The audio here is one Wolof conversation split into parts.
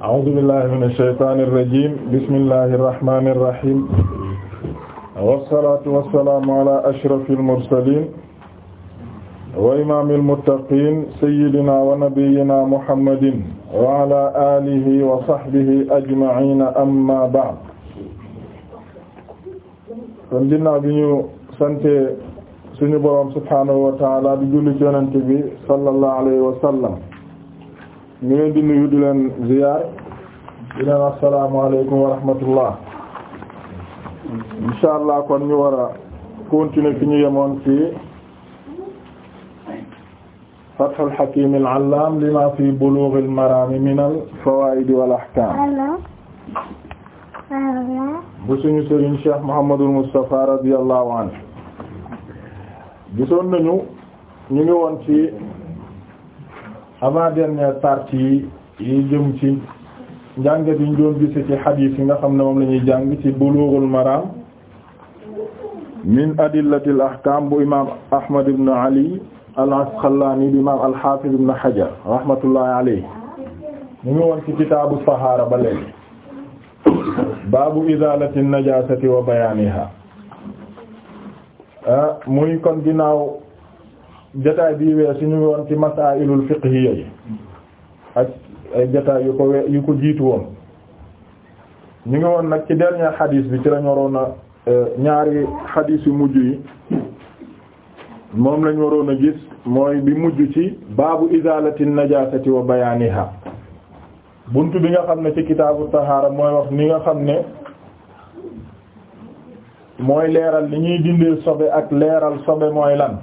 a'uuzu billaahi mina shaytaani rajiim bismillaahi rahmaani rahiim wassalaatu wassalaamu alaa ashrafil mursaliin wa imaamil muttaqiin sayyidinaa wa nabiyyinaa muhammadin wa alaa aalihi wa sahbihi ajma'iina ammaa ba'd. kon ginnaaw bi ñu sant suñu boroom subhaanahu wa ta'aala di julli ci Yonent bi sallallahu alayhi wa sallam ñu leen di nuyu di leen ziyaar di leen assalaamu alaykum wa rahmatullah kon ñu war a continuer yemoon ci fathul hakim allam lima fi bulugh al maram min al fawaid bu suñu sëriñ cheikh Muhammadul Mustafa radiyallahu anhu gisoon nañu ñu ngi woon ci avant dernière partie yi jëm ci njàngat yi ñu doon ci xadiis yi nga xam ne moom lañuy jàng ci Bulughul Maram min adillatil ahkam bu imam Ahmad ibn Ali al-Asqalani bi imam al-Hafiz ibn Hajar rahmatullahi alayhi ñu ngi woon ci kitaabu tahaara ba léegi baabu izalati najasati wa bayaniha ah, muy kon ginnaaw jotaay bii wee suñu woon ci masaa'ilul fiqhiyya yi ak ay jotaay yu ko we yu ko jiitu woon ñu ngi woon nag ci dernier xadiis bi ci lañu waroon a euh, ñaari xadiis yu mujj yi moom lañu waroon a gis mooy bi mujj ci baabu izaalati najaasati wa bayaaniha bunt bi nga xam ne ci kitaabu tahaara mooy wax ni nga xam ne mooy leeral li ñuy dindee sobe ak leeral sobe mooy lan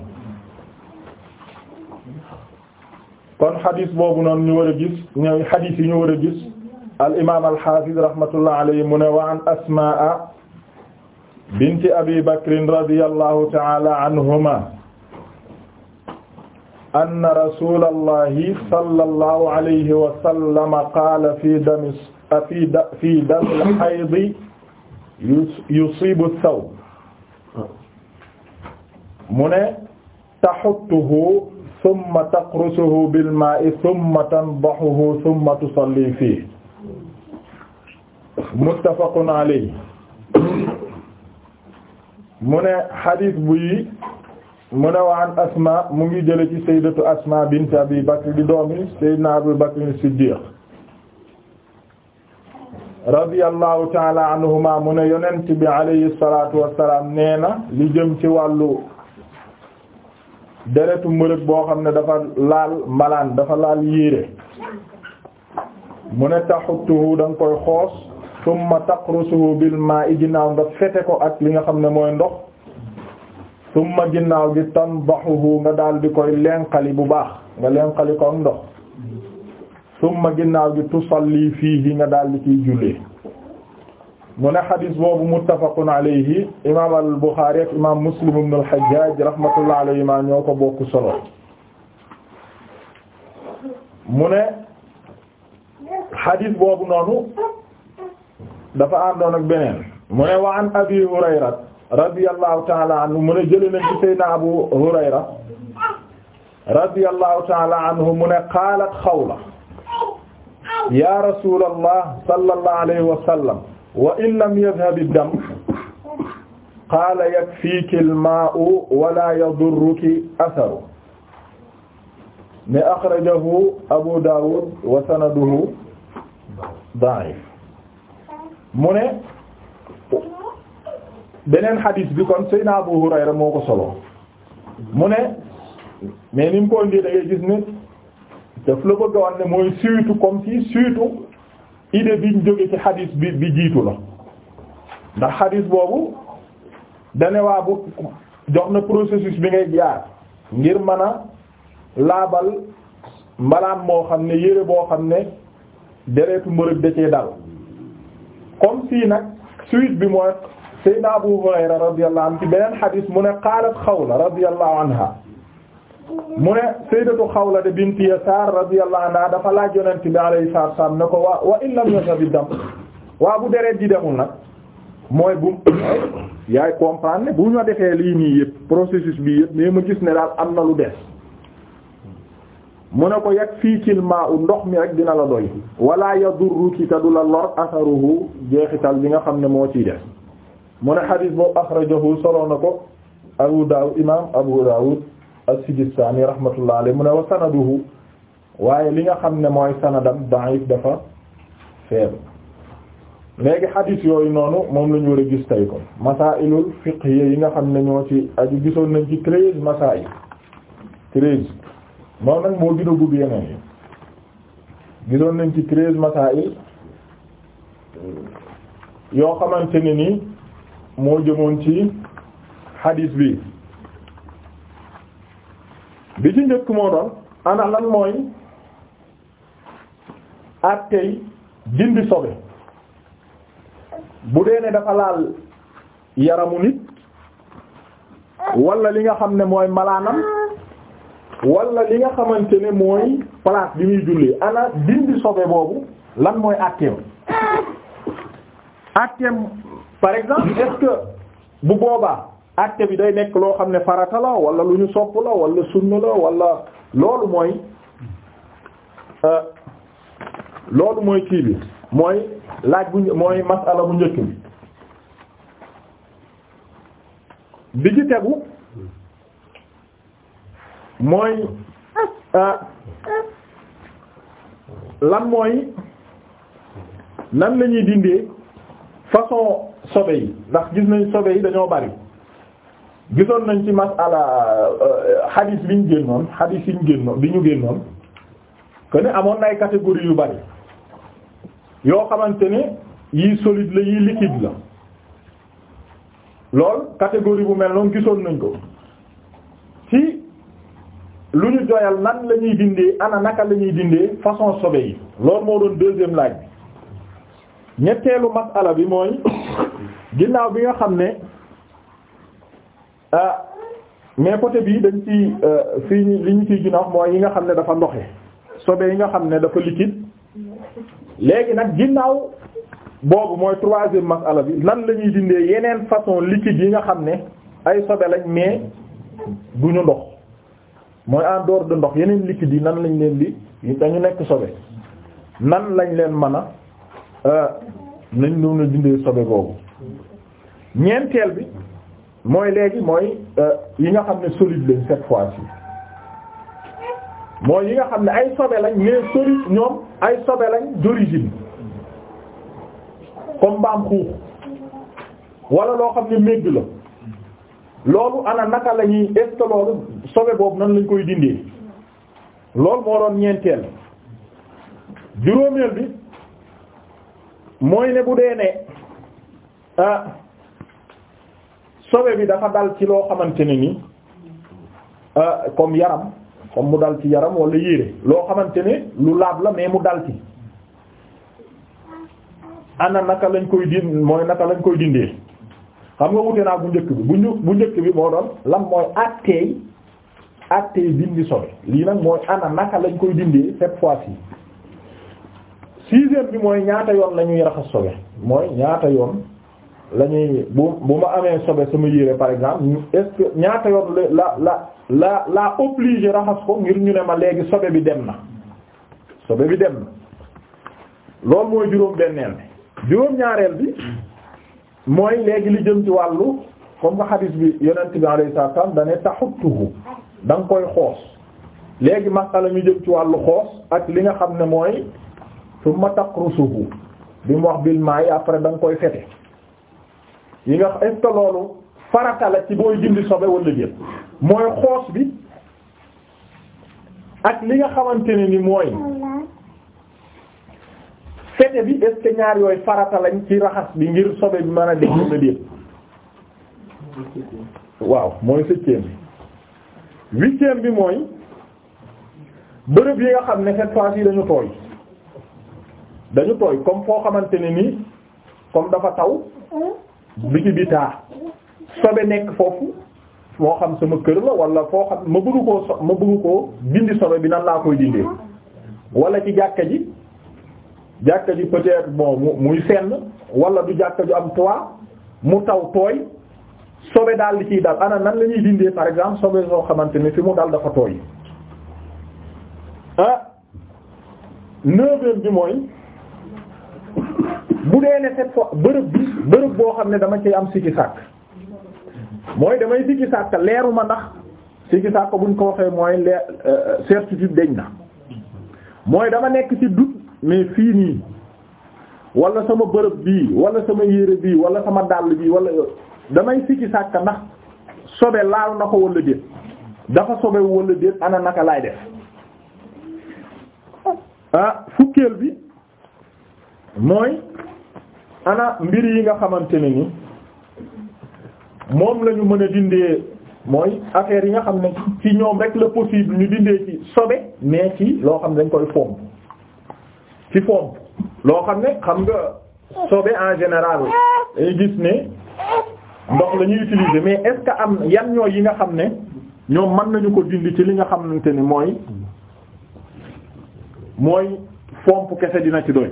kon xadis boobu noonu ñu war a gis ñooy xadis yi ñu war a gis al imaam al xaafiz rahmatullah alayhi mu ne wa an asmaa binti abi bakrin radiyallahu ta'ala anhuma anna rasulallahi sallallahu alayhi wa sallam qaala fi dami fi fi dami al-hayd yusibu ath-thawb mu ne taxuttuhu summa taqrusuhu bil maa'i summa tandahuhu summa tusalli fiihi muttafaqun alayhi mu ne xadis buy mu ne waan asma mu ngi jële ci sayyidatu asma bint abi bakr di doomi sayyidina abi bakr siddiq radiyallahu taala anhuma mu ne yonent bi alayhi salatu wassalam nee na li jëm ci wàllu deretu mbërëg boo xam ne dafa laal mbalaan dafa laal yére mu ne taxuttuhu da nga koy xoos summa taqrusuhu bil maa'i ginnaaw nga fete ko ak li nga xam ne mooy ndox summa ginnaaw gi tanbahuhu nga daal di koy lenqali bu baax nga lenqali ko ak ndox summa ginnaaw gi lii fii fiihi nga daal di ciy jullee mu ne xadis boobu muttafaqun alayhi imaam al Buxaari ak imaam Muslim ibn al Hajjaaj rahmatullah alayhimaa ñoo ko bokk solo mu ne xadis boobu noonu dafa àndoon ak beneen mu ne wa an Abi Hurayra radiyallahu ta'ala anhu mu ne jëlee nañ ci Seydina Abu Hurayra radiyallahu ta'ala anhu mu ne qaalat Xawla ya rasuulallah sallallahu alayhi wa sallam wa in lam yadhhab ad-dam qaala yakfiiki al-maa'u wa laa yadurruki atharu ne axrajahu Abu Dawud wa sanaduhu da'if mu ne beneen xadiis bi kon Seydina Abu Hurayra moo ko solo mu ne mais ni mu ko indi da ngay gis ne daf la bëgg a wax ne mooy surtout comme si surtout idée biñ jóge ci xadis bi bi jiitu la ndax xadis boobu dane bu jox na processus bi ngay jaar ngir mën a laabal mbalaan moo xam ne yére boo xam ne deretu mbërëg da cee dal comme si nag suite bi mooy Seydina Abu Hurayra radiyallahu anhu ci beneen xadis mu ne qaalat Xawla radiyallahu anha mu ne sayyidatu Xawla bint Yasaar radiyallahu anha dafa laaj yonent bi alayhi salaam ne ko waa wa in lam yashabi dam waa bu deret ji demul nag mooy bu yaay comprendre ne bu ñu defee lii nii yëpp processus bi yëpp mais ma gis ne daal am na lu des mu ne ko fii maa'u ndox mi rek dina la doy wala yadurruki ta du la lor asaruhu jeexital bi nga xam ne moo ciy def mu ne xadiis boobu axrajahu solo na ko Abu Daawud imaam Abu Daawud as-Sijistaani rahmatullahi alayhi mu ne wa sanaduhu waaye li nga xam ne mooy sanadam da'if dafa faible léegi xadiis yooyu noonu moom la ñu war a gis tey kon masaa'ilul yi nga xam ne ñoo ci aju gisoon nañ ci treize masaa'il treize moom nag moo gën a yeneen yi gisoon nañ ci treize masaa'il yoo xamante ni moo jëmoon ci xadiis bi bi ci njëkk moo ana lan mooy attey dindi sobe bu dee ne dafa laal yaramu nit wala li nga xam ne mooy malaanam walla li nga xamante ne mooy place bi muy jullee ana dindi sobe boobu lan mooy atteem atteem par exemple est bu boobaa acte bi day nekk loo xam ne farata la wala lu ñu sopp la walla sunna la wala loolu mooy euh, loolu mooy kii mooy laaj bu mooy masala bu njëkk bi tegu mooy euh, lan mooy nan la ñuy dindee façon sobe yi ndax gis nañ sobe yi dañoo bari gisoon nañ ci masala xadis euh, bi ñu génnoon xadis yi ñu génnoon bi ñu génnoon que ne amoon na ay catégories yu bari yoo xamante ne yii solide la yii liquide la lool catégorie bu mel noonu gisoon nañ ko ci lu ñu doyal nan la ñuy dindee ana naka la ñuy dindee façon sobe yi loolu moo doon deuxième laaj bi ñetteelu masala bi mooy ginnaaw bi nga xam ne. Ah, mais côté bii dañ fi euh, fi li ñu ciy gën mooy yi nga xam ne dafa ndoxe sobe yi nga xam ne dafa liquide léegi nag ginnaaw boobu mooy troisième masala bi lan la ñuy dindee yeneen façon liquide yi nga xam ne ay sobe lañ mais du ndox mooy en dehors de ndox yeneen liquide yi nan lañ leen di dañu nekk sobe nan lañ leen mën a euh, nañ doon a dindee sobe boobu ñeenteel bi mooy léegi mooy euh, yi nga xam ne solide lañ cette fois-ci mooy yi nga xam ne ay sobe lañ mais solide ñoom ay sobe lañ d'origine comme mbaam xuux wala loo xam ne mégg la loolu ana naka la ñuy est loolu sobe boobu nan lañ koy dindi loolu moo doon ñeenteel juróomeel bi mooy ne bu dee ne a ah, sobe bi dafa dal ci loo xamante ne ni euh, comme yaram comme mu dal ci yaram wala yére loo xamante ne lu laab la mais mu dal ci ana naka lañ koy din mooy naka lañ koy dindee xam nga wute naa bu njëkk bi bu njëkk bi moo doon lan mooy àtteey àtteey dindi sobe lii nag mooy ana naka lañ koy dindee cette fois-ci sixième bi mooy ñaata yoon la ñuy raxas sobe mooy ñaata yoon la ñuy bu bu ma amee sobe sama yére par exemple est ce ñaata yoon la la la la obligé raxas ko ngir ñu ne ma léegi sobe bi dem na sobe bi dem na loolu mooy juróom benneel bi juróom ñaareel bi mooy léegi li jëm ci wàllu comme nga xadis bi yonent bi alayhi salaam da ne taxuttuhu da nga koy xoos léegi masala ñu jëm ci wàllu xoos ak li nga xam ne mooy ma summa taqrusuhu bi mu wax bil maayi après da koy fete yi nga est ce que loolu farata la ci booy jëndi sobe wala jël mooy xoos bi ak li nga xamante ne ni mooy fete bi est ce que ñaar yooyu farata lañ ci raxas bi ngir sobe bi mën a def wala jël waaw mooy septième bi huitième bi mooy bërëb yi nga xam ne cette fois-ci dañu tooy dañu tooy comme foo xamante ne ni comme dafa taw. bi ci bitaa sobe nekk foofu foo xam sama kër la wala foo xam ma bëgg koo so ma bëgg dindi sobe bi nan laa koy dindee walla ci jàkka ji jàkka ji peut-être muy senn wala du jàkka ju am toit mu taw tooy sobe daal li ciy dal ana nan la ñuy dindee par exemple sobe soo xamante ni fi mu dal dafa tooy ah neuvième bi mooy bu dee ne cette fois bërëb bi bërëb boo xam ne dama ci am sikki sàkk mooy damay sikki sàkk leeru ma ndax sikki sàkk buñ ko waxee mooy leer euh, certitude deñ na mooy dama nekk ci doute mais fii nii walla sama bërëb bii wala sama yére bii wala sama dàll bii wala damay sikki sàkk ndax sobe laal na ko wala déet dafa sobe wala déet ana naka laay def ah, fukkeel bi mooy ana mbir yi nga xamante ne ni moom la ñu mën a dindee mooy affaire yi nga xam ne ci ñoom rek la possible ñu dindee ci sobe mais ci loo xam ne dañ koy fomp ci fomp loo xam ne xam nga sobe en général dañuy gis ne ndox la ñuy utiliser mais est-ce que am yan ñooy yi nga xam ne ñoom mën nañu ko dindi ci li nga xamante ni mooy mooy fomp kese dina ci doy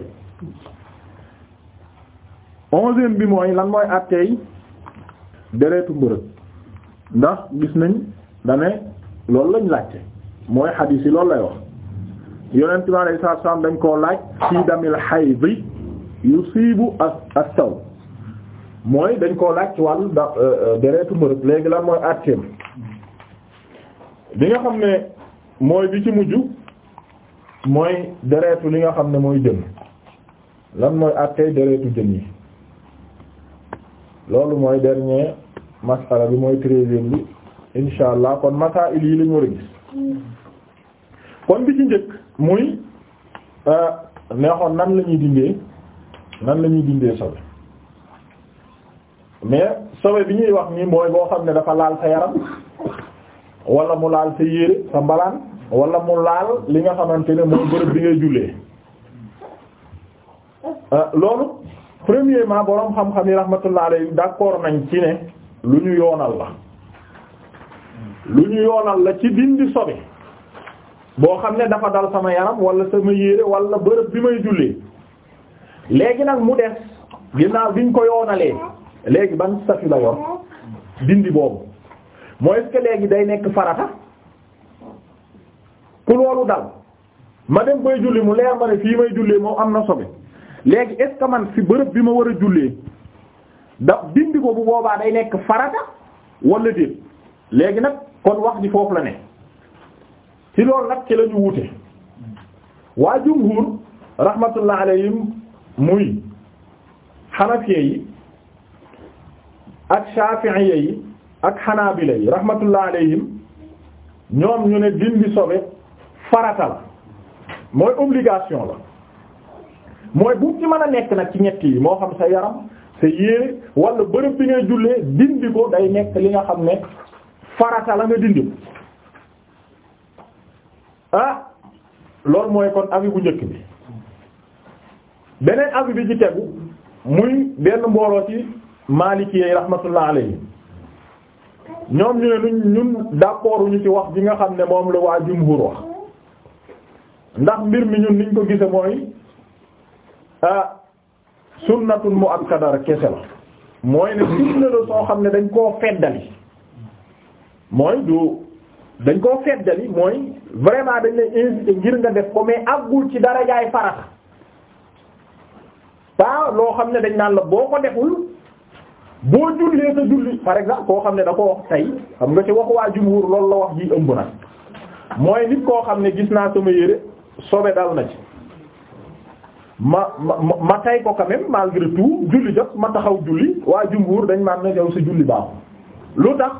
onzième bi mooy lan mooy àtteey deretu mbërëg ndax gis nañ dane loolu lañ laajte mooy xadiis yi loolu lay wax yonent bi alayhi salaatu salaam dañ koo laaj fii damil xaydi yusibu ak saw mooy dañ koo laaj ci wàllu da euh, euh, deretu mbërëg léegi lan mooy àtteem li nga xam ne mooy bi ci mujj mooy deretu li nga xam ne mooy jën lan mooy àtteey deretu jën yi loolu mooy dernier masala bi mooy treizième bi insha allah kon masail yi lañu war a kon bi ci njëkk muy euh, neexoon nan la ñuy dindee nan la ñuy dindee sobe mais sobe bi ñuy wax nii mooy boo xam ne dafa laal sa yaram wala mu laal sa yére sa mbalaan wala mu laal li nga xamante ne mooy bërëb bi ngay jullee euh, loolu premièrement boroom xam-xam yi rahmatullah alayhi d'accord nañ ci ne lu ñu yoonal la lu ñu yoonal la ci dindi sobe boo xam ne dafa dal sama yaram wala sama yére walla bërëb bi may jullee léegi nag mu des ginnaaw biñ ko yoonalee léegi ban statut la yor dindi boobu moo est-ce léegi day nekk farata ku loolu dal ma dem bay julli mu leer ma ne fii may jullee moo am na sobe léegi est-ce que man fi bërëb bi ma war a jullee da dindi ko bu boobaa day nekk farata walla déet léegi nag kon wax ji foofu la ne ci loolu nag ci lañu ñu wuute waa jumhur rahmatullah alayhim muy xanafiya yi ak shafi'iyya yi ak xanaabila yi rahmatullah alayhim ñoom ñu ne dindi sobe farata la mooy obligation la mooy bu ci mën a nekk nag ci ñett yi moo xam sa yaram sa yére wala bërëb bi ngay jullee dindi ko day nekk li nga xam ne farata la nga dindi ah loolu mooy kon avis bu njëkk bi beneen avis bi ci tegu muy benn mbooloo ci Maliki yi rahmatullah alayhi ñoom ñu ne ñun d'accord ñu ci wax bi nga xam ne moom la waa jumhur wax ndax mbir mi ñun niñ ko gise mooy ah sunnatun mu'akkada rek kese la mooy ne sunna la soo xam ne dañ koo feddali mooy du dañ koo feddali mooy vraiment dañ lay invité ngir nga def ko mais àggul ci dara jaay farata pas loo xam ne dañ naan la boo ko deful boo jullee sa julli par exemple koo xam ne da ko wax tey xam nga ci waxu waa jumhur loolu la wax ji ëmb na mooy nit koo xam ne gis naa sama yére sobe dal na ci ma ma ma tay ko quand même malgré tout julli jot ma taxaw julli waa jumbuur dañ maa na yow sa julli baaxul lu tax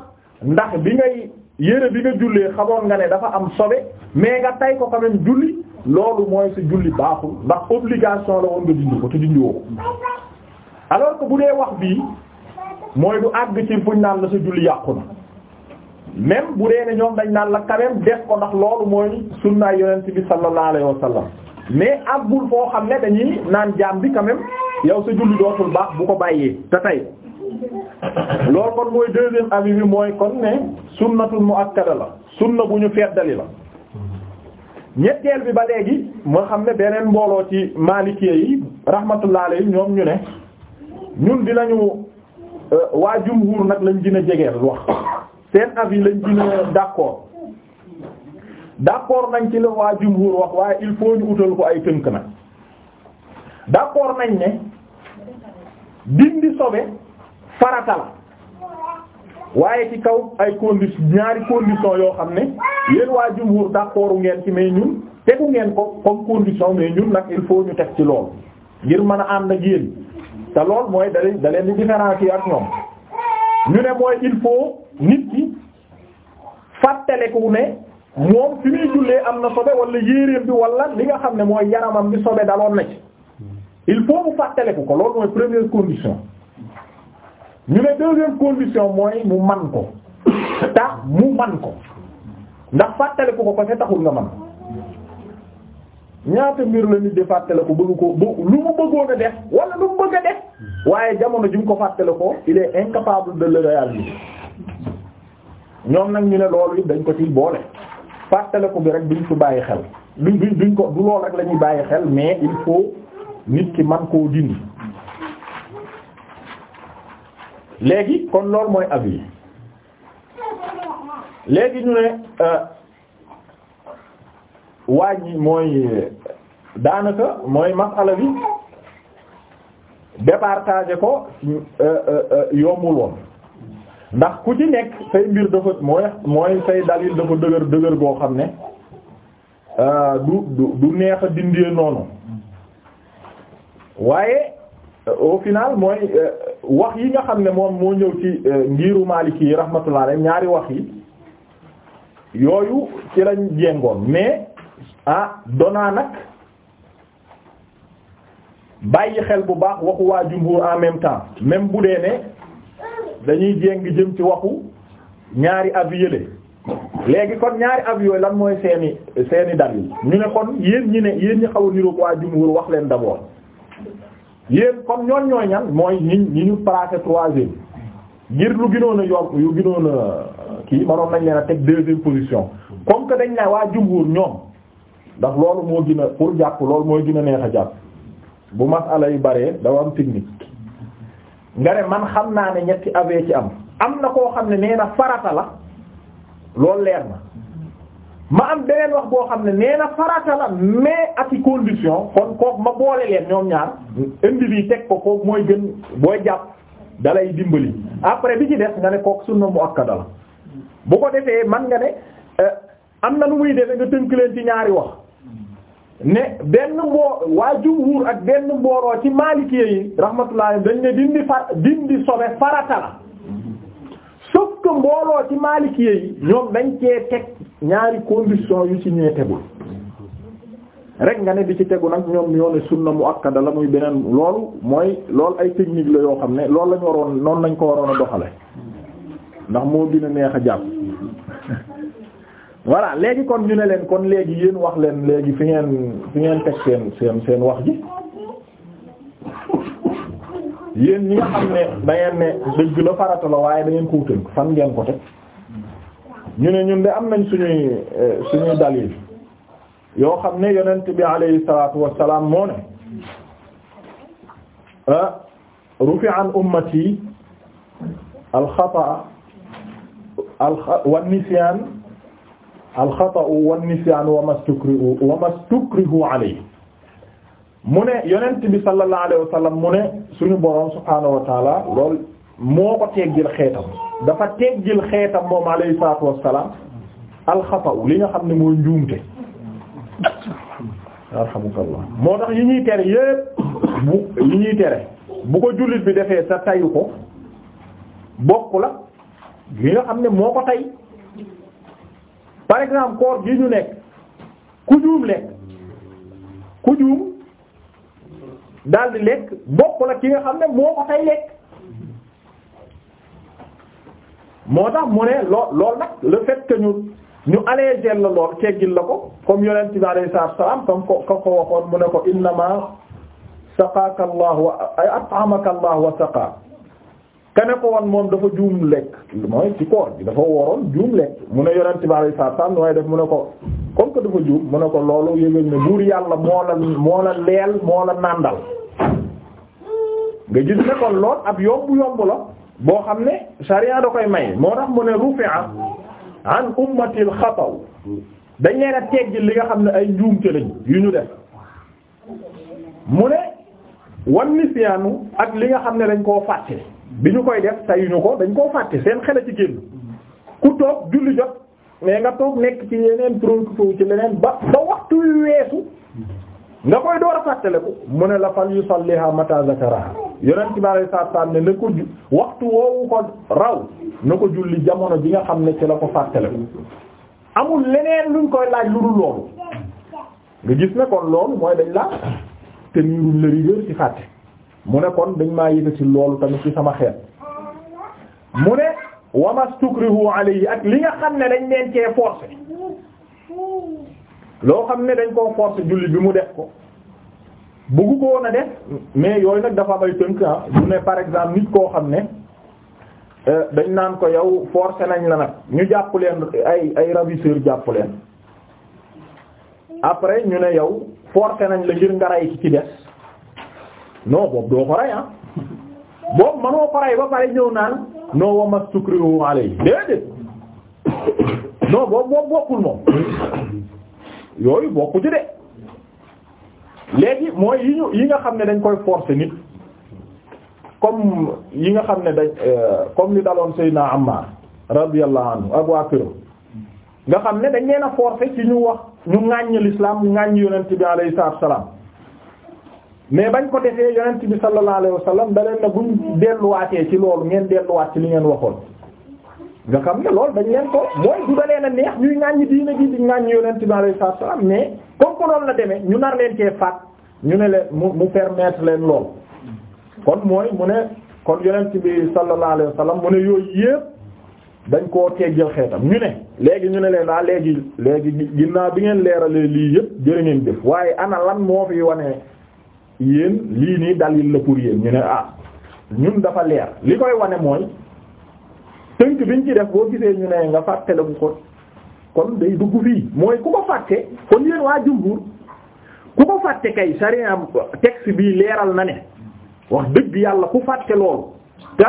ndax bi ngay yére bi nga jullee xamoon nga ne dafa am sobe mais nga tey ko quand même julli loolu mooy sa julli baaxul ndax obligation la woon nga dindi ko te dindi woo alors que bu dee wax bii mooy du àgg ci fuñ naan la sa julli yàqu na même bu dee ne ñoom dañ naan la quand même def ko ndax loolu mooy sunnaay yonent bi sallallahu alayhi wa mais àggul foo xam ne dañuy naan jaam bi quand même yow sa julli dootul baax bu ko bàyyee te tey loolu kon mooy deuxième avis bi mooy kon ne sunnatul muakkada la sunna bu ñu feddali la ñetteel bi ba léegi moo xam ne beneen mbooloo ci maalikee yi rahmatullah alayhi ñoom ñu ne ñun dinañu euh, waa jumhur nag lañ gën a jegeel wax seen yi lañ gën a d'accord nañ ci la waa jumhur wax waaye il faut ñu utal ko ay tënk nag d'accord nañ ne dindi sobe farata la waaye ci kaw ay conditions ñaari conditions yoo xam ne yéen waa jumhur d'accordu ngeen ci mais ñun tegu ngeen ko comme condition mais ñun nag il faut ñu teg ci lool ngir mën a ànd ak yéen te lool mooy da leen da leen di ak ñoom ñu ne mooy il faut nit ki fàttaleku ne. moom fi muy jullee am na sobe wala yéeréem bi wala li nga xam ne mooy yaramam bi sobe daloon na ci il faut mu fàttaliku ko loolu mooy première condition ñu ne deuxième condition mooy mu man ko tax mu man ko ndax fàttaliku ko ko se taxul nga man ñaata mbir la nit di fàttaliku bëgg ko lu mu bëggoon a def wala lu mu bëgg a def waaye jamono ji mu ko fàttalikoo il est incapable de le réaliser ñoom nag ñu ne loolu it dañ ko ci boole fàttaliku bi rek duñ fi bàyyi xel duñ duñ duñ ko du lool rek la bàyyi xel mais il faut nit ki man koo dindi léegi kon loolu mooy ab yi léegi ñu ne euh, wàññi mooy daanaka mooy masala bi ko euh, euh, yombul woon ndax ku ci nekk say mbir dafa mooy mooy say dalil dafa dëgër dëgër boo xam ne euh, du du du neex a dindee noonu waaye euh, au final mooy euh, wax yi nga xam ne moom moo ñëw ci ngiru Maliki yi rahmatullah ñaari wax yi yooyu ci lañ jéngoon mais ah donaa nag bàyyi xel bu baax waxu waa jumhur en même temps même bu dee ne dañuy jéng jëm ci waxu ñaari avis yële léegi kon ñaari avis yooyu lan mooy seeni seeni dal yi ñu ne kon yéen ñi ne yéen ñi xaw a niroog waa jumhur wax leen d'abord yéen kon ñoon ñooy ñan mooy ñi ñi ñu placé troisième ngir lu gënoon a yomb yu gënoon a kii manoon nañ leen a teg deuxième position comme que dañ waa jumhur ñoom ndax loolu moo gën pour jàpp loolu mooy gën a neex a jàpp bu ala yu baree dafa am technique nga ne man xam naa ne ñetti abee ci am am na koo xam ne nee na farata la loolu leer na ma am beneen wax boo xam ne nee na farata la mais ati condition kon kook ma boole leen ñoom ñaar indi lii teg ko kooku mooy gën booy jàpp dalay dimbali après bi ci des nga ne kooku sunna muakkada la bu ko defee man nga ne euh, am na lu muy defe nga tënk leen ci ñaari wax ne benn mboo waa jumhur ak benn mbooloo ci maalikee yi rahmatullah dañ ne dindi far dindi sobe farata la sauf que mbooloo ci maalikee yi ñoom dañ cee teg ñaari condition yu ci ñee tegul rek nga ne bi ci tegu nag ñoom ñoo ne sunna muakkada la muy beneen loolu mooy lool ay technique la yoo xam ne loolu lañ waroon noonu lañ ko waroon a doxale ndax moo gën neex a jàpp voilà léegi kon ñu ne leen kon léegi yéen wax leen léegi fi ngeen fi ngeen teg seen seen seen wax ji yéen ñi nga xam ne da ngeen ne dëgg la farata la waaye da ngeen ko wutal fan ngeen ko teg ñu ne ñun de am nañ suñuy euh, suñuy dalil yoo xam ne yonent bi alayhi salaatu wassalaam moo ne ah, rufi al xataa al wa nisyaan alxata'u wan nisyaan wa mu ne yonent bi sallallahu alayhi wa sallam mu ne suñu boroom subhaanahu wa lool moo ko teggil xeetam dafa teggil xeetam moom alayhi salaatu wassalaam alxata'u li nga xam ne mooy njuumte alhamdulillah moo tax yi ñuy tere yépp yi ñuy tere bu ko jullit bi defee sa tayu ko bokk la li nga xam ne moo ko tay par exemple koor gi ñu nekk ku juum lekk ku juum daal di lekk bokk la ki nga xam ne moo ko tay lekk moo tax mu ne loo loolu nag le fait que ñu ñu allégé la lool teggil la ko comme yonent bi alayhi salaam comme ko comme ko waxoon mu ne ko innama saqaaka Allah wa at'amaka Allah wa saqaak kene ko woon moom dafa juum lekk mooy ci koor bi dafa woroon juum lekk mu ne yonent bi alayhi salaam nooy def mu ne ko comme que dafa juum mu ne ko loolu yëgal ne buur yàlla moo la moo la leel moo la nàndal nga gis ne kon lool ab yomb yomb la boo xam ne sharia da koy may moo tax mu ne rufi'a an ummatil xataw dañ leen a teggi li nga xam ne ay njuumte lañ yu ñu def mu ne wan nisyaanu ak li nga xam ne dañ koo fàtte bi ñu koy def tayuñu ko dañ koo fàtte seen xel ci génn ku toog julli jot mais nga toog nekk ci yeneen préoccupé ci leneen ba ba waxtu yu weesu nga koy door a ko mu ne la fal yusalliha mata zakaraha yonent bi alayhi salaam ne na ko waxtu woowu ko raw na ko julli jamono ji nga xam ne ci la ko fàttaliku amul leneen luñ koy laaj lu dul loolu nga gis ne kon loolu mooy dañ la te niirul la rigueur ci fàtte. mu ne kon dañ maa yëkkati loolu tamit ci sama xeet mu ne wamastukrihu yi ak li nga xam ne dañ leen cee loo xam ne dañ koo forcé julli bi mu def ko bëggu ko na a mais yooyu nag dafa bay tënk ah mu ne par exemple nit koo xam ne euh, dañ naan ko yow forcé nañ la nag ñu jàpp leen ay ay ravisseur jàpp leen après ñu ne yow forcé nañ la ngir nga ray ki ci des non boobu doo ko rey ah boobu manoo ko rey ba pare ñëw naan non wa mastukrihu alayhi déedéet non boobu boobu bokkul moom yooyu bokku de léegi mooy yi nga xam ne dañ koy forcer nit comme yi nga xam ne dañ euh, comme li daloon Seydina Ammar radiyallahu anhu ak waa nga xam ne dañ leen a forcer ci ñu wax ñu ŋàññ l'islam ŋàññ yonent bi alayhi salaam mais bañ ko defee yonent bi sallallahu alayhi wa sallam da leen na buñ delluwaatee ci loolu ngeen delluwaat ci li ngeen waxoon nga xam ne loolu dañ leen ko mooy du da leen a neex ñuy ŋàññi diina gi di ŋàññi yonent bi alayhi salaatu wa salaam mais comme ko loolu la demee ñu nar leen cee faat ñu ne leen mu mu permettre leen lool kon mooy mu ne kon yonent bi sallallahu alayhi wa sallam mu ne yooyu yépp dañ koo teggal xeetam ñu ne léegi ñu ne leen daal ah léegi léegi ginnaaw bi ngeen leeralee lii yépp jërë ngeen def waaye ana lan moo fi wane yéen lii nii dalil la pour yéen ñu ne ah ñun dafa leer li koy wane mooy tënk biñ ci def boo gisee ñu ne nga fàttaliku ko kon day dugg fii mooy ku ko fàtte kon yéen waa jumbuur ku ko fàtte kay sariya texte bi leeral na ne wax dëgg yàlla ku fàtte loolu te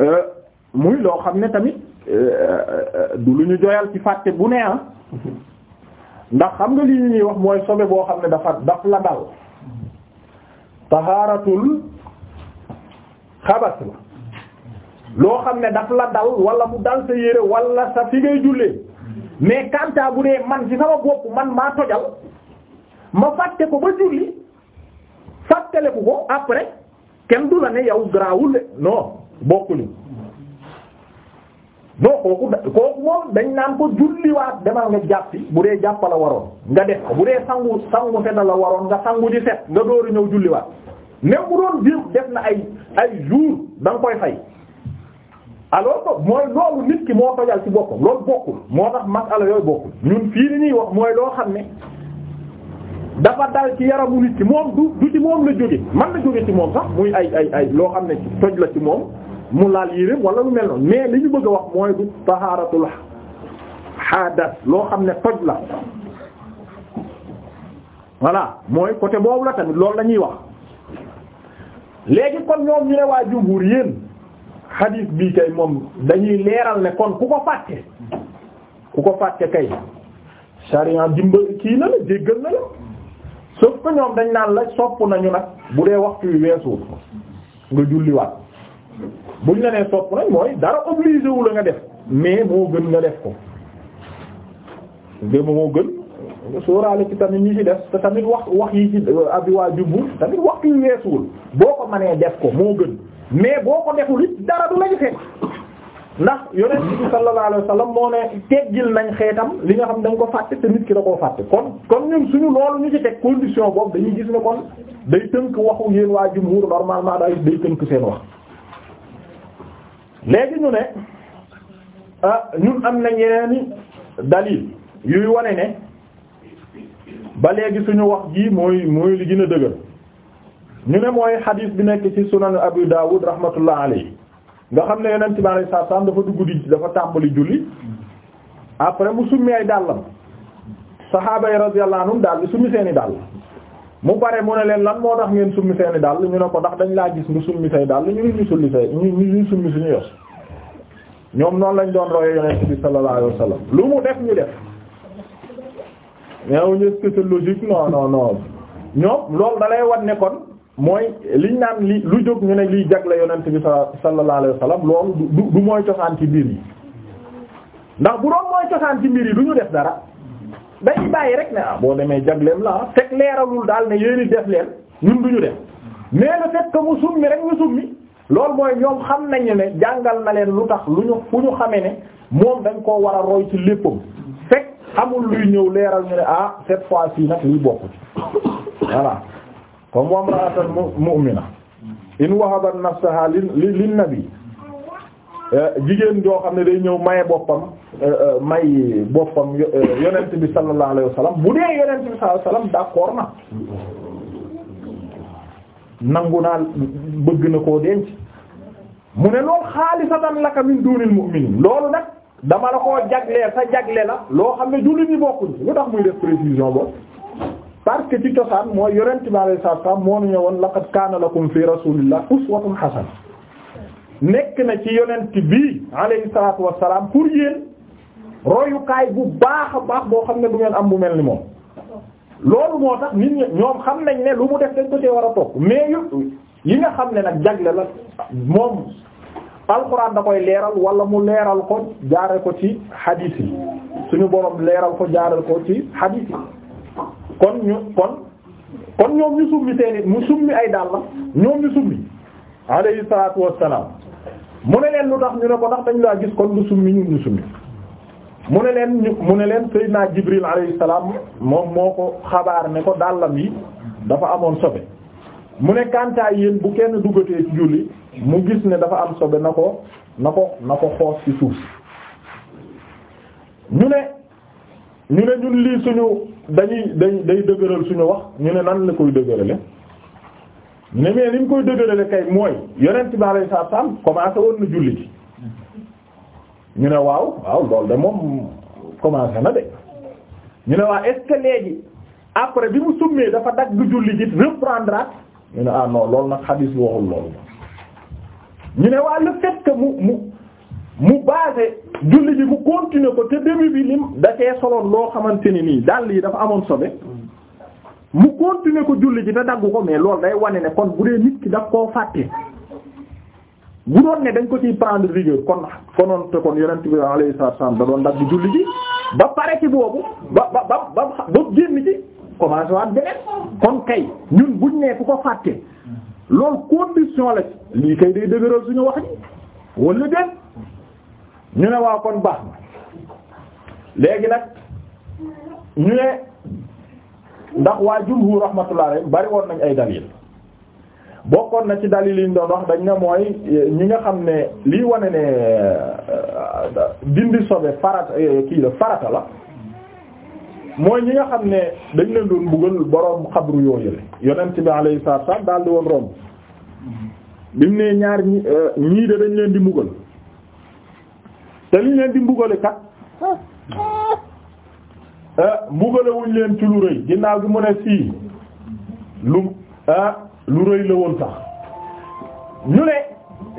euh, muy loo xam ne tamit euh, euh, du lu ñu joyal ci fàtte bu ne ah ndax xam nga lii li ñuy wax mooy sobe boo xam ne dafa daf la dal tahaaratul xabas la loo xam ne daf la dal wala mu dal sa yére walla sa fi ngay jullee mais kanta bu dee man ci sama bopp man maa tojal ma fàtte ko ba julli fàttale ko ko après kenn du la ne yow garaawul non li non kooku da kooku moom dañ naan ko julliwaat demal nga jàppi bu dee jàppa la waroon nga def ko bu dee sangu sangu set la waroon nga sangu ji set nga dooru ñëw julliwaat même bu doon diw def na ay ay jours da nga koy fay alors que mooy loolu nit ki moo tojal ci boppam loolu bokkul moo tax masala yooyu bokkul ñun fii ni ñuy mooy loo xam ne dafa dal ci yaramu nit ki moom du du ci moom la jóge man la jóge ci moom sax muy ay ay ay loo xam ne toj la ci moom mu laal yéreem wala lu mel noonu mais li ñu bëgg a wax mooy du la hadas loo xam ne toj la voilà mooy côté boobu la tamit loolu la wax léegi kon ñoom ñu ne waa jumhur yéen xadiis bii kay moom dañuy leeral ne kon ku ko fàtte ku ko fàtte kay sariya dimba kii na la jéggal na la sauf que ñoom dañ naan la sopp nañu nag bu dee waxtu yu weesu nga julliwaat ñu ne nee sopp nag mooy dara obligé wu la nga def mais moo gën nga def ko gëma moo gën nga sóoraale ci tamit ñi ci def te tamit wax wax yi ci euh, abi waa jubbu tamit wax yu weesuwul boo ko mënee def ko moo gën mais boo ko deful it dara du la ñu fekk ndax yonent bi sallallahu alayhi wasallam moo ne teggil nañ xeetam li nga xam dañ ko fàtte te nit ki da koo fàtte kon kon ñun suñu loolu ñu ci teg condition boobu dañuy gis ne kon day tënk waxu yéen waa jumhur normalement day day tënk seen wax léegi ñu ne ah ñun am na ñeneeni dalil yuy wane ne ba léegi suñu wax ji mooy mooy li gën a dëgër ñu ne mooy xadiis bi nekk ci sunan Abu Dawud rahmatullah alayhi nga xam ne yonent bi alayhi salaam dafa dugg di dafa tàmbali julli après mu summi ay dàllam saxaaba yi radiyallahu anhum daal di summi seeni dàll mu pare mu ne leen lan moo tax ngeen summi seeni daal ñu ne ko ndax dañ laa gis nga summi say daal ñu ngi ñu summi say ñu summi suñu yos ñoom noonu lañ doon roye yonent bi sallallahu alayhi wasallam lu mu def ñu def ñow ñës que c'est logique non ñoom loolu da lay wan mooy liñ naan li lu jóg ñu ne liy jagle yonent bi sallallahu alayhi wasallam loolu du du mooy cosaan ci mbir yi ndax bu doon mooy cosaan ci mbir yi du ñu def dara dañuy bàyyi rek ne ah boo demee jagleem la ah, fekk leeralul daal ne yéen def leen ñun duñu def mais le fait mu summi rek mu summi loolu mooy ñoom xam nañu ne jàngal na leen lu tax lu ñu fu ñu xamee ne moom dañ koo war a roy ci léppam fekk amul luy ñëw leeral ñu ne ah cette fois ci nag liy bokk ci voilà comme wa imra'atan mu'mina in wahabat nafsaha lin nabi Euh, jigéen joo xam ne day ñëw maye boppam euh, euh, may boppam yonent bi sallallahu alayhi bu dee yonent bi sallallahu alayhi wa na nangu naa bëgg na koo denc mu ne loolu xaalisatan laka min dunil mu'minin loolu nag dama la ko jagleel sa jagle la loo xam ne jullit ñi bokkuñ lu tax muy def précision boobu parce ci cosaan mooy yonent bi sallallahu alayhi moo ñu ñëwoon laqad kaana lakum fi rasulillahi uswatun hasana nekk na ci yonent bi alayhi salaatu wassalaam pour yéen royukaay bu baax a baax boo xam ne lu ngeen am bu mel ni moom loolu moo tax nit ñi ñoom xam nañ ne lu mu def dañ ko war a topp mais yu yi nga xam ne nag jagle la moom alxuraan da koy leeral wala mu leeral ko jaare ko ci hadith yi suñu borom leeral ko jaaral ko ci hadith yi kon ñu kon kon ñoom ñu summi seeni mu summi ay dàll ñoom ñu summi alayhi salaatu wassalaam mu ne leen lu tax ñu ne ko ndax dañ laa gis kon lu summi ñun ñu summi mu ne leen mu ne leen naa Jibril alayhi salaam moom moo ko xabaar ne ko dàllam yi dafa amoon sobe mu ne kantaay yéen bu kenn duggatee ci julli mu gis ne dafa am sobe na ko na ko na ko xoos ci suuf si ñu ne ñu ne ñun lii suñu dañuy dañ day dëgëral suñu wax ñu ne nan la koy dëgërale ne mais li mu koy dëgërale kay mooy yonent bi alayhi salaam commencé woon na julli ci ñu ne waaw waaw loolu de moom commencé na de ñu ne waaw est ce après bi mu summee dafa dagg julli ji reprendre ak ñu ne ah loolu nag xadiis bi waxul loolu ñu ne waa le fait que mu mu mu basé julli ji mu continuer ko te début bi lim da cee soloon loo xamante ni nii dàll yi dafa amoon sobe mu continuer ko julli ji te dagg ko mais loolu day wane ne kon bu dee nit ki daf koo fàtte bu doon ne dañ ko ciy prendre rigueur kon konoon te kon yonent bi alayhi salaam da doon dagg julli ji ba pare ci boobu ba ba ba ba ba génn ci commencé waat beneen kon kay ñun buñ ne ku ko fàtte loolu condition la lii kay day dëgëral suñu wax ji wala déet ñu ne waaw kon baax na léegi nag ñu ne. ndax waa jumhur rahmatullah alayhi bari woon nañ ay dalil bokkoon na ci dalil yi ñu doon wax dañ ne mooy ñi nga xam ne lii wane ne euh, dindi sobe farata euh, kii la farata la mooy ñi nga xam ne dañ leen doon buggal boroom xabru yoo yële yonent bi alayhi salaatu wasallam daal di woon romb bi mu ne ñaar ñi euh, ñii de dañ leen di mbugal te liñ leen di mbugale kat Ah, mbugalewuñ leen ci lu rëy ginnaaw gi mu ne fii lu ah, lu rëy la woon sax ñu ne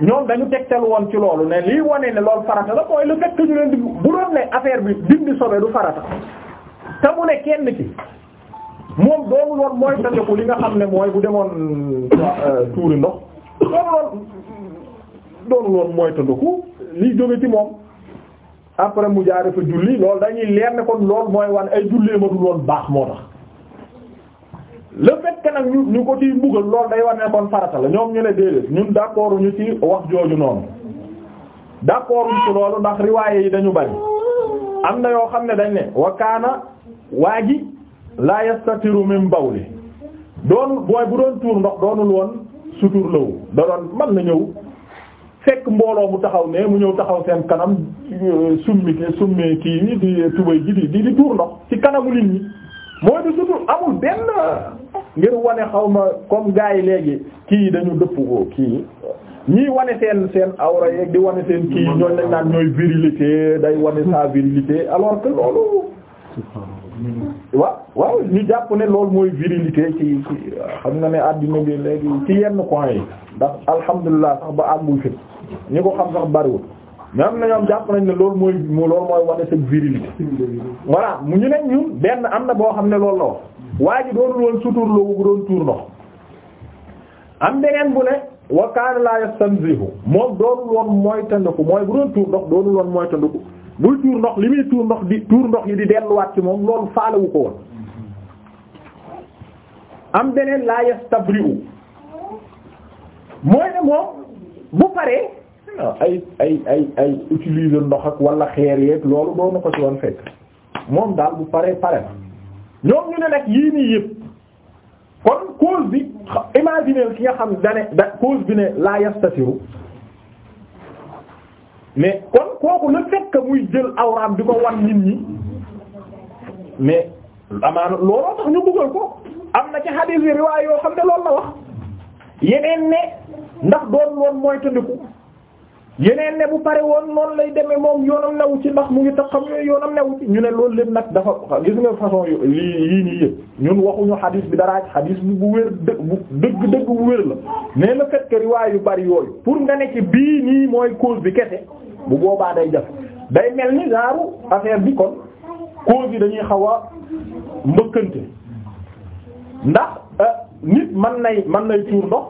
ñoom dañu tegtal woon ci loolu ne lii wane ne loolu farata la mooy le fait que ñu leen di bu doon ne affaire bi dindi sobe du farata te mu kenn ci moom doonul woon mooy tandeku li nga xam ne mooy bu demoon euh, tuuri ndox doonul woon doonul woon mooy tandeku liy moom après mu jaare fa julli loolu dañuy leer ne kon loolu mooy wan ay jullee ma dul woon baax moo tax le nag ñu ñu ko ciy mbugal loolu day wan ne kon farata la ñoom ñu ne déedéet ñun d'accord ñu ci wax jooju noonu d'accord ñu ci loolu ndax riwaaye yi dañu bari am na yoo xam ne dañ ne wa waa ji la yastatiru min li doon booy bu doon tuur ndox doonul woon sutur lawu da doon mën na ñëw fekk mbooloo mu taxaw ne mu ñëw taxaw seen kanam euh, summi summi kii di euh, tubay di di di tuur ndox ci kanamu nit ñi mooy di sutur amul benn ngir wane xaw ma comme gars yi léegi kii dañu dëpp ko kii ñii wane seen seen awra yeeg di wane seen kii ñooñ lañ naan ñooy virilité day wane sa virilité alors que loolu waaw ñu jàpp ne loolu mooy virilité ci ci xam nga ne àddina bi léegi ci yenn coin yi ndax alhamdulilah sax ba àggul fi ñi ko xam sax bariwul mais am na ñoom jàpp nañ ne loolu mooy loolu mooy wane sa virilité voilà mu ñu ne ñun benn am na boo xam ne lool la wax waa ji doonul woon suturloo bu doon tuur ndox am beneen bu ne wa kaana la moom doonul woon mooy tëndiku mooy bu doon tuur ndox doonul woon mooy tëndiku buy tuur ndox li muy tuur ndox di tuur ndox yi di delluwaat ci moom loolu faalewu ko woon am beneen la yastabri'u mooy ne moom bu paree. ay ay ay ay utiliser ndox ak wala xeer yeeg loolu doon na ko ci woon fekk moom daal bu paree pare na ñoom ñu ne nag yii nii yëpp kon cause bi imaginer ki nga xam dane da cause bi ne la yastasiru mais kon kooku le fait que muy jël awram di ko wan nit ñi mais amaana looloo tax ñu bëggal ko am na ci hadith riwaay yoo xam ne lool la wax yeneen ne ndax doon loon mooy tëndiku yeneen ne bu pare woon noonu lay demee moom yoonam newu ci ndax mu ngi tax xam yooyu yoonam newu ci ñu ne lool lépp nag dafa gis nga façon yu lii yii nii yëpp ñun waxuñu xadiis bi daraaj xadiis bu bu wér dë bu dëgg dëgg bu wér la mais le kër que yu bari yooyu pour nga nekk bii nii mooy cause bi kese bu boobaa day jafe day mel ni genre affaire bi kon cause yi dañuy xaw a mbëkkante ndax euh, nit man nay man nay tuur ndox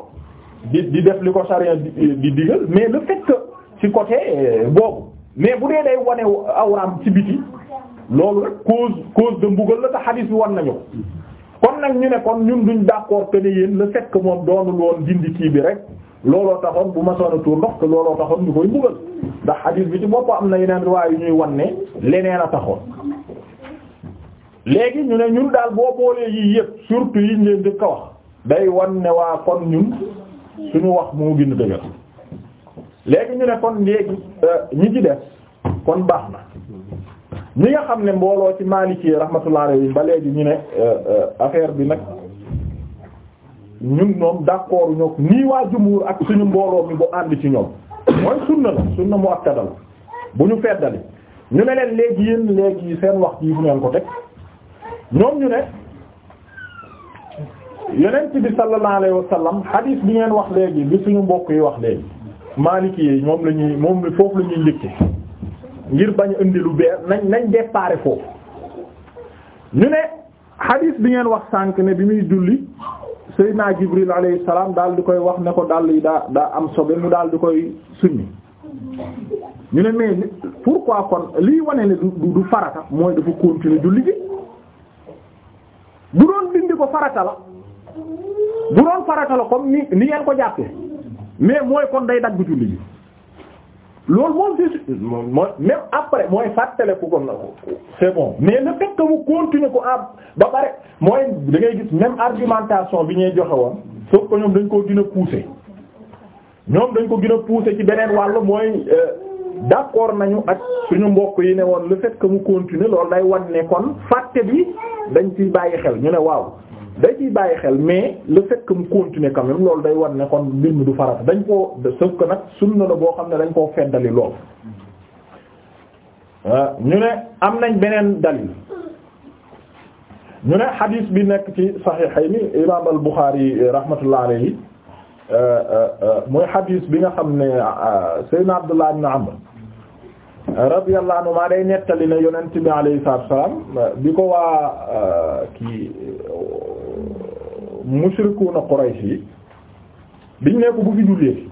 di def li ko charia di digal mais le ci côté euh, boobu mais bu dee day wane awraam ci biti loolu rek cause cause de mbugal la te xadis bi wan nañu kon nag ñu ne kon ñun duñ d'accord que ne yéen le fait moom doonul woon dindi kii bi rek looloo taxoon bu ma soona tuur ndox te looloo taxoon ñu koy mbugal ndax xadis bi ci bopp am na yeneen riwaay yu ñuy wan ne leneen a taxoon léegi ñu ne ñun daal boo boolee yii yëpp surtout yiñ leen di ko wax day wan ne waa kon ñun suñu wax moo gin a dëgër léegi ñu ne kon léegi euh, ñi ci des kon baax na ñi nga xam ne mbooloo ci Maliki rahmatullah alayhi ba léegi ñu ne euh, euh, affaire bi nag ñun ñoom d'accord ñoo nii waa jumhur ak suñu mbooloo mi bu ànd ci ñoom mooy sunna la sunna mu akkadal bu ñu feddali ñu ne leen léegi yéen léegi seen wax yi fu ngeen ko teg ñoom ñu ne yeneen yonent bi sallallahu alayhi wa sallam hadith bi ngeen wax léegi bi suñu mbokk yi wax léegi Maliki yi moom lañuy ñuy moom foofu la ñuy njëkke ngir bañ indi lu beer nañ nañ déparé foofu ñu ne hadis bi ngeen wax sànq ne bi muy julli Seydina Jibril alayhi salaam daal di koy wax ne ko dàll yi daa daa am sobe mu daal di koy sunni ñu ne mais pourquoi kon liy wane ne du du farata mooy dafa continuer julli gi bu doon dindi ko farata la bu doon farata la comme ni ni ngeen ko jàppee. mais mooy kon day dagg julli ji loolu moom c'est mooy même après mooy fàttale ko kon c'est bon mais le fait mu continuer ko am ba pare mooy da ngay gis même argumentation bi ñuy joxe woon sauf que ñoom dañ koo gën a pousser ñoom dañ ko gën a pousser ci beneen wàll mooy euh, d'accord nañu ak suñu mbokk yi ne woon le fait mu continuer loolu day wan ne kon fàtte bi dañ ci bàyyi xel ñu ne waaw day ciy bàyyi xel mais le fait que mu continuer quand même loolu day war ne kon mbir mi du farata dañ koo sauf nag sunna la boo xam ne dañ koo feddali lool ah, ñu ne am nañ beneen dalil ñu ne hadith bi nekk ci Sahihayni imaam al-Bukhari rahmatullah alayhi euh, euh, euh, mooy hadith bi nga xam ne Seydina Abdullah ibn Amr radiyallahu anhu maa day nettali ne yonent bi alayhi salaatu salaam bi ko waa euh, kii euh, mushrikuuna Quraysh biñ ne ko bu fi julleeti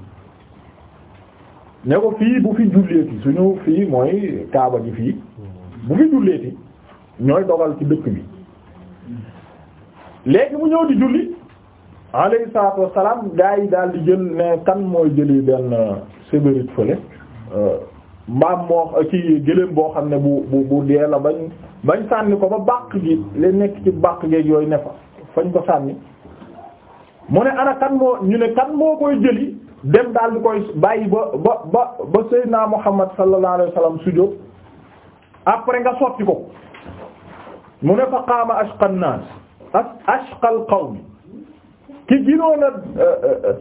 ne ko fii bu fi julleeti suñu fii mooy Kaaba ji fii bu fi julleeti ñooy dogal ci dëkk bi léegi bu ñëw di julli alayhi salaatu wassalaam gaa yi daal di jël ne kan mooy jëli benn euh, sébérite fële mbaam moo ci gëléem boo xam ne bu bu bu dee la bañ sànni ko ba bàq gi la nekk ci bàq geeg yooyu ne fa fañ ko sànni mu ne ana kan moo ñu ne kan moo koy jëli dem daal di koy bàyyi ba ba ba ba Seydina Muhammad sallallahu alayhi wasallam sujjóot après nga sotti ko mu ne fa qaama ashqan naas ak ashqal qawmi ki ginoon a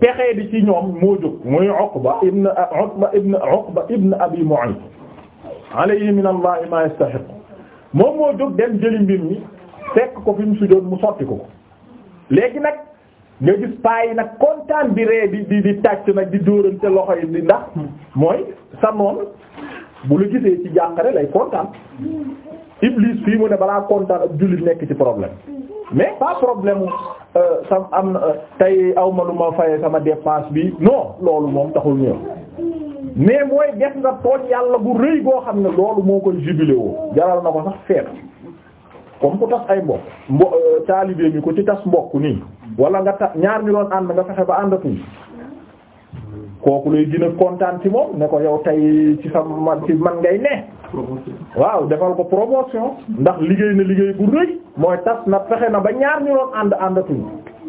pexe di ci ñoom moo jóg muy Uqba ibn Uqba ibn Uqba ibn Abi Mu'ayt alayhi min Allah ma yastahiq moom moo jóg dem jëli mbir mi fekk ko fi mu sujjóot mu sotti ko léegi nag nga gis paa yi nag kontaan bi ree di di di tàcc nag di dóorante loxo yi di ndax mooy sa noon bu la gisee ci jàqare lay kontaan Iblis fii mu ne balaa kontaan ak jullit nekk ci problème mais pas problème euh, sam am na euh, tey aw ma lu ma fayee sama dépense bi non loolu moom taxul ñëw mais mooy def nga tooñ yàlla bu rëy goo xam ne loolu moo koy jubilé woo jaral na ko sax feet comme ku tas ay mbokk mbo euh, taalibe mi ko ci tas mbokk nii wala nga ta ñaar mi doon ànd nga fexe ba àndatuñ kooku lay gën kontaan ci moom ne ko yow tey ci sa man ci man ngay ne waaw defal ko promotion ndax liggéey na liggéey bu rëy mooy tas na pexe na ba ñaar ñu doon ànd àndatuñ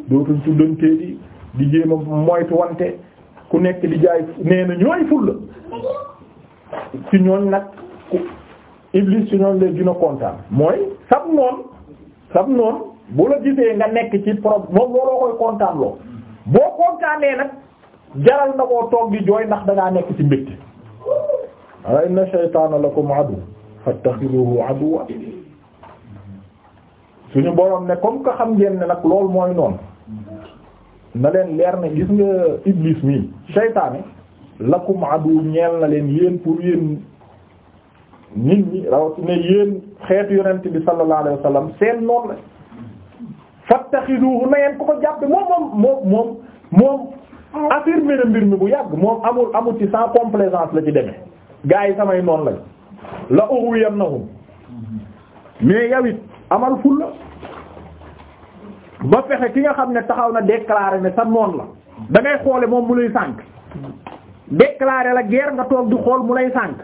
dootuñ tuddantee di di jéem a moytu wante ku nekk di jaay nee na ñooy fulla ci ñooñ nag iblis ci ñooñ lay gën kontaan mooy sab noon sab noon bu la gisee nga nekk ci problème moom looloo koy kontaan loo boo kontaanee nag jaral na koo toog jooy ndax da nekk ci mbégte ala inna shaytaana lakum adu fattaxiduhu aduwwa suñu boroom ne comme que xam ngeen ne nag loolu mooy noonu na leen leer ne gis nga iblis mii seytaane lakum adu ñeel na leen yéen pour yéen nit ñi rawatina yéen xeetu yonent bi sallallahu alayhi wasallam seen noonu la fattaxiduhu na ngeen ko ko jàppe moom moom moom moom moom Ah. affirmé na mbir mi bu yàgg moom amul amul ci sans complaisance la ci demee gars yi samay noonu lañ la ughwiyam nahum mais yow amal ful ba fexe ki nga xam ne taxaw na déclaré ne sa noon la dangay xoole moom mu lay sànk déclaré la guerre nga toog di xool mu lay sànk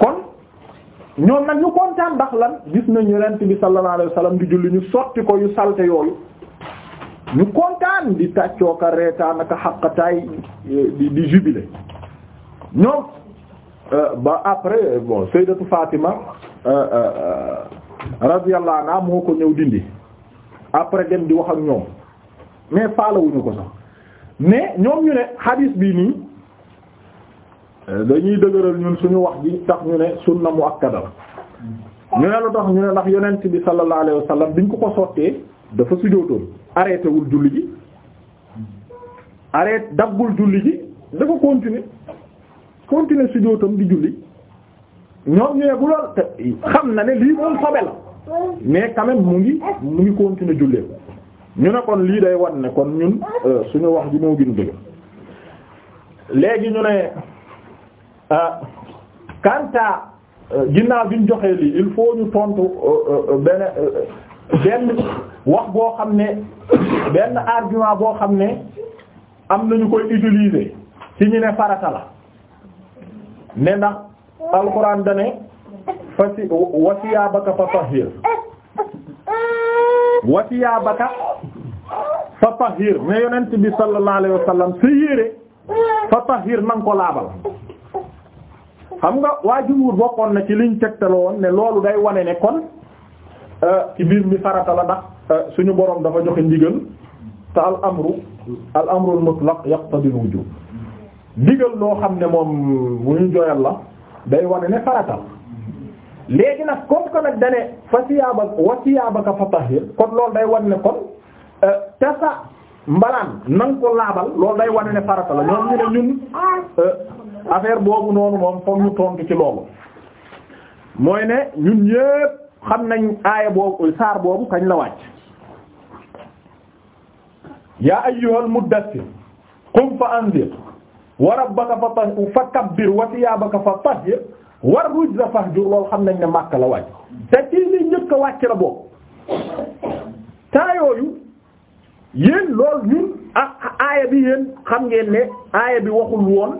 kon ñoom nag ñu kontaan ndax lan gis nañu yonent bi sallallahu alayhi wasallam di julli ñu sotti ko yu salte yooyu ñu kontaan di tàccooka reetaan aka xaqataay di di jubilé ñoom euh, ba après bon sayyidatu Fatima euh, euh, radiyallahu anha moo ko ñëw dindi après dem di wax ak ñoom mais faalawuñu ko sax mais ñoom ñu ne hadis bii nii dañuy dëgëral ñun suñu wax ji tax ñu ne sunna muakkada la ñu ne la tax ñu ne ndax yonent bi sallallahu alayhi wasallam biñ ko ko sottee dafa sujjóotoon arrêté wul julli ji arrêté daggul julli ji dafa continuer continuer sujjóotam di julli ñoom ñëwee bu lool te xam na ne lii moom sobe la mais quand mu ngi mu ngi continuer jullee ñu ne kon lii day wan ne kon ñun euh, suñu wax ji moo gën dëgg léegi ñu ne euh, quant euh, ginnaaw bi ñu joxee lii il faut ñu tontu benn benn wax boo xam ne benn argument boo xam ne am nañu koy utiliser ci ñu ne farata la ne ndax alxuraan da ne fa si wasiyaabaka fa tahir wasiyaabaka fa tahir ne yonent bi sallallahu alayhi wa yére fa tahir nanga ko laabal xam nga waa jumhur bokkoon na ci liñ tegtaloon ne loolu day wane nekkoon ci biir mi farata la ndax euh, suñu boroom dafa joxe ndigal te al amru al amrul mutlaq yaqtadil wujub ndigal loo xam ne moom bu ñu joyal la day wane ne farata la léegi nag comme que nag dane fa siyaaba wa siyaabaka fa tahir kon loolu day wane ne kon euh, te sa mbalaan nang ko laabal lool day wane ne farata la ñoom ñu ne ñun euh, affaire boobu noonu moom foog ñu tontu ci loolu mooy ne ñun ñépp xam nañ aaya boobu saar boobu kañ la wàcc yaa ayyuhal muddaththir qum fa anzir wa rabbaka fa kabbir wa thiyaabaka fa tahhir wa rujza fahjur loolu xam nañ ne Makka la wàcc te ci li njëkk a wàcc la boobu taa yooyu yéen loolu ñun ah aaya bi yéen xam ngeen ne aaya bi waxul woon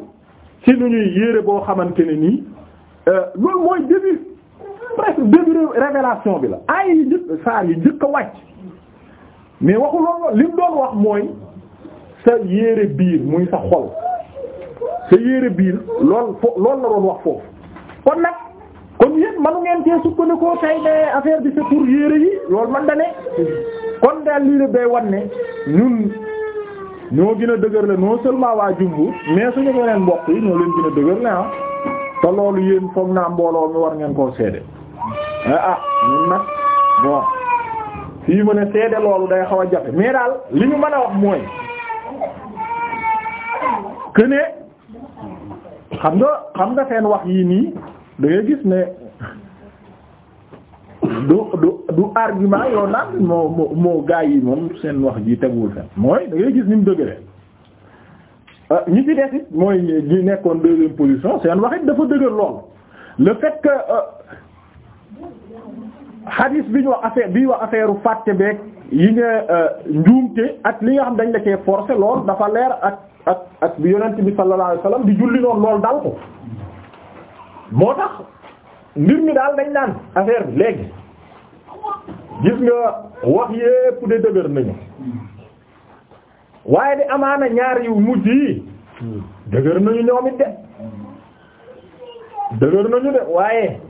ci nu ñuy yére boo xamante ne nii euh, loolu mooy début presque début révélation bi la ay yu jëkk saa yi jëkk a wàcc mais waxu loolu li mu doon wax mooy sa yére biir muy sa xol sa yére biir lool fo loolu la doon wax foofu kon nag kon yéen manu ngeen cee sukkandikoo tay ne affaire bi c'est pour yére yi loolu man da ne kon daal lii la bay wan ne ñun ñoo gën a dëgër la non seulement waa jumbu mais suñu yeneen mbokk yi ñoo leen gën a dëgër la ah. te loolu yéen foog naa mbooloo mi war ngeen koo seede Eh, ah ñun nag bon fii mu seede loolu day xaw a jafe mais daal li ñu mën a wax mooy que xam nga xam nga seen wax yii nii dangay gis ne du du du argument yow naan moo moo moo gaa yi moom seen wax ji teguwul fen mooy da ngay gis ni mu dëgëre ah, ñi ci des it mooy ñi nekkoon deuxième position seen wax it dafa dëgër lool le fait que. Euh, xadis bi ñu wax affaire bi wax affaire fàtte beeg yi nga euh, ak li nga xam dañ la cee forcé lool dafa leer ak ak ak bi bi sallallahu alayhi wasallam di julli noonu loolu dal ko moo tax mbir mi dal dañ naan affaire bi léegi gis nga wax yépp de dëgër nañu waaye di amaana ñaar yu mujj dëgër nañu ñoom it de dëgër nañu de waaye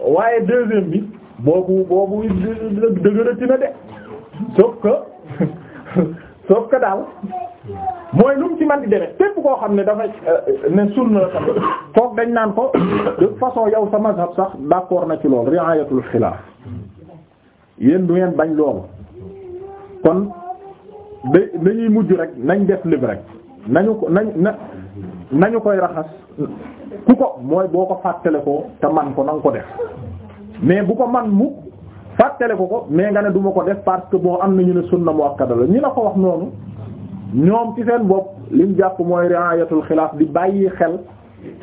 waaye deuxième bi boobu boobu dëgërati na de sauf que sauf que daal mooy lu mu ci man di demee tépp koo xam ne dafay euh, ne sunna la tamit kooku dañ naan ko de façon yow sa mazhab sax d'accord na ci loolu ri'ayatul xilaaf yéen du ngeen bañ loolu kon da dañuy mujj rek nañ def lib rek nañu ko nañ na nañu koy raxas ku ko mooy boo ko fàttale ko te man ko na ko def mais bu ko man mu fàttale ko ko mais nga ne duma ko def parce que bon am na ñu ne sunna muakkada la ñu la ko wax noonu ñoom ci seen bopp lim jàpp mooy riayatul xilaaf di bàyyi xel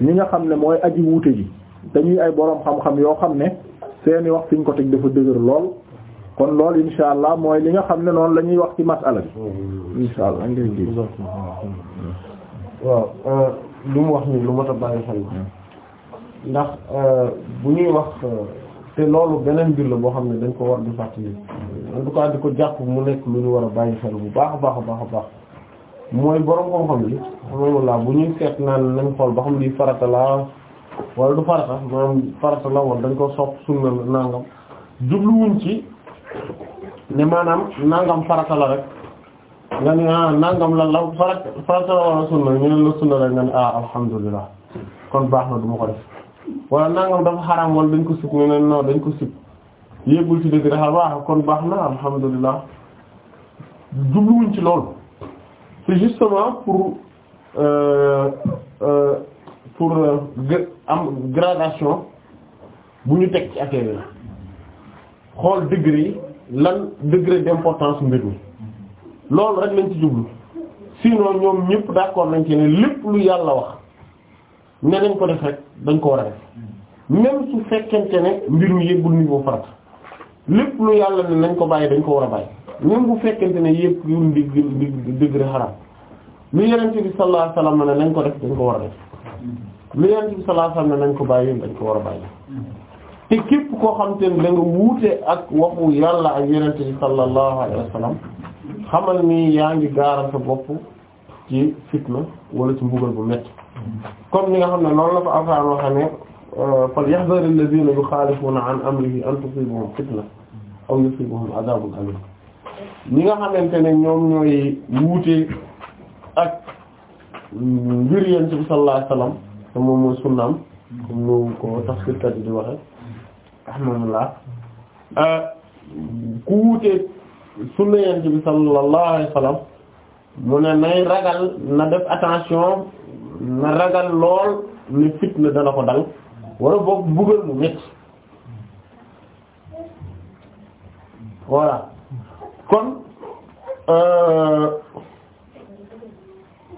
ñi nga xam ne mooy aji wuute ji dañuy ay boroom xam-xam yoo xam ne seeni wax fiñ ko teg dafa dëgër lool kon lool insha allah mooy li nga xam ne noonu la ñuy wax ci masala bi mm-hmm. insha allah waaw euh, lu mu wax ni lu mat a bàyyi ndax euh, bu ñuy wax euh, te loolu beneen mbir la boo xam ne dañ ko war di fàttali en tout di ko jàpp mu nekk lu ñu war a bàyyi xel bu baax a baax a baax a baax mooy borom xam-xam yi mu bu ñuy seet naan nañ xool ba xam lii farata la wala du farata maanaam farata la wala dañ ko sopp sunna nangam jubluwuñ ci ne maanaam nangam farata la rek. nga ne ah nangam lan la farat farata wala sunna ñu ne la sunna la nga ah alhamdulilah kon baax na du ma ko def wala nangam dafa xaram wala dañ ko sib ñu ne non dañ ko sib yéegul ci dëgg dafa baax kon baax na alhamdulilah jubluwuñ ci loolu c'est justement pour euh, euh, pour euh, am gradation bu ñu teg ci affaire la xool degré yi lan degré d'importance mbir mi loolu rek lañ ci jublu sinon ñoom ñëpp d'accord nañ ci ne lépp yàlla wax ne nañ ko def dañ ko war a def même su fekkente ne mbir mi yëggul niveau farata lépp lu yàlla ne nañ ko bàyyi dañ ko war a bàyyi même bu fekkente ne yëpp yu ndig ndig degré xaraam lu yenente bi sallallahu alayhi ne nañ ko def dañ ko war a def lu yenente bi sallallahu ne nañ ko bàyyi dañ ko war a bàyyi te képp koo xam te ne da nga wuute ak waxu yàlla ak yenente bi sallallahu alayhi xamal ni yaa ngi gaaral sa bopp ci fitna wala ci mbugal bu métti comme ni nga xam ne noonu la ko Alxuraan waxe ne euh, falyahdhari alladhina yukhalifuna an amrihi an tusibahum fitna aw yusibahum adhabun alim ñi nga xamante ne ñoom ñooy wuute ak mbir yonent bi sallallahu alayhi wasallam te moom mooy sunnaam comme ñu ko tafsirkat yi di waxe rahmanullah euh, ku wuute sunna yonent bi sallallahu alayhi mu ne nay ragal na def attention na ragal lool ne fitna dana ko dal wala boog mbugal mu metti voilà kon euh,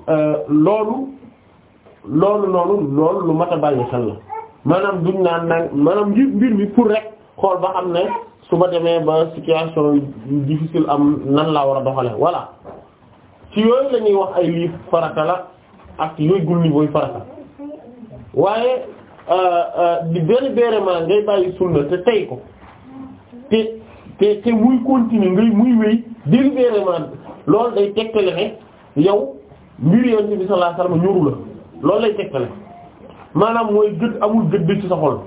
euh, loolu loolu noonu loolu lu mat a bàyyi xel la maanaam duñ naan naan maanaam mbir mbir mi pour rek xool ba am ne su ma demee ba situation difficile am nan laa war a doxale voilà ci yooyu la ñuy wax ay lii farata la ak léegul ni booy farata waaye euh, euh, di délibérément ngay bàyyi sunna te tey ko te te te muy continuer ngay muy wéy délibérément loolu day tegtale ne yow mbir yoon ci bi sallallahu alayhi wasallam ñoru la loolu lay tegtale maanaam mooy gëdd amul gëdd ci sa xol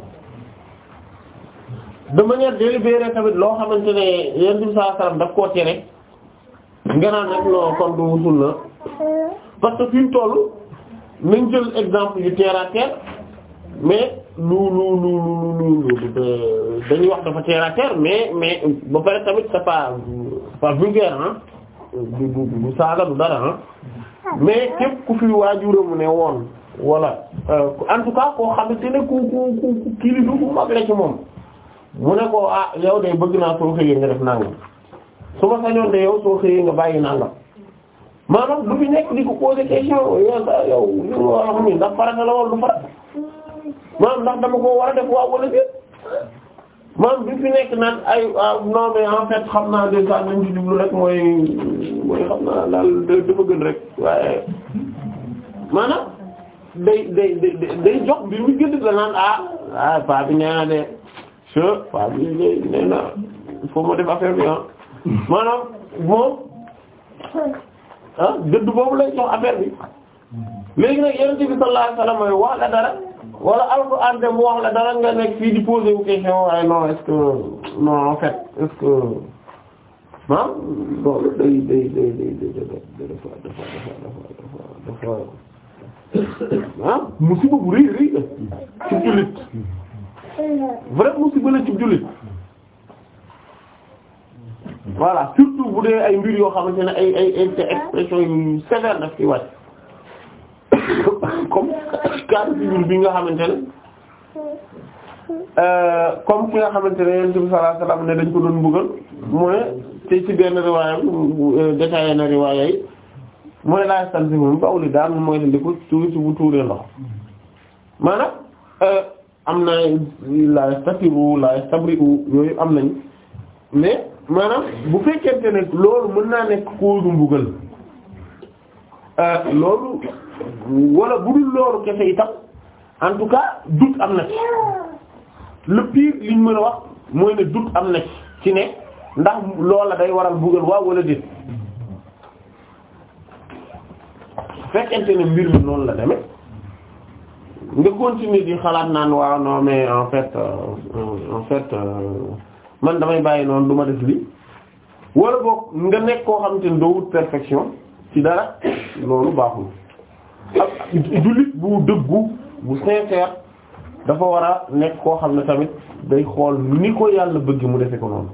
de manière délibérée tamit loo xamante ne yonent bi sallallahu alayhi wasallam daf koo tere nga naan rek kon du wusul na parce que mu toll nañ jël exemple yu terre mais lu lu lu lu lu lu dañuy wax dafa terre à terre mais mais ba pare tamit c'est pas dara mais képp ku fi waajuramu ne woon voilà euh, en tout cas koo xamante ne ku ku ku kilifa bu mag la ci moom. mu ne ah yow de bëgg naa soo xëyee nga def nangam su ma sañoon de yow soo xëyee nga bàyyi nangam maanaam du fi nekk di ko poser question yow sa yow li a xam ni ndax farata du war a def fi nekk naan ay ah, non mais en xam naa de ça nañ ci rek mooy mooy xam naa daal dafa gën day jox bi mu gëdd la naan ah, ah paa bi nee na se waa bi léegi nee na il faut ma def affaire bi ah maanaam moom ah gëdd boobu lay jox affaire bi léegi nag yonent bi sallallahu alayhi wasallam mooy wax la dara wala alxuraan dem wax la dara nga nekk fii di poser wu question waaye non est-ce que non en fait est-ce que ah loolu day day day day day dafa dafa dafa dafa dafa ah musiba bu rëy rëy la ci jullit vrai musiba la ci jullit voilà surtout bu dee ay mbir yoo xamante ne ay ay ay expression yu sévère daf ci wàcc comme cadre figure bi nga xamante ne euh, comme ki nga xamante ne yonent bi sallallahu alayhi wasallam ne dañ ko doon mbugal mu ne te benn riwaayam euh, détaillé na riwaaya yi mu ne si moom bawli daal mooy ne di ko si bu tuuree ndox maanaam euh, am na la yastakiru la yastabri'u yooyu am nañ mais maanaam bu fekkente ne loolu mën naa nekk koo du mbugal euh, loolu walla bu dul loolu kese itam en tout cas doute am na ci le liñ mën a wax mooy ne doute am na ci ne ndax loola day waral mbugal waaw wala déet fekkente ne mbir mi noonu la demee nga continuer di xalaat naan waaw non mais en fait euh, euh, en fait euh, man damay bàyyi noonu du ma def lii wala boog nga nekk koo xam ne doo wut perfection ci dara loolu baaxul ak jullit bu dëggu bu sincère dafa war a nekk koo xam ne tamit day xool ni ko yàlla bëgg mu defe ko noonu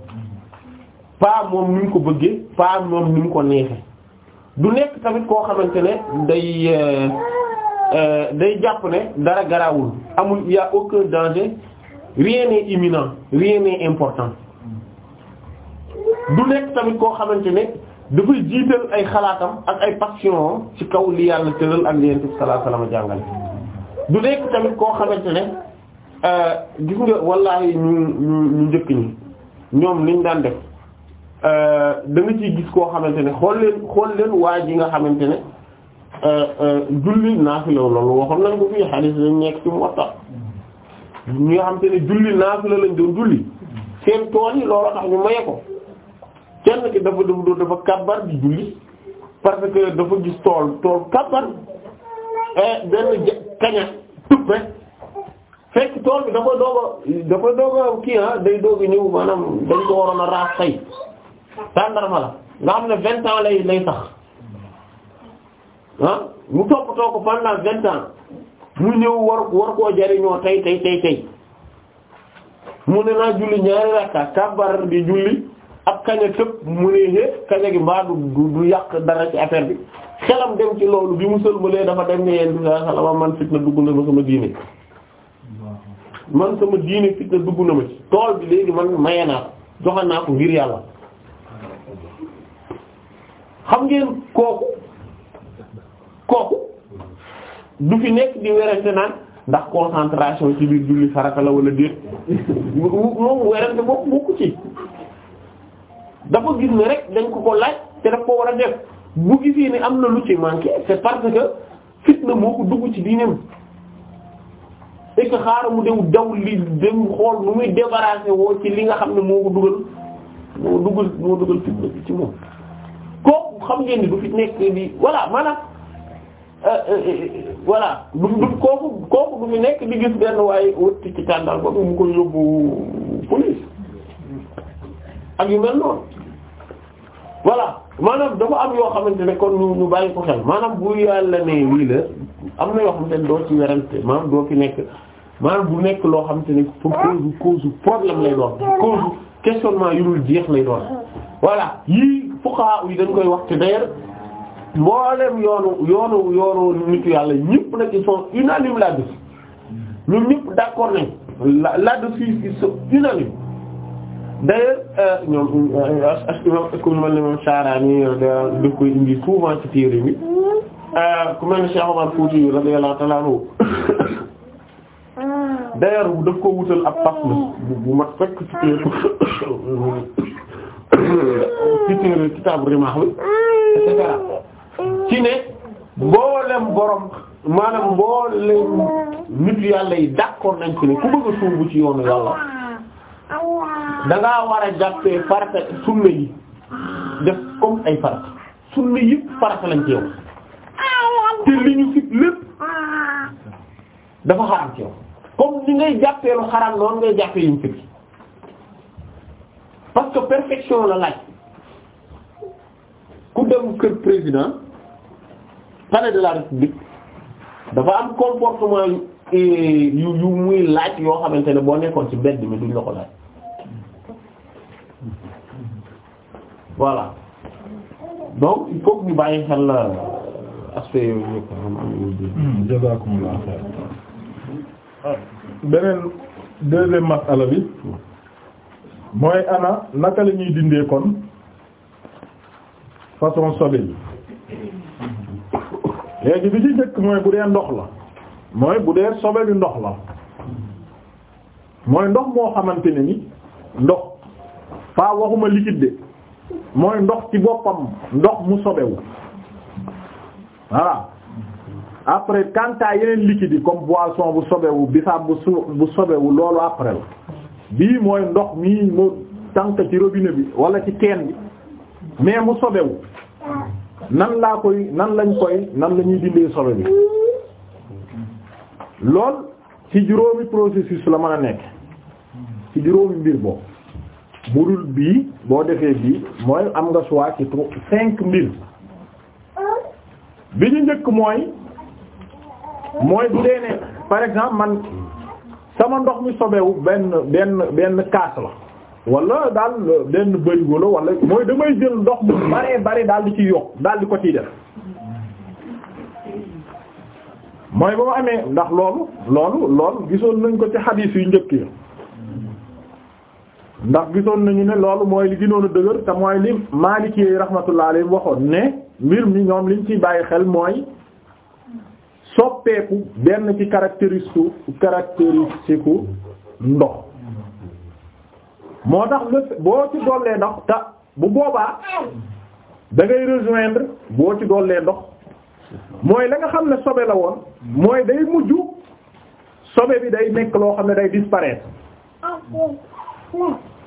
pas moom ni mu ko bëggee pas moom ni mu ko neexe du nekk tamit koo xamante ne day Euh, day jàpp ne dara garaawul amul il y a aucun danger imminent rien important du nekk tamit koo xamante ne dafay jiital ay xalaatam ak ay passion ci kaw li yàlla tëral ak li yonent bi jàngale du nekk tamit koo xamante ne euh, gis nga wallaahi ñu ñu ñu njëkk ñi ñoom liñ daan def euh, da nga ciy gis koo xamante ne xool leen xool leen waa ji nga xamante ne Euh, euh, julli naafila loolu waxoon nañ ko fii xadiis nekk ci Muwatta ñi nga xam te ne julli naafila lañ doon julli seen tool yi loolu tax ñu maye ko kenn ki dafa dafa doon dafa kàbbar di julli parce que dafa gis tool tool kàbbar eh, benn kaña tub rek fekk tool bi dafa doog a dafa doog a kii ah day doog ñëw maanaam dañ ko waroon a raas tay tàndarma la nga xam ne vingt ans lay lay tax mu toppatoo ko pendant vingt ans mu ñëw war war koo jariñoo tey tey tey mu ne naa julli ñaari rakka kabar di julli ak kaña tëpp mu ne yéeg gi mbaa du du yàq dara ci affaire bi xelam dem ci loolu bi mu sëlmalee dafa dem ne yéen salama man fitna dugg na ma sama diine man sama diine fitna dugg na ma ci tool bi léegi man maye naa ko joxe naa ko ngir yàlla xam ngeen kooku. kooku du fi nekk di werante naan ndax concentration ci biir julli farata la wala déet moom werante boobu bokku ci dafa gis ne rek dañ ko ko laaj te daf ko war a def bu gisee ne am na lu ci manqué c'est parce que fitna moo ko dugg ci diineem et que xaaral mu dem daw li dem xool nu muy débarrasser woo ci li nga xam ne moo ko dugal moo dugal moo dugal fitna bi ci moom kooku xam ngeen ni du fi nekk di voilà maanaam Euh, euh, euh, voilà du kooku kooku du mu nekk di gis benn waaye wëtti ci tàndal ba mu ko yóbbu police ak yu mel noonu voilà maanaam dafa am yoo xamante ne kon ñu ñu bàyyi ko xel maanaam bu yàlla ne lii la am na yoo xam ne doo ci werante maanaam doo fi nekk maanaam bu nekk loo xamante ne pour cause cause problème lay doon cause questionnement yu dul jeex lay doon voilà yii fuqaha yi dañ koy wax te d'ailleurs mboolem yoonu yoonu yoonu nitu yàlla ñëpp na ils sont unanimes là-dessus ñun ñëpp d'accord nañ là-dessus ils sont unanimes euh, ñoom euh, est-ce que euh, koy indi souvent ci téere bi ku mel ni Cheikh Omar Fouti radiyallahu ta'ala anhu daf ko wutal ab fasl bu mat fekk ci téere kitaab Rimah bi ci ne mboolem borom maanaam mboolem nit yàlla yi d'accord nañ ci ne ku bëgg suubu ci yoonu yàlla da war a jàppee farata sunna yi def comme ay farata sunna yëpp farata lañ ci yow te li ñu fit lépp dafa xaram ci yow comme ni ngay jàppee lu xaram noonu ngay jàppee yi fit parce que perfection la laaj ku dem kër président. palais de la République dafa am comportement yu yu muy laaj yoo xamante ne boo nekkoon ci mbedd mi duñ la ko laaj voilà donc il faut que ñu bàyyi xel euh, aspect yooyu yëpp am am jazakumullah xayr beneen deuxième masala bi mooy ana naka la ñuy dindee kon façon sobe yi léegi bi ci njëkk mooy bu dee ndox la mooy bu dee sobe bi ndox la mooy ndox moo xamante ne ni ndox pas waxuma liquide de mooy ndox ci boppam ndox mu sobewu voilà après quant yeneen liquide yi comme boisson bu sobewu bisaab bu su bu sobewu loolu après bii mooy ndox mii mu tànk ci robinet bi wala ci teen bi mais mu sobewu nan laa koy nan lañ koy nan la ñuy dindee sobe bi lool ci juróomi processus la mën a nekk ci juróomi mbir boobu budul bii boo defee bii mooy am nga choix ci trop cinq mbir bi ñu njëkk mooy mooy bu dee ne par exemple man sama ndox mi sobewu benn benn benn kaas la wala daal benn bërigo la wala mooy damay jël ndox mu bare bare daal di ci yokk daal di ko ci def mooy ba ma amee ndax loolu loolu lool gisoon nañ ko ci xadiis yu njëkk yi ndax gisoon nañu ne loolu mooy li gënoon a dëgër te mooy li Maliki yi rahmatullah alayhi waxoon ne mbir mi ñoom liñ ciy bàyyi xel mooy soppeeku benn ci caractéristique caractéristique ndox moo tax le boo ci dollee ndox te bu boobaa da ngay rejoindre boo ci dollee ndox mooy la nga xam ne sobe la woon mooy day mujj sobe bi day nekk loo xam ne day disparaître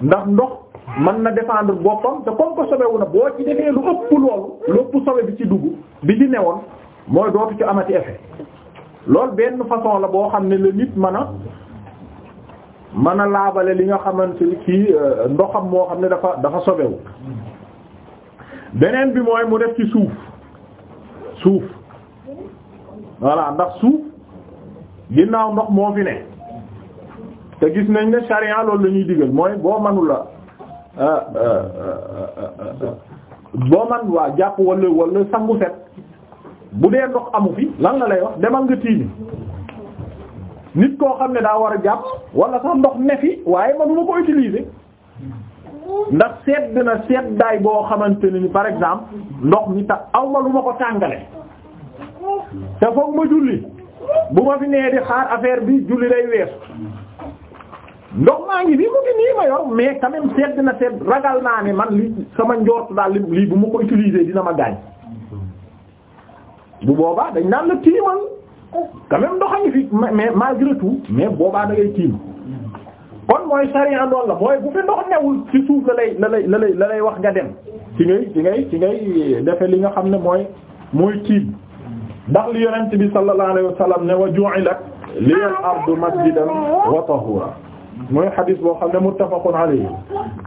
ndax ndox mën na défendre boppam te comme que sobe wu na boo ci defee lu ëpp loolu lu ëpp sobe bi ci dugg bi ci newoon mooy dootu ci amati effet loolu benn façon la boo xam ne la nit mën a mën a laabale li nga xamante ni kii euh, ndoxam moo xam ne dafa dafa sobewu beneen bi mooy mu def ci suuf suuf voilà ndax suuf ginnaaw ndox moo fi ne te gis nañ ne charia loolu lañuy ñuy digal mooy boo manula euh, euh, boo man waa jàpp wala wala sangu set bu dee ndox amu fi lan la lay wax demal nga tiini nit koo xam ne daa war a jàpp wala sax ndox nefi waaye manuma ko utiliser ndax sedd na seddaay boo xamante ne ni par exemple ndox mi tax aw ma lu ko tàngale te foog ma julli bu ma fi nee di xaar affaire bi julli day weesu ndox maa ngi fii mu ngi nii ma yor mais quand sedd na sedd ragal naa ne man li sama njort daal lii bu ma ko utiliser dina ma gaañ bu boobaa dañ naan la tiimal quand ndox a ngi fi mais malgré tout mais boobaa da ngay tiim kon mooy sariya doon la mooy bu fi ndox newul ci suuf la lay la lay la lay wax nga dem ci ngay ci ngay ci ngay defe li nga xam ne mooy mooy tiim ndax li yonent bi sallallahu alayhi wa sallam ne wa ju'ilat liyal ardu masjidan mooy xadis boo xam ne muttafaqun alayhi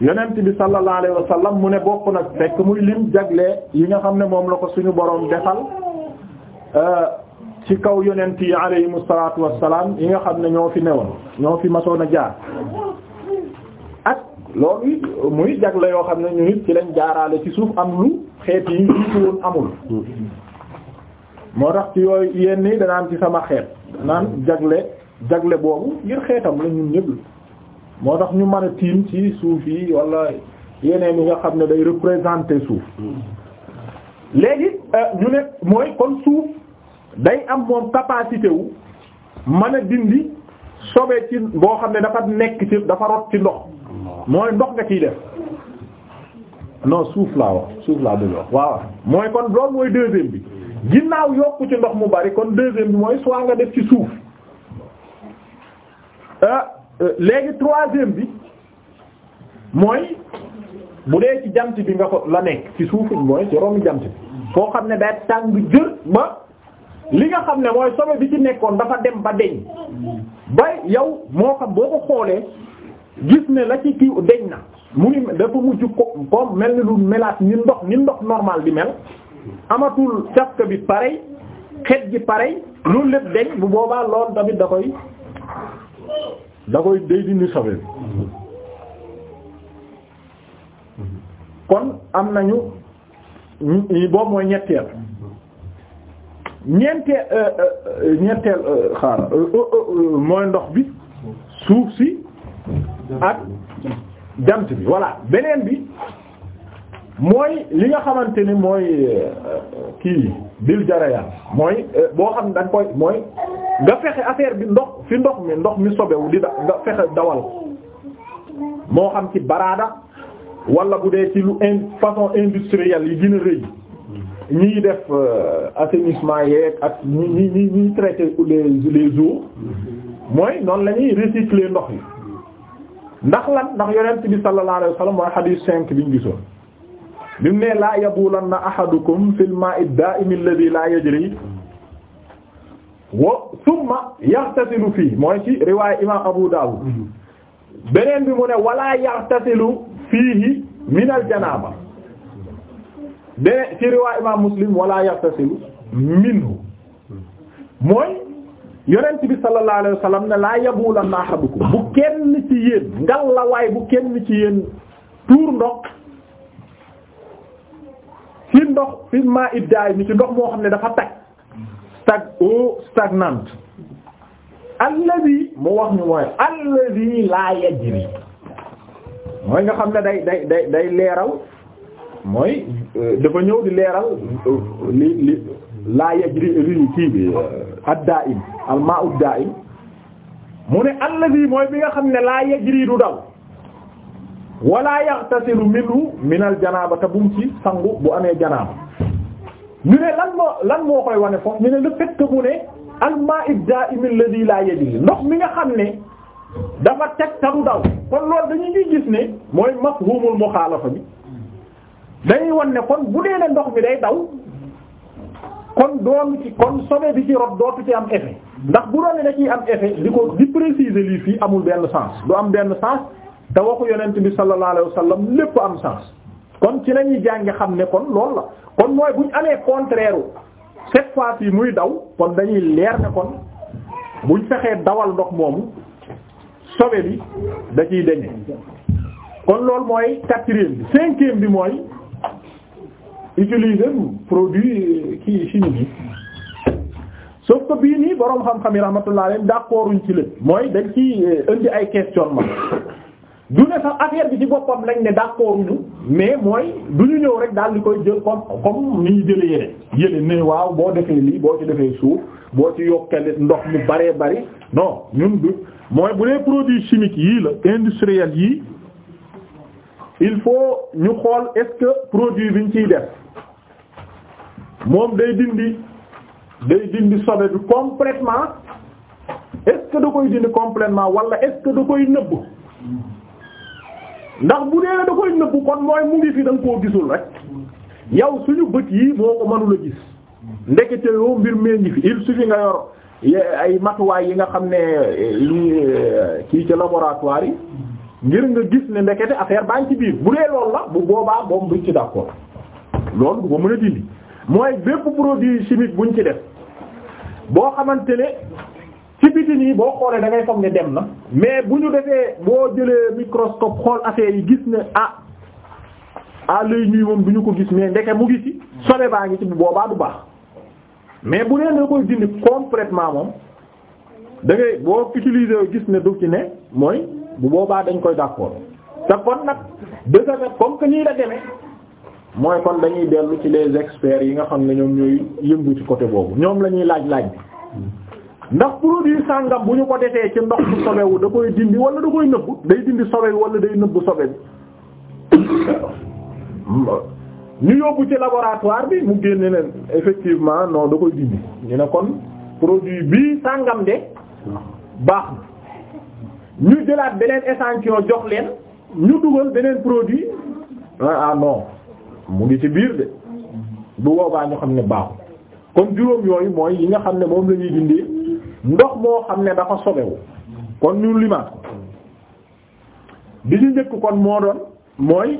yonent bi sallallahu alayhi wa sallam mu ne bokk nag fekk muy lim jagle yi nga xam ne moom la ko suñu boroom defal euh, ci kaw yonent yi alayhimu salaatu wassalaam yi nga xam ne ñoo fi ne woon ñoo fi masoon a jaar ak loolu muy jagle yoo xam ne ñu nit ci lañ jaaraale ci suuf am lu xeet yi jiitu woon amul moo tax danaan ci sama xeet danaan jagle jagle boobu ngir xeetam la tax ñu mën a tiim ci suuf yi wala yi nga xam ne day représenter suuf hmm. léegi euh, ñu ne mooy kon suuf day am moom capacité wu mën a dindi sobe ci boo xam ne dafa nekk ci dafa rot ci ndox mooy ndox nga ciy def non suuf laa wax suuf laa bëgg wax waaw mooy kon loolu mooy deuxième bi ginnaaw yokku ci ndox mu bari kon deuxième bi mooy soit nga def ci suuf euh, euh, léegi troisième bi mooy bu dee ci jant bi nga ko la nekk ci suuf mooy ci ronu jant bi foo xam ne day tàng jër ba li nga xam ne mooy sobe bi ci nekkoon dafa dem ba deñ ba yow moo xam boo ko xoolee gis ne la ci kii deñ na mu ni dafa mujj ko comme mel ni lu melaat ni ndox ni ndox normal di mel amatul cafka bi pareil xet gi pareil loolu lépp deñ bu boobaa loolu tamit da koy da koy day dindi sobe kon am nañu boobu mooy ñetteel Euh, euh, ñeenteel ñeenteel euh, mooy ndox bi suuf si ak jant bi voilà beneen bi mooy li nga xamante ni mooy kii bil jarayaan mooy boo xam ne da koy mooy nga fexe affaire bi ndox fi ndox mi ndox mi sobewu di da nga fexe dawal moo xam ci baraada wala bu dee ci lu in façon industrielle yi gën a rëy ñiy def euh, assainissement yeeg ak ñi ñi ñi les les eaux mooy noonu lañuy ñuy ndox yi ndax lan ndax yonent bi sallallahu alayhi wa sallam mooy hadith cinq bi ñu gisoon bi mu laa yabulanna ahadukum fil ma'i ad-da'im alladhi la yajri wa thumma yaghtasilu fii mooy ci riwaaya imam Abu Dawud mm-hmm. beneen bi mu ne wala yaghtasilu fiihi min al-janaba bene ci riwaa imam muslim wala yaqtasilu minhu mooy yonent bi sallallahu alayhi wa sallam ne laa yabulanna ahadukum bu kenn ci yéen ngal la waay bu kenn ci yéen tuur ndox fi ndox fi maa iddaay mi ci ndox moo xam ne dafa tag stag eau stagnante allazi moo wax ñu mooy allazi laa yajri mooy nga xam ne day day day day leeral mooy euh, dafa ñëw di leeral euh, li li laa yajri ri kii bi euh, ad-da'im al mu ne allazi mooy bi nga xam ne laa yajri du daw wala yaghtasilu minhu min al-janaba te bum ci sangu bu amee janaaba ñu ne lan moo lan moo koy wane foofu ñu ne le fait mu ne al-ma'u ad-da'im allazi laa yajri ndox mi nga xam ne dafa teg du daw kon loolu dañu ngi gis ne mooy mafhumul mukhalafa bi dañuy won ne kon bu dee ne ndox bi day daw kon doon ci kon sobe bi ci rot dootu ci am effet ndax bu doon ne da ciy am effet li ko di préciser lii fii amul benn sens du am benn sens te waxu yonent bi sallallahu alayhi wa sallam lépp am sens kon ci la ñuy xam ne kon loolu la kon mooy bu ñu amee contraire cette fois ci muy daw kon dañuy leer ne kon buñ fexee dawal ndox moomu sobe bi da ciy deñe kon loolu mooy quatrième bi cinquième bi mooy utiliser produit kii chimique yi sauf que bii nii boroom xam-xam yi rahmatullah alayhi d'accorduñ ci lépp mooy dañ ci euh, indi ay questionnement du ne sax affaire bi ci boppam lañ ne d'accorduñu mais mooy du ñu ñëw rek daal di koy jël comme comme ni ñu jëlee yére yére waaw boo defee lii boo ci defee suuf boo ci yokkale ndox mu baree bari non ñun du mooy bu dee produit chimique yii la industriel yii il faut ñu xool est produit bi ñu ciy def moom day dindi day dindi sobe bi complètement est-ce que da koy dindi complètement wala est da koy nëbb ndax bu dee da koy nëbb kon mooy mu ngi fi da koo gisul rek yow suñu bët yi moo ko mënula gis ndekete yoo mbir mee ngi fi il suffit nga yor ay matuwaay yi nga xam ne eh, li eh, kii ci laboratoire yi ngir nga gis ne ndekete affaire baa ngi ci biir bu dee loolu la bu boobaa moom duñ ci d'accord loolu du ko mën a dindi mooy bépp produit chimique buñ ci def boo xamante ne ci biti nii boo xoolee da ngay foog ne dem na mais bu ñu defee boo jëlee microscope xool affaire yi gis ne ah à l'œil nu moom du ñu ko gis mais ndeke mu ngi ci sobe baa ngi ci bu boobaa du baax mais bu dee nga koy dindi complètement moom da ngay boo utiliser gis ne du ci ne mooy. bu boobaa dañ koy d'accord te kon nag de sa comme que nii la demee mooy kon dañuy dellu ci les experts yi nga xam ne ñoom ñooy yëngu ci côté boobu ñoom la ñuy laaj laaj bi ndax produit sàngam bu ñu ko defee ci ndox bu sobe wu da koy dindi wala da koy nëbb day dindi sobe bi wala day nëbb sobe bi ñu yóbbu ci laboratoire bi mu génne leen effectivement non da koy dindi ñu ne kon produit bii sàngam de baax ñu jëlaat beneen échantillon jox leen ñu dugal beneen produit ah, ah non mu ngi ci biir de bu boobaa ñu xam ne baaxul kon juróom yooyu mooy yi nga xam ne moom la ñuy dindi ndox moo xam ne dafa sobewu kon ñu limaat ko bi ñu njëkk kon moo doon mooy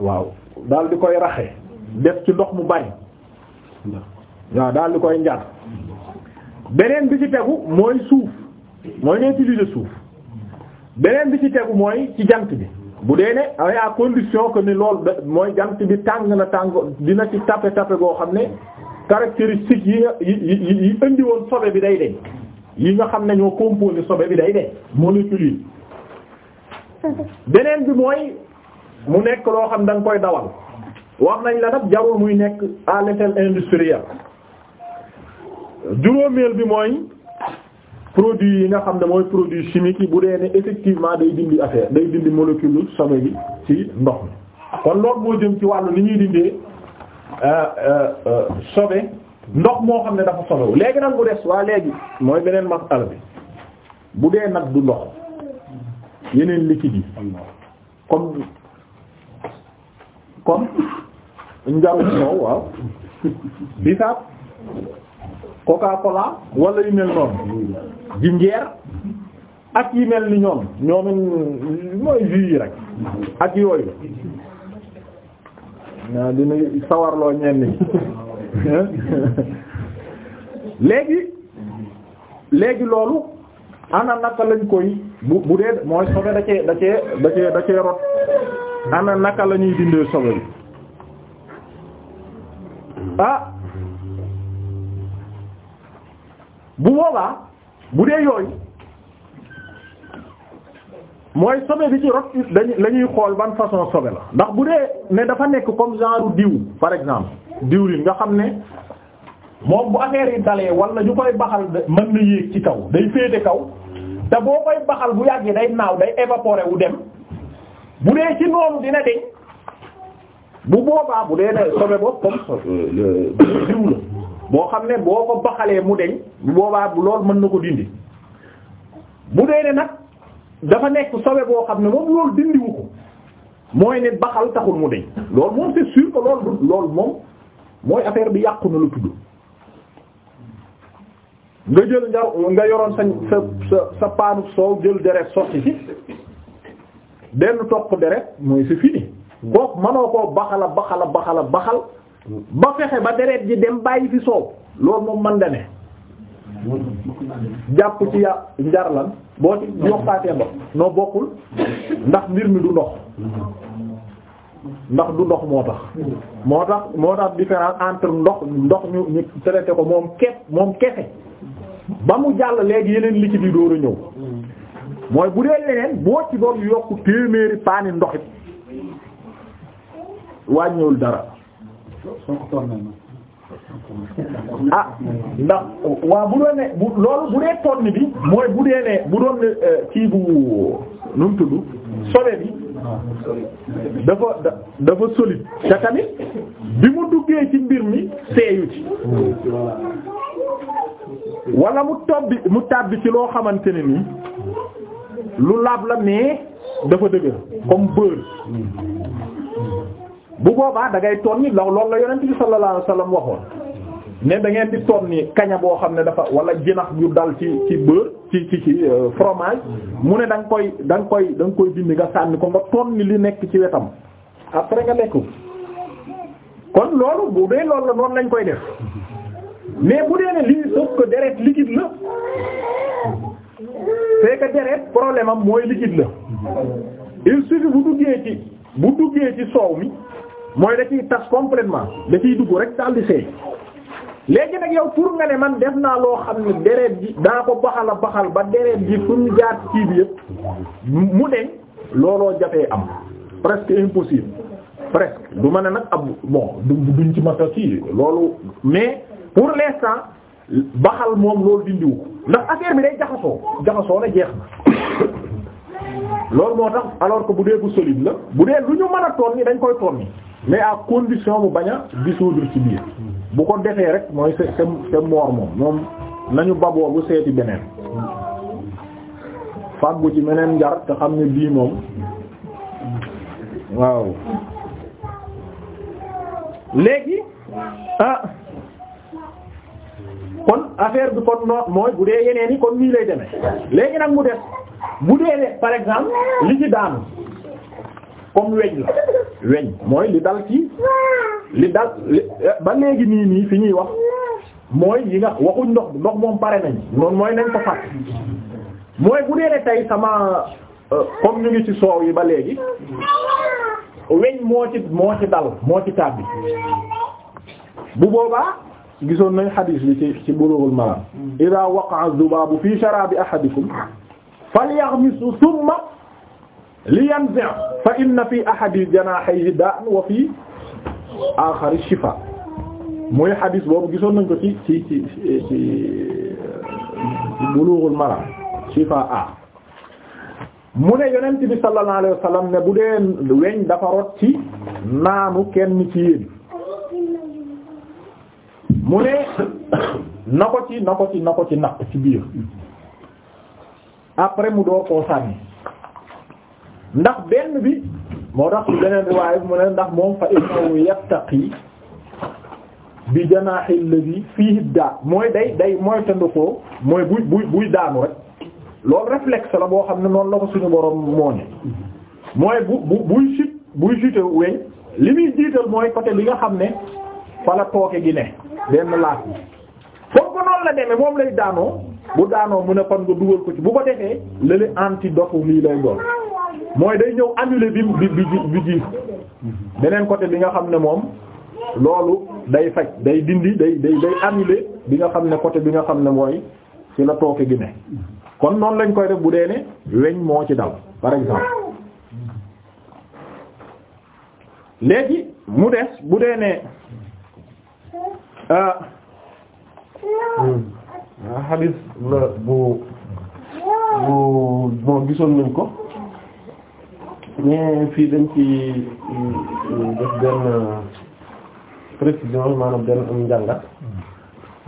waaw dal di koy raxe def ci ndox mu bari waaw daal di koy njar beneen bi ci tegu mooy suuf mooy ngay utiliser suuf beneen bi ci tegu mooy ci jant bi bu dee ne à condition ko ni lool mooy jant bi tàng na tàng dina ci tape tape goo xam ne caractéristiques yi yi yi indi woon sobe bi day de yi nga xam ne ñoo sobe bi day deñ molécules yi beneen bi mooy mu nekk loo xam da nga koy dawal wax nañ la nag jarul muy nekk à l'échelle industrielle juróomeel bi mooy produit yi nga xam ne mooy produit chimique yi bu dee ne effectivement day dindi affaire day dindi molécule sobe bi ci ndox mi kon loolu moo jëm ci wàllu li ñuy dindee euh, euh, euh, sobe ndox moo xam ne dafa sobewu léegi nag bu waa léegi mooy beneen masala bi bu dee nag du ndox yeneen liquide yi comme comme njaru soow waaw bisaab coca cola wala yu mel noonu jinjeer ak yi mel ni ñoom ñoomin mooy jus yi rek ak yooyu waaw dina sawarloo ñenn ñi léegi léegi loolu ana naka lañ koy bu bu dee mooy sobe da cee da rot ana naka la ñuy dindee sobe bi ah bu boobaa bu dee yooyu mooy sobe bi ci rot dañuy la ñuy xool ban façon sobe la ndax bu dee ne dafa nekk comme genre diw par exemple diwlin nga xam ne moom bu affaire yi dalee wala ñu koy baxal mën na yéeg ci kaw day féete kaw te boo koy baxal bu yàggee day naaw day évaporer wu dem bu dee ci noonu dina deñ bu boobaa bu dee ne sobe boobu comme euh, diw la boo xam ne boo ko baxalee mu deñ bu lool mën na ko dindi bu dee ne nag dafa nekk sobe boo xam ne moom loolu dindiwu ko mooy ne baxal taxul mu deñ loolu moom c'est sûr que loolu loolu moom mooy affaire bi yàqu na lu tudd nga jël nga yoroon sa sa sa paanu soow jël deret sotti ci benn toq deret mooy c'est fini. Hmm. kooku mënoo koo baxala baxala baxala baxal ba fexe ba deret ji dem bàyyi fi soow loolu moom man da ne jàpp ci ya njar boo ci yokkaatee ndox noo bokkul ndax mbir mi du ndox ndax du ndox moo tax moo tax moo tax différence entre ndox ndox ñu ñu traité ko moom ke moom kese ba mu jàll léegi yeneen liquide yi dooru ñëw mooy bu dee leneen boo ci doon yokk téeméeri paani ndoxit wàññiwul dara ah ndax waaw bu doon ne bu loolu bu dee tonne bi mooy bu dee ne bu doon ne euh, kii bu nu mu tudd bi dafa dafa solide te tamit bi mu duggee ci mbir mi seeyu ci wala mu tobbi mu tàbbi ci loo xamante ne lu laab la mais dafa dëgër comme beurre bu boobaa da ngay tonni loolu la yonent bi sallallahu alayhi wasallam waxoon ne da ngeen di tonni kaña boo xam ne dafa wala jinax yu dal ci ci beurre ci ci ci euh, fromage mu ne da nga koy da koy da nga koy dindi nga sànni ko nga tonni li nekk ci wetam après nga lekk kon loolu bu dee loolu la noonu lañ koy def mais bu dee ne lii sauf que deret liquide la c'est deret problème am mooy liquide la il suffit bu duggee ci bu duggee ci soow mi. mooy da ciy tas complètement da ciy dugg rek daal di seey léegi nag yow pour nga ne man def naa loo xam ne deret ji daa ko baxal a baxal ba deret ji fu ñu jaar kii bi yëpp mu deñ looloo jafee am presque impossible presque du ma ne nag ab bon duñ ci mata kii loolu mais pour l'instant baxal moom loolu dindiwu ko ndax affaire bi day jaxasoo jaxasoo la jeex na loolu moo tax alors que bu dee bu solide la bu dee lu ñu mën a toon ni dañ koy toon ni mais ak condition mu bañ a dissoudre ci biir bu ko defee rek mooy c'est c'est mort moom moom nañu baboo bu seeti beneen fàggu ci meneen njar te xam ne bii moom waaw léegi ah kon affaire bi kon no mooy bu dee yeneen yi kon nii lay demee léegi nag mu def bu dee par exemple li ci daanu comme weñ la weñ mooy li dal ci li dal eh, ba léegi nii nii fi ñuy wax mooy yi nga waxuñ ndox ndox moom pare nañ noonu mooy nañ ko fàtt mooy bu dee tey sama euh, comme ñu ngi ci soow yi ba léegi weñ moo ci moo ci dal moo ci tàbbi bu boobaa gisoon nañ xadiis bi ci ci Bulughul Maram idaa waqa'a dhubaabu fii sharaabi ahadikum falyaghmisu thumma liyanzi' fa inna fi ahadi janaahayhi daa'an wa fi aaxari shifaa muy hadis boobu gisoon nañ ko ci ci ci ci Bulughul Maram shifaa a mu ne yonent bi sallallahu alayhi wa ne bu dee weñ dafa rot ci naanu kenn ci yéen mu ne na ko ci na ko ci na ko ci napp ci biir après mu door koo sànni ndax benn bi moo tax beneen riwaaya mu ne ndax moom fa innahu yattaqi bi janaahi alladhi fihi daa mooy day day mooy tëndukoo mooy buy buy buy daanu rek loolu réflexe la boo xam ne noonu la ko suñu borom moo ne mooy bu buy sit buy site weñ li muy jiital mooy côté bi nga xam ne fa la tooke gi ne benn laaj bi foofu ko la demee moom lay daanoo. bu daanoo mu ne kon nga dugal ko ci bu ko defee lële antidote lii lay doon mooy day ñëw annuler bi bi bi bi jiitu beneen côté bi nga xam ne moom loolu day faj day dindi day day day annuler bi nga xam ne côté bi nga xam ne mooy ci la tooke gi ne kon noonu lañ koy rek bu dee ne weñ moo ci dal par exemple léegi mu des bu dee ne. Euh, xadis ah, la bu bu bon gisoon nañ ko mais fii dañ ci mm, def benn précision maanaam benn am njàngat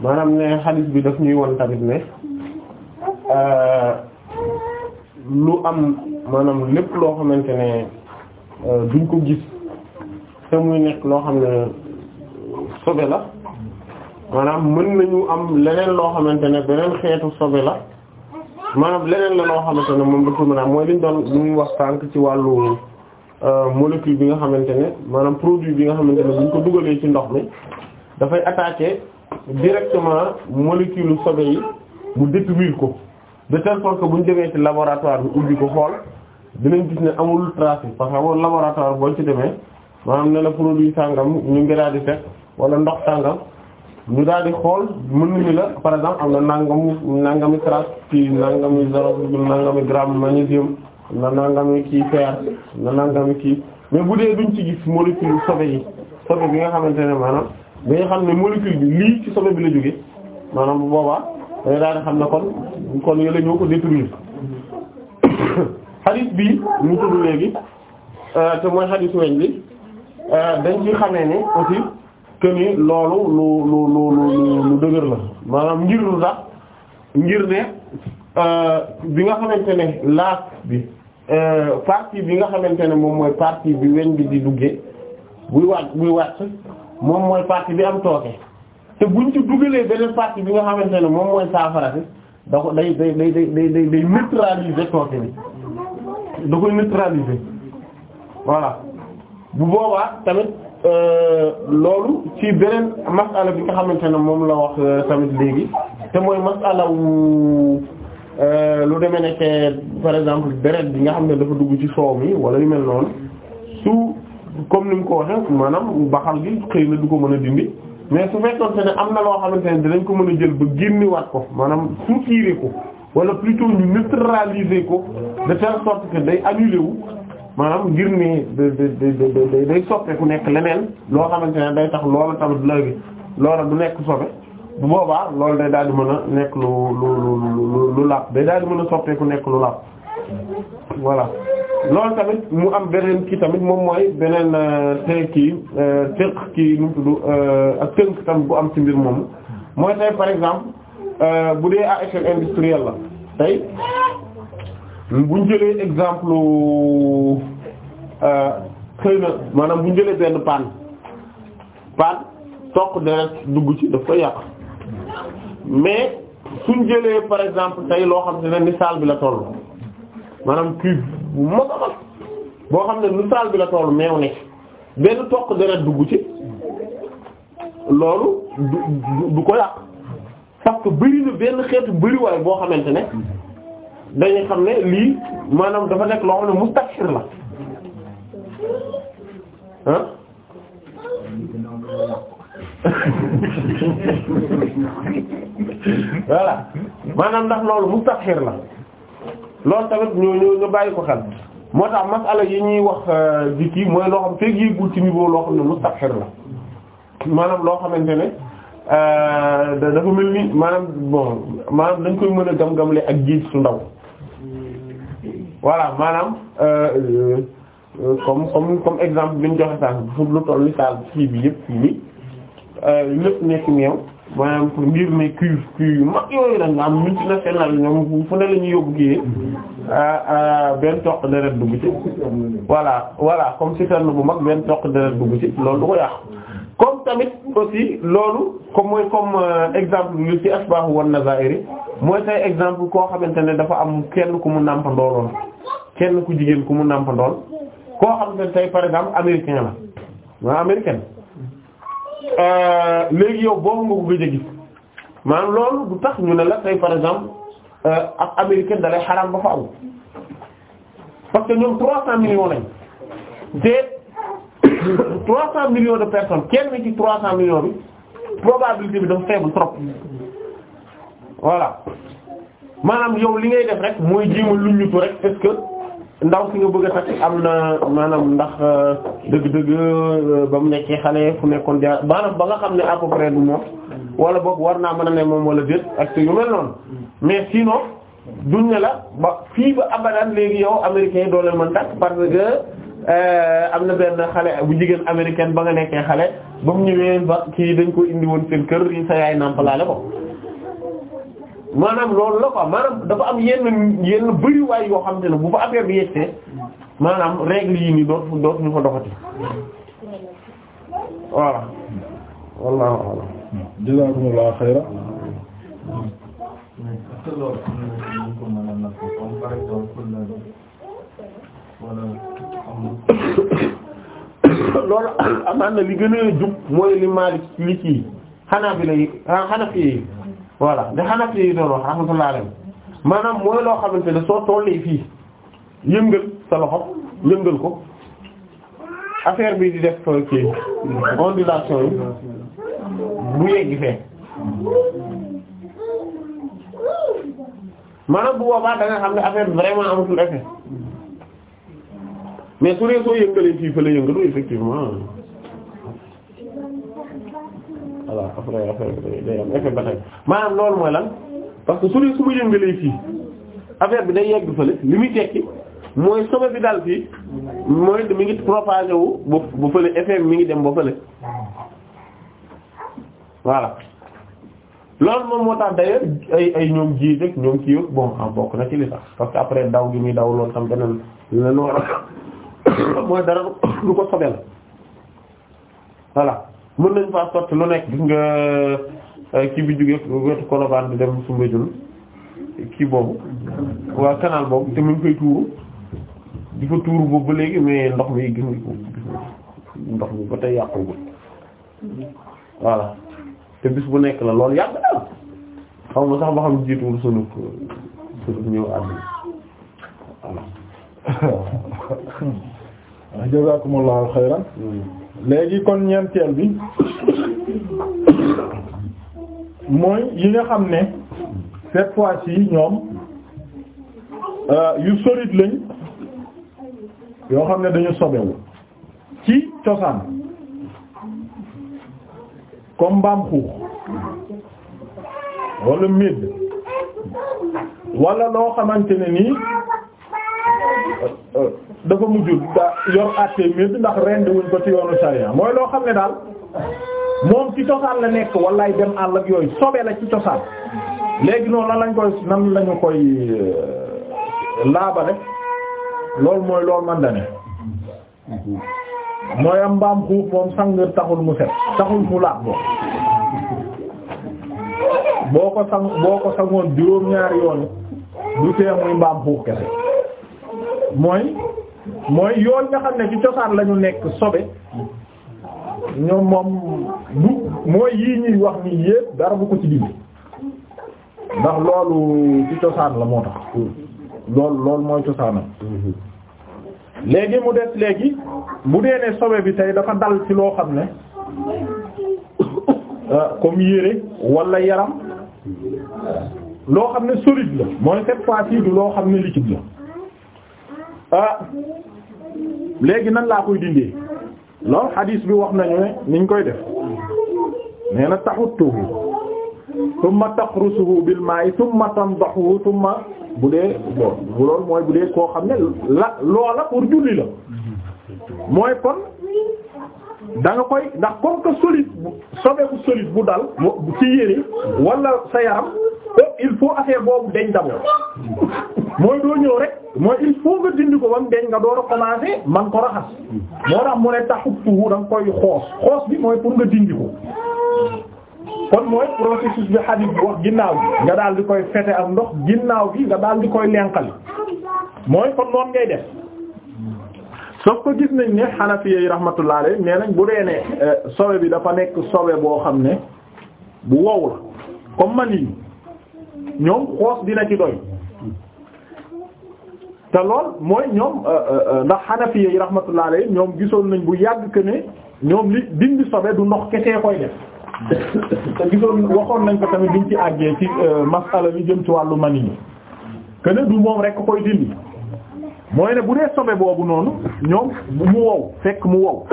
maanaam ne xadis bi daf ñuy won tamit ne euh, lu am maanaam lépp loo xamante ne euh, duñ ko gis te muy nekk loo xam ne sobe la maanaam mën nañu am leneen loo xamante ne beneen xeetu sobe la maanaam leneen la loo xamante ne moom dafa mën a mooy liñ doon li mu wax tànk ci wàllu euh, molécule bi nga xamante ne maanaam produit bi nga xamante ne buñ ko dugalee ci ndox mi dafay attaquer directement molécule sobe yi mu détruire ko de telle sorte que buñ demee ci laboratoire bi ubbi ko xool dinañ gis ne amul trace parce que amul laboratoire boo ci demee maanaam ne la produit sàngam ñu ngi daal ndox sàngam ñu daal di xool mën nañu la par exemple am na nangamu nangami trace ci nangami zéro virgule nangami gramme magnésium am na nangami ki fer am na nangami kii mais bu dee duñ ci gis molécule sobe yi sobe bi nga xamante ne maanaam bi xam ne molécule bi lii ci sobe bi la jóge maanaam bu boobaa dañu daal di xam ne kon kon yëla ñoo ko détruire hadith bi ñu tudd léegi euh, te mooy hadith weñ bi euh, dañ ci xamee ne aussi que ni loolu lu lu lu lu lu dëgër la maanaam ngir lu tax ngir ne euh, bi nga xamante ne laas bi euh, partie bi nga xamante ne moom mooy partie bi weñ bi di duggee buy wàcc buy wàcc moom mooy partie bi am tooke te buñ ci dugalee beneen partie bi nga xamante ne moom mooy saafara si da ko day day day day day day neutraliser tooke bi da koy neutraliser voilà bu boobaa tamit. Euh, loolu ci beneen masala bi nga xamante ne moom la wax euh, tamit léegi te mooy masala wu euh, lu demee nekk par exemple deret bi nga xam ne dafa dugg ci soow mi wala yu mel noonu su comme ni mu ko waxee maanaam baxal gi xëy na du ko mën a dindi mais su fekkoon ne am na loo xamante ne dinañ ko mën a jël ba génnewaat ko maanaam soutirer ko wala plutôt ñu neutraliser ko de telle sorte que day annuler wu. maanaam ngir ni da da day soppe ku nekk leneen loo xamante ne day tax loola tamit léegi loola du nekk sobe bu boobaa loolu day daal di mën a nekk lu lu lu lu lapp day daal di mën a soppe ku nekk lu lapp voilà loolu tamit mu am beneen kii tamit moom mooy beneen euh, te kii euh, tënk kii nu mu tudd euh, ak tënk tamit bu am ci mbir moomu mooy tey par exemple bu dee à échelle industrielle la tey bu ñu jëlee exemple euh, xëy na maanaam bu ñu jëlee benn paan paan toq deret dugg ci daf koy yàq mais suñ jëlee par exemple tey loo xam ne ni saal bi la toll maanaam kii bu mag boo xam ne ni saal bi la toll meew ne benn toq deret dugg ci loolu du du ko yàq parce bëri na benn xeetu bëriwaay boo xamante ne dañuy xam ne lii maanaam dafa nekk loo xam ne mustaxir la ah voilà maanaam ndax loolu mustaxir la loolu tamit ñu ñoo nga bàyyi ko xel moo tax masala yi ñuy wax euh, di kii mooy loo xam feeg yéegul ci niveau loo xam ne mustaxir la maanaam loo xamante ne euh, dafa mel ni maanaam bon maanaam dañ koy mën a gam-gamle ak géej su ndaw voilà maanaam euh, euh, comme comme comme exemple bi ñu joxe sànq fu lu toll ni saal fii bi yëpp fii bi euh, lépp nekk meew maanaam pour mbir ne cuve cuve yu mag yooyu nag nga am multinational ñoom fu ne la ñuy yóbbu kii benn toq deret dugg ci voilà voilà comme citerne bu mag benn toq deret dugg ci loolu du ko yàqu comme tamit aussi loolu comme mooy comme euh, exemple lu ci asbaahu wan nazaa'iri mooy tay exemple koo xamante ne dafa am kenn ku mu nàmpandooloon kenn ku jigéen ku mu nàmpandool koo xamante ne tey par exemple américain la ma américain euh, léegi yow boobu nga ko gëj a gis loolu du tax ñu ne la tey par exemple euh, ak américain dalay xaraam ba fa am parce que ñoom 300 millions lañ te trois cent millions de personnes kenn ci trois cent millions bi probabilité bi dafa faible trop voilà maanaam yow li ngay def rek mooy jéema lu ñutu rek est ndaw si nga bëgg a takk am na maanaam ndax euh, dëgg-dëgg euh, ba mu nekkee xale fu nekkoon jaar maanaam ba nga xam ne à peu près du moom wala boog war naa mën a ne moom wala déet ak yu mel noonu mais sinon duñ ne la ba fii ba abadan léegi yow américain yi doo leen mën parce que Euh, am na benn xale bu jigéen américaine ba nga nekkee xale ba mu ñëwee ba kii dañ ko indi woon seen kër yi sa yaay nàmpalaale ko maanaam loolu la quoi maanaam dafa am yenn yenn bëriwaay yoo xam te ne bu fa affaire bi yegsee maanaam règle yi nii dootu dootu ñu fa doxati voilà wallahu a'lam loolu amaan na li gën a jub mooy li Maalik li ci Hanaabila yi ah, Hanafi yi voilà de Hanafi yi doon wax rahmatullahi alayhi maanaam mooy loo xamante ne soo tollee fii yëngal sa loxo yëngal ko affaire bi di def euh, kii ondulation yi bu yeggi fee maanaam bu boobaa da xam ne affaire bi vraiment amatul effet mais su dee soo yëngalee fii fële yëngalu effectivement voilà am loolu mooy lan parce que su dee su yëngalee fii affaire bi day yegg fële li muy tekki mooy sobe bi daal fii mooy mi ngi propagé wu fële effet bi ngi dem ba fële voilà loolu moom moo tax d'ailleurs ay ay ñoom ji rek ñoom kii yëpp bon am ah, bokk na ci li tax après daw gi muy daw loolu tam beneen la mooy dara lu ko sobel voilà mën nañ faa sotti lu nekk gis nga euh, kii bi jóge wetu Colobane bi dem Soumbédioune kii boobu waa canal boobu te mu ngi tuuru di fa tuuru boobu léegi mais ndox mi gis ndox mi ba tey yàqugul voilà te bis bu nekk la loolu yàgg na xaw ma sax ba xam jiituwul sunu sunu ñëw àdduna voilà jazakumullahu xayran léegi kon ñeenteel bi mooy yi nga xam ne cette fois-ci ñoom euh, yu sorit lañ yoo xam ne daño sobewu ci cosaan comme mbaam xuux wala médd wala loo xamante ne nii dafa mujjul da yor àttee mbir ndax rend wuñ ko ci yoonu sariya mooy loo xam ne daal moom ci cosaan la nekk wallaay dem àll ak yooyu sobe la ci cosaan léegi noonu lan lañ koy nan lañu koy euh, laabale loolu mooy loolu man mooy am mbaam xuuf moom sang taxul mu set taxul mu laab moom boo ko sang boo ko sangoon juróom-ñaari yoon du tee muy mbaam xuuf kese mooy mooy yoon nga xam ne ci cosaan lañu nekk sobe ñoom moom bu mooy yii ñuy wax ni yépp dara bu ko ci dindi ndax loolu ci cosaan la moo tax loolu loolu mooy cosaanam léegi mu des léegi bu dee ne sobe bi tey dafa dal ci loo xam ne euh, comme yére walla yaram loo xam ne solide la mooy cette fois-ci loo xam ne liquide la ah léegi nan laa koy dindee lool xadiis bi wax nañu ne niñ koy def nee na taxuttuhu tumma taqrusuhu bil maa'i tumma tandahu tumma bu dee bon loolu mooy bu dee koo xam ne la loola pour julli la mooy kon danga koy ndax comme que solide bu sobe bu solide bu dal bu ci yére wala sa yaram oh, il faut affaire boobu deñ d'abord mooy doo ñëw rek mooy il faut nga dindi ko ba mu nga door a commencer man ko raxas moo tax mu a taxut tuuhu da koy xoos xoos bi mooy pour nga dindi ko kon mooy processus bi hadith bi wax ginnaaw bi nga daal di koy fete ak ndox ginnaaw bi nga daal di koy lenqali mooy kon noonu ngay def. sauf que gis nañ ne Hanafiya yi rahmatullah alayhi nee nañ bu dee ne euh, sobe bi dafa nekk sobe boo xam ne bu wow la comme man yi ñoom xoos dina ci doy te lool mooy ñoom euh, euh, ndax Hanafiya yi rahmatullah alayhi ñoom gisoon nañ bu yàgg que ne ñoom li dindi sobe du ndox kesee koy def te gisoon waxoon nañ ko tamit biñ ci àggee ci masala li jëm ci wàllu man yi que du moom rek koy dindi mooy ne bu dee sobe boobu noonu ñoom mu wow fekk mu wow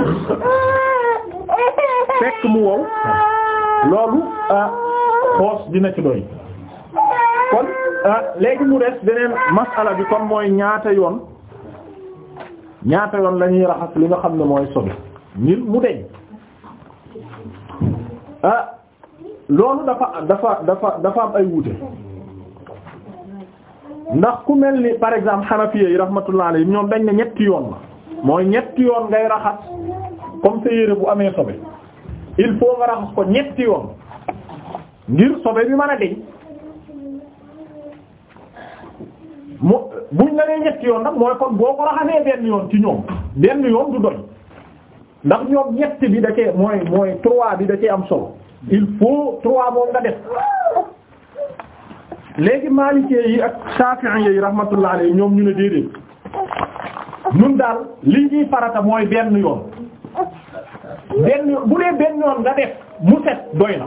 fekk mu wow loolu ah, xoos dina ci doy kon ah, léegi mu des beneen masala bi kon mooy ñaata yoon ñaata yoon la ñuy raxas li nga xam ne mooy sobe ngir mu deñ ah loolu dafa dafa dafa dafa am ay wuute ndax ku mel ni par exemple xanafiya yi rahmatullah alayhim ñoom dañ ne ñetti yoon la mooy ñetti yoon ngay raxas comme sa yére bu amee sobe il faut nga raxas ko ñetti yoon ngir sobe bi mën a deñ mu buñ la nee ñetti yoon nag mooy kon boo ko raxasee benn yoon ci ñoom benn yoon du doy ndax ñoom ñetti bi da cee mooy mooy trois bi da cee am solo il faut trois moom nga def léegi maalikee yi ak Shafi'i yi rahmatullah yi ñoom ñu ne déedéet ñun daal lii di farata mooy benn yoon benn bu dee benn yoon nga def mu set doy na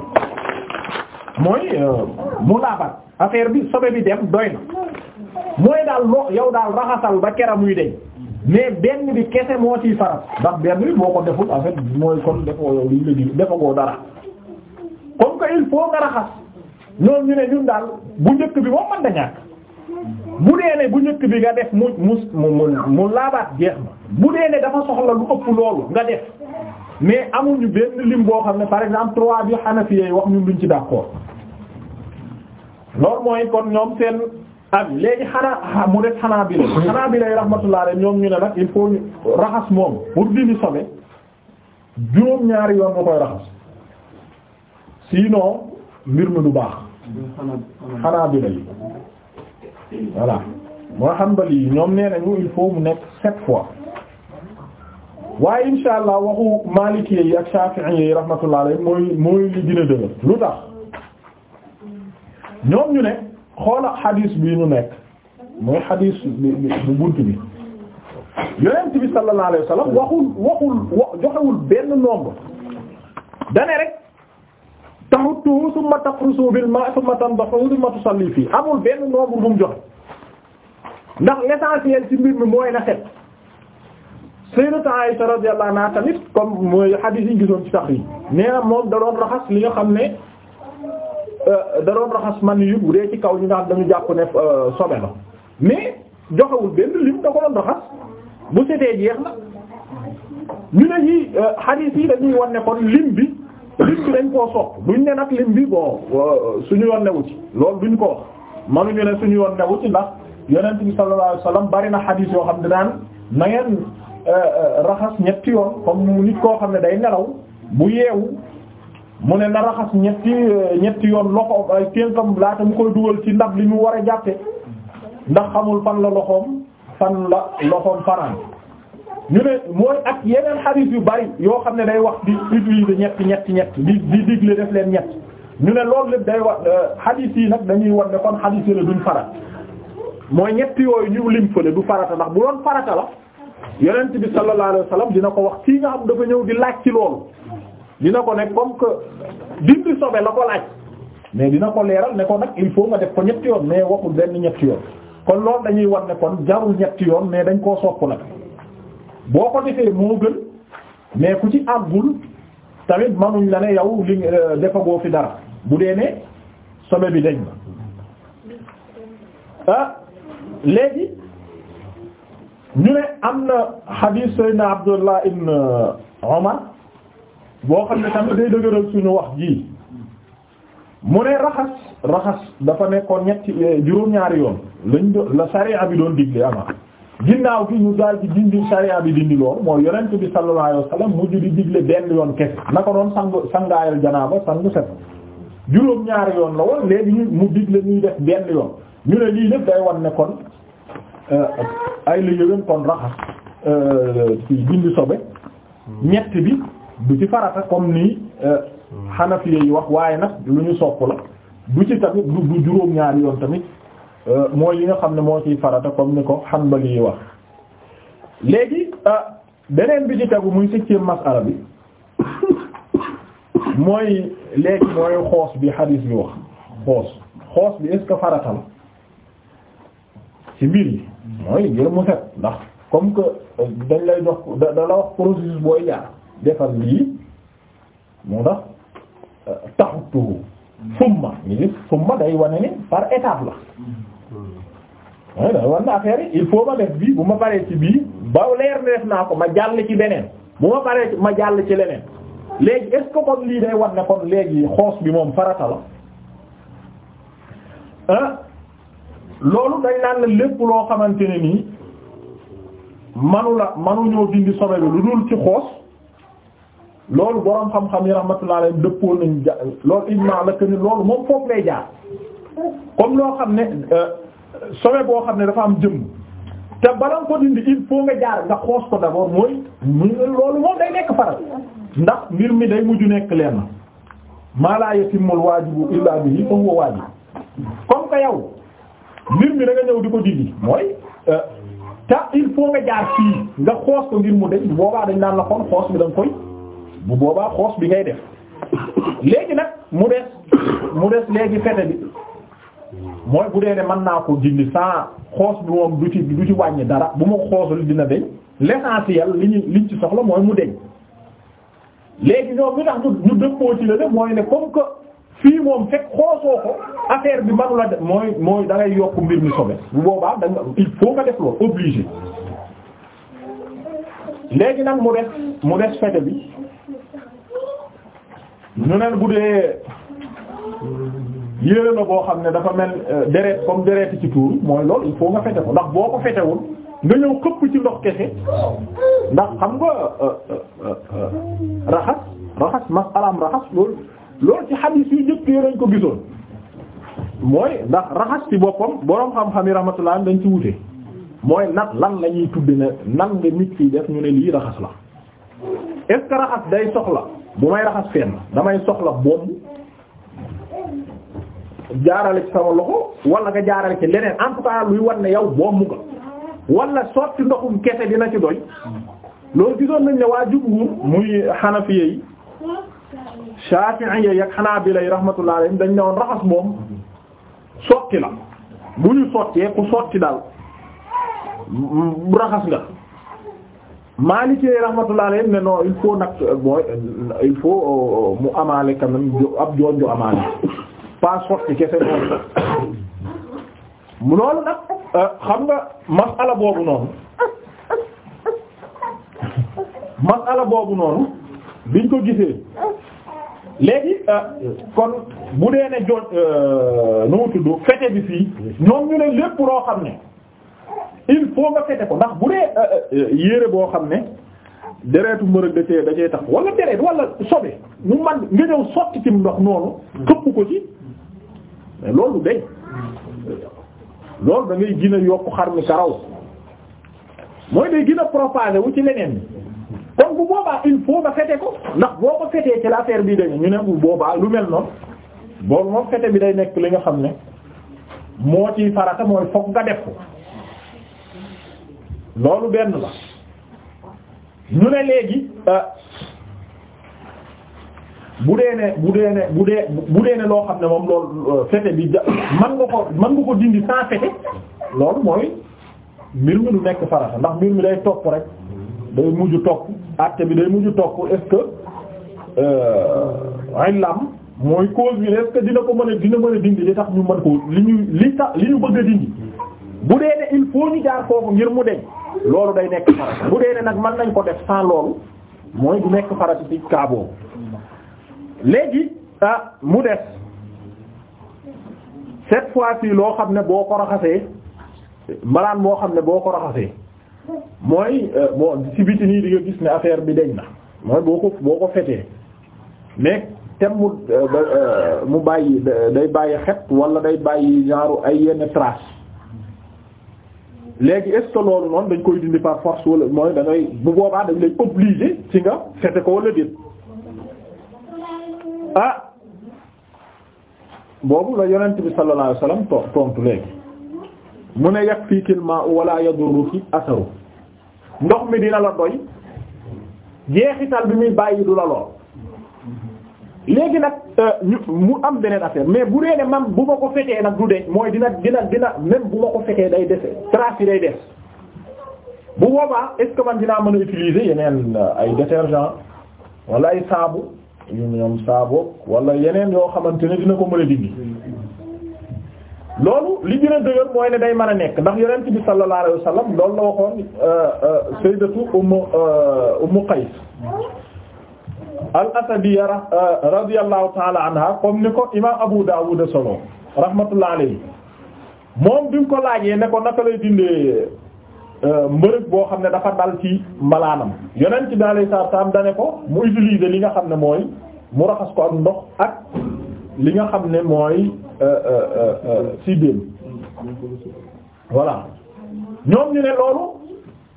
mooy euh, mu laabat affaire bi sobe bi dem doy na mooy daal loo yow daal raxasal ba kera muy deñ mais benn bi kese moo ciy farat ndax benn bi boo ko deful en mooy kon defoo yow li la di defagoo dara comme que il faut nga raxas ñoom ñu ne ñun daal bu njëkk bi moom mën da bu dee ne bu njëkk bi nga def mu mu mu mu laabaat jeex na bu dee ne dafa soxla lu ëpp loolu nga def mais amuñu benn lim boo xam ne par exemple trois bi Hanafi wax ñun duñ ci d'accord loolu mooy kon ñoom seen am léegi xanaa mu xanaa bi la xanaa bi lay rahmatullah rek ñoom ñu ne nag il faut ñu raxas moom pour dindi sobe juróom ñaari yoon nga koy raxas sinon mbir mi du baax Hanaabila yi voilà moo Hanbali yi ñoom nee nañu il faut mu nekk sept fois waaye insha allah waxu Maliki yi ak Shafi'i yi rahmatullah alayhi mooy mooy li dina lu tax ñoom ñu ne xoola xadiis bi ñu nekk mooy xadiis bu bunt bi yonent bi sallallahu alayhi wa waxul waxul joxewul benn nombre dane rek taxutuhu summa taqrusu bil ma'i summa tandahu summa tusalli fii amul benn nombre bu mu joxe ndax l'essentiel ci mbir mi mooy na set Sayyidatu Aisha radiyallahu anha tamit comme mooy hadith yi gisoon ci sax yi nee na moom da doon raxas li nga xam ne euh, da doon raxas man yu bu ci kaw ñi nga xam dañu jàpp ne euh, sobe la mais joxewul benn lim da ko doon raxas bu setee jeex na ñu ne yi euh, hadith yi dañuy wan kon lim bi. lim dañ koo sopp duñ ne nag lim bi bon euh, suñu yoon newu ci loolu duñ ko wax manuñu ne suñu yoon newu ci ndax yonent bi sallallahu alayhi wasallam bari na xadiis yoo xam ne daan na ngeen euh, euh, raxas ñetti yoon comme nit koo xam ne day nelaw bu yeewu mu ne na raxas ñetti ñetti yoon loxo ay laa laata mu koy dugal ci ndab li ñu war a jàppe ndax xamul fan la loxoom fan la loxoom fanaan ñu ne mooy ak yeneen xadiis yu bari yoo xam ne day wax di utiliser ñetti ñett ñetti di di digle def leen ñett ñu ne loolu lépp day wax euh, xadiis yi nag dañuy wan nekkoon kon xadiis yi la duñ farat mooy ñett yooyu ñu lim fële du farata ndax bu doon farata la yonent bi sallallahu alayhi wasallam dina ko wax kii nga xam dafa ñëw di laaj ci loolu dina ko ne comme que dindi sobe la ko laaj mais dina ko leeral ne ko nag il faut nga def ko ñetti yoon mais waxul benn ñetti yoon kon loolu dañuy wan ne kon ñetti yoon mais dañ koo sopp nag boo ko defee moo gën mais ku ci àggul tamit manuñ la ne yow li euh, defagoo fi dara bu dee ne sobe bi dañ na ah léegi ñu ne am na hadith sayyidina Abdullah ibn Umar boo xam ne tamit day dëgëral suñu wax ji mu ne raxas raxas dafa nekkoon ñetti euh, juróom-ñaari yoon lañ la sariya bi doon digle ama ginnaaw gi ñu daal di dindi sariya bi dindi loolu mooy yonent bi sallallahu alayhi mujj di digle benn yoon kese naka doon sangu sangaayal janaaba sangu set juróom ñaari yoon la woon léegi ñu mu digle ñuy def benn yoon ñu ne lii lépp day wan ne kon euh, ay la yëwén kon raxas euh, ci dindi sobe ñett bi du ci farata comme nii xanafiye euh, yi wax waaye nag lu ñu sopp la du ci tamit du juróom ñaari yoon tamit Euh, mooy yi nga xam ne moo ciy farata comme ni ko Hanbali yi wax léegi euh, beneen bi ci tegu muy ci masala bi mooy léegi mooy xoos bi hadis bi wax xoos bi est-ce que farata la ci mbir yi mooy ngir mu set ndax comme que euh, dañ lay jox da da la wax processus booy jaar defal lii moo tax taxutu summa ñu summa day wane par étape la waaw war na affaire yi il faut ma def bii bu ma paree ci bii ba leer ne naa ko ma jàll ci beneen bu ma paree ma jàll ci leneen léegi est ce lii de war ne kon léegi xoos bi moom farata la loolu dañ naan la lépp loo xamante ne nii manula la manu ñoo dindi sobe bi lu dul ci xoos loolu borom xam-xam yi rahmatullah alayhi dëppoo nañ ja loolu ijmaa la que loolu moom foofu lay jaar comme loo xam ne. Euh, sobe boo xam ne dafa am jëmm te bala ko dindi il faut nga jaar nga xoos ko d'abord mooy loolu moom day nekk faral ndax mbir mi day mujj nekk leen maa laa yatimmul waajibu illaa bihi fa huwa waajib comme que yow mbir mi da ñëw di ko dindi mooy euh, te il faut nga jaar fii nga xoos ko ngir mu de bu boobaa dañ naan la kon xoos bi da koy bu boobaa xoos bi ngay def léegi nag mu des mu des léegi fete bi mooy bu dee ne mën naa ko jindi sans xoos bi moom du ci du ci wàññi dara bu ma xoosul dina deñ l'essentiel li ñu liñ ci soxla mooy mu deñ léegi ñoom ñu tax ñu dëppoo ci la de mooy ne comme que fii moom fekk xoosoo ko affaire bi manu la de mooy mooy da yokk mbir mi sobe bu boobaa da nga il faut nga def loolu obligé léegi nag mu des mu des fête bi ñu neen bu dee yére na boo xam ne dafa mel euh, deret comme deret ci tuur mooy loolu il faut nga fete ko ndax boo ko fetewul nga ñëw xëpp ci ndox kese ndax xam nga euh, euh, raxas raxas masalaam raxas loolu loolu ci xadiis yu njëkk yooyu lañ ko gisoon mooy ndax raxas ci boppam boroom xam-xam yi rahmatullah dañ ci wute mooy nag lan la ñuy tudde ne nan nga nit ki def ñu ne lii raxas la est-ce raxas day soxla bu may raxas fenn damay soxla bomb jaarale ci sama loxo wala nga jaarale ci leneen en tout luy wan ne yow boobu nga wala sotti ndoxum kese dina ci doy loolu gisoon nañ ne waa jumhur muy xanafiye yi shafi'iyye ak xanaabila yi rahmatullah alayhim dañ ne woon raxas moom sotti la bu ñu sottee ku sotti daal raxas nga Maliki rahmatullah alayhi ne non il faut nag mooy il faut mu amaale quand même ab jooju amaale pas sotti kese noonu loolu nag euh, xam nga masala boobu noonu masala boobu noonu biñ ko gisee léegi euh, kon bu dee ne jooj euh, nu mu tudd fete bi fii ñoom ñu ne lépp loo xam ne il faut nga fete ko ndax bu dee yére boo xam ne deretu mbërëg da cee da cee tax wala deret wala sobe mu man nga ñëw sotti ci ndox noonu këpp ko ci mais loolu dañ loolu da ngay gën yokk xar mi karaw mooy day gën a wu ci leneen kon bu boobaa il faut nga fete ko ndax boo ko fetee ci l'affaire bi dañ ñu ne bu boobaa lu mel noonu boobu moom fete bi day nekk li nga xam ne moo ci farata mooy fokk nga def ko loolu benn la ñu ne léegi euh, bu dee ne bu dee bu dee bu dee ne loo xam ne moom loolu euh, fete bi ja man nga ko man nga ko dindi sans fete loolu mooy mbir mi du nekk farata ndax mbir mi day topp rek day mujj topp acte bi day mujj topp est-ce que ay euh, lam mooy cause bi est-ce dina ko mën a dina mën a dindi li tax ñu mën ko li ñu li tax li ñu bëgg a dindi bu dee ne il faut ñu jaar foofu ngir mu deñ loolu day nekk farata bu dee nag man nañ ko def sans lool mooy du nekk farata ci kaaboo léegi ah mu des cette fois-ci loo xam ne boo ko raxasee mbalaan moo xam ne boo ko raxasee mooy euh, bon ci biti nii di nga gis ne affaire bi deñ na mooy boo ko boo ko fetee mais tem mu euh, euh, mu bàyyi day bàyyi xet wala day bàyyi genre ay yenn trace léegi est ce que loolu noonu dañ koy dindi par force wala mooy da bu boobaa dañ lay obligé ci nga fete ko wala déet ah boobu la yonent bi sallallahu alayhi wasallam to tontu léegi mu ne yakfikil ma wala yadurruki asaru ndox mi dina la doy jeexital bi muy bàyyi du la lool léegi nag euh, ñu mu am beneen affaire mais bu dee ne man bu ma ko fetee nag du dee mooy dina dina dina même bu ma ko fetee day dese trace yi day des bu boobaa est-ce que man dinaa mën a utiliser yeneen euh, ay détergent wala ay saabu. yu ñoom saabo wala yeneen yoo xamante ne dina ko mën a dindi loolu li gën a dëgër mooy ne day man a nekk ndax yonent bi sallallahu alayhi wasallam loolu na waxoon euh, euh, sayyidatu ummu euh, ummu qays al asadiya radiyallahu ta'ala anha comme ni ko imam abu dawud solo rahmatullahi alayhi moom bi mu ko ko naka lay dindee Euh, mbërëg boo xam ne dafa dal ci malaanam yonent bi alayhi salaam dane ko mu utiliser li nga xam ne mooy mu raxas ko am ndox ak li nga xam ne mooy euh, euh, siddéem voilà ñoom ñu ne loolu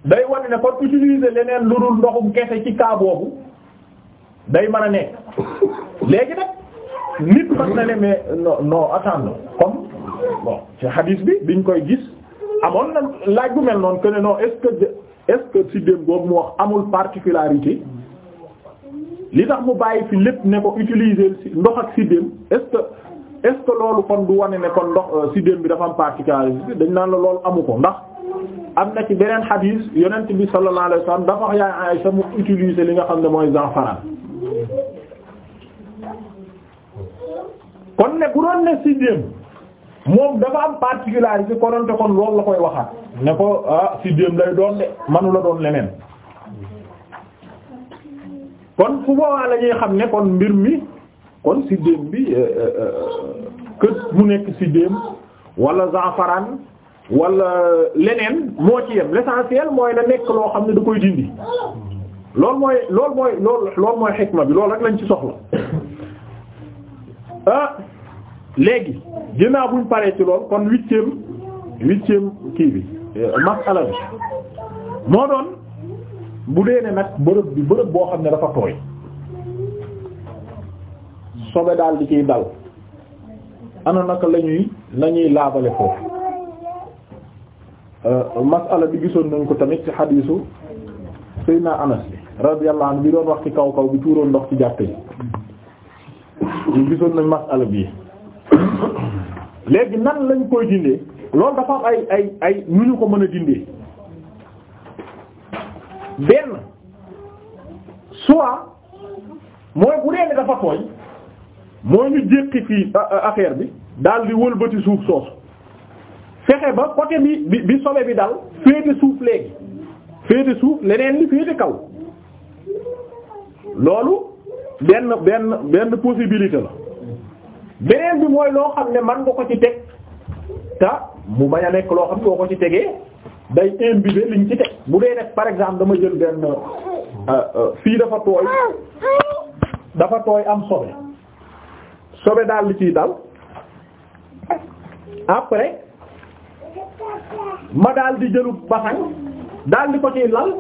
day wane ne kon utiliser leneen lu dul ndoxum kese ci cas boobu day mën a nekk léegi nag nit mën na ne mais non non attendre comme bon ci hadis bi biñ koy gis amoon na laaj bu mel noon keneen ne non est-ce que est-ce que si mu wax amul particularité li tax mu bàyyi fi lépp ne ko utiliser ndox ak si déem est-ce que loolu kon du wane ne kon ndox euh, si bi dafa am particularité dañ naan la lool amu ko ndax am na ci beneen xadiis yonent bi sallallahu alayhi wasallam dafa wax yaay Aysa mu utiliser li nga xam ne mooy zanfaran kon ne bu doon ne si moom dafa am particularité kononte kon loolu la koy waxaat ne ko ah si déem lay doon de manu doon leneen kon fu boobaa la ñuy xam ne kon mbir mi kon si bi euh, euh, kët mu nekk si déem wala zafaran wala leneen moo ci yem l'essentiel mooy la nekk loo xam ne da koy dindi loolu mooy loolu mooy loolu loolu mooy xikma bi loolu rek lañ ci soxla ah, léegi ginnaaw buñ paree ci lool kon huitième huitième kii bi euh, masala bi moo doon bu dee ne nag bërëb bi bërëb boo xam ne dafa tooy sobe daal di ciy dal ana naka la ñuy la ñuy laabale foofu euh, masala bi gisoon nañ ko tamit ci xadiisu Seydina naa bi radiyallahu anhu bi doon wax ci kaw kaw bi tuuroon ndox ci jàppe yi gisoon nañ masala bii léegi nan lañ koy dindee loolu dafa am ay ay ay nu ñu ko mën a dindee benn soit mooy bu dee dafa tooy mooy ñu jékki fii affaire bi daal di wëlbati suuf soosu fexe ba côté bi bi bi sobe bi dal féete suuf léegi féete suuf leneen li féete kaw loolu benn benn benn possibilité la beneen bi mooy loo xam ne man nga ko ci teg te mu bañ a nekk loo xam ne boo ko ci tegee day imbibe liñ ci teg bu dee nag par exemple dama jël benn euh, euh, fii dafa tooy dafa tooy am sobe sobe daal li ciy dal après ma daal di jëlu basang daal di ko ciy lal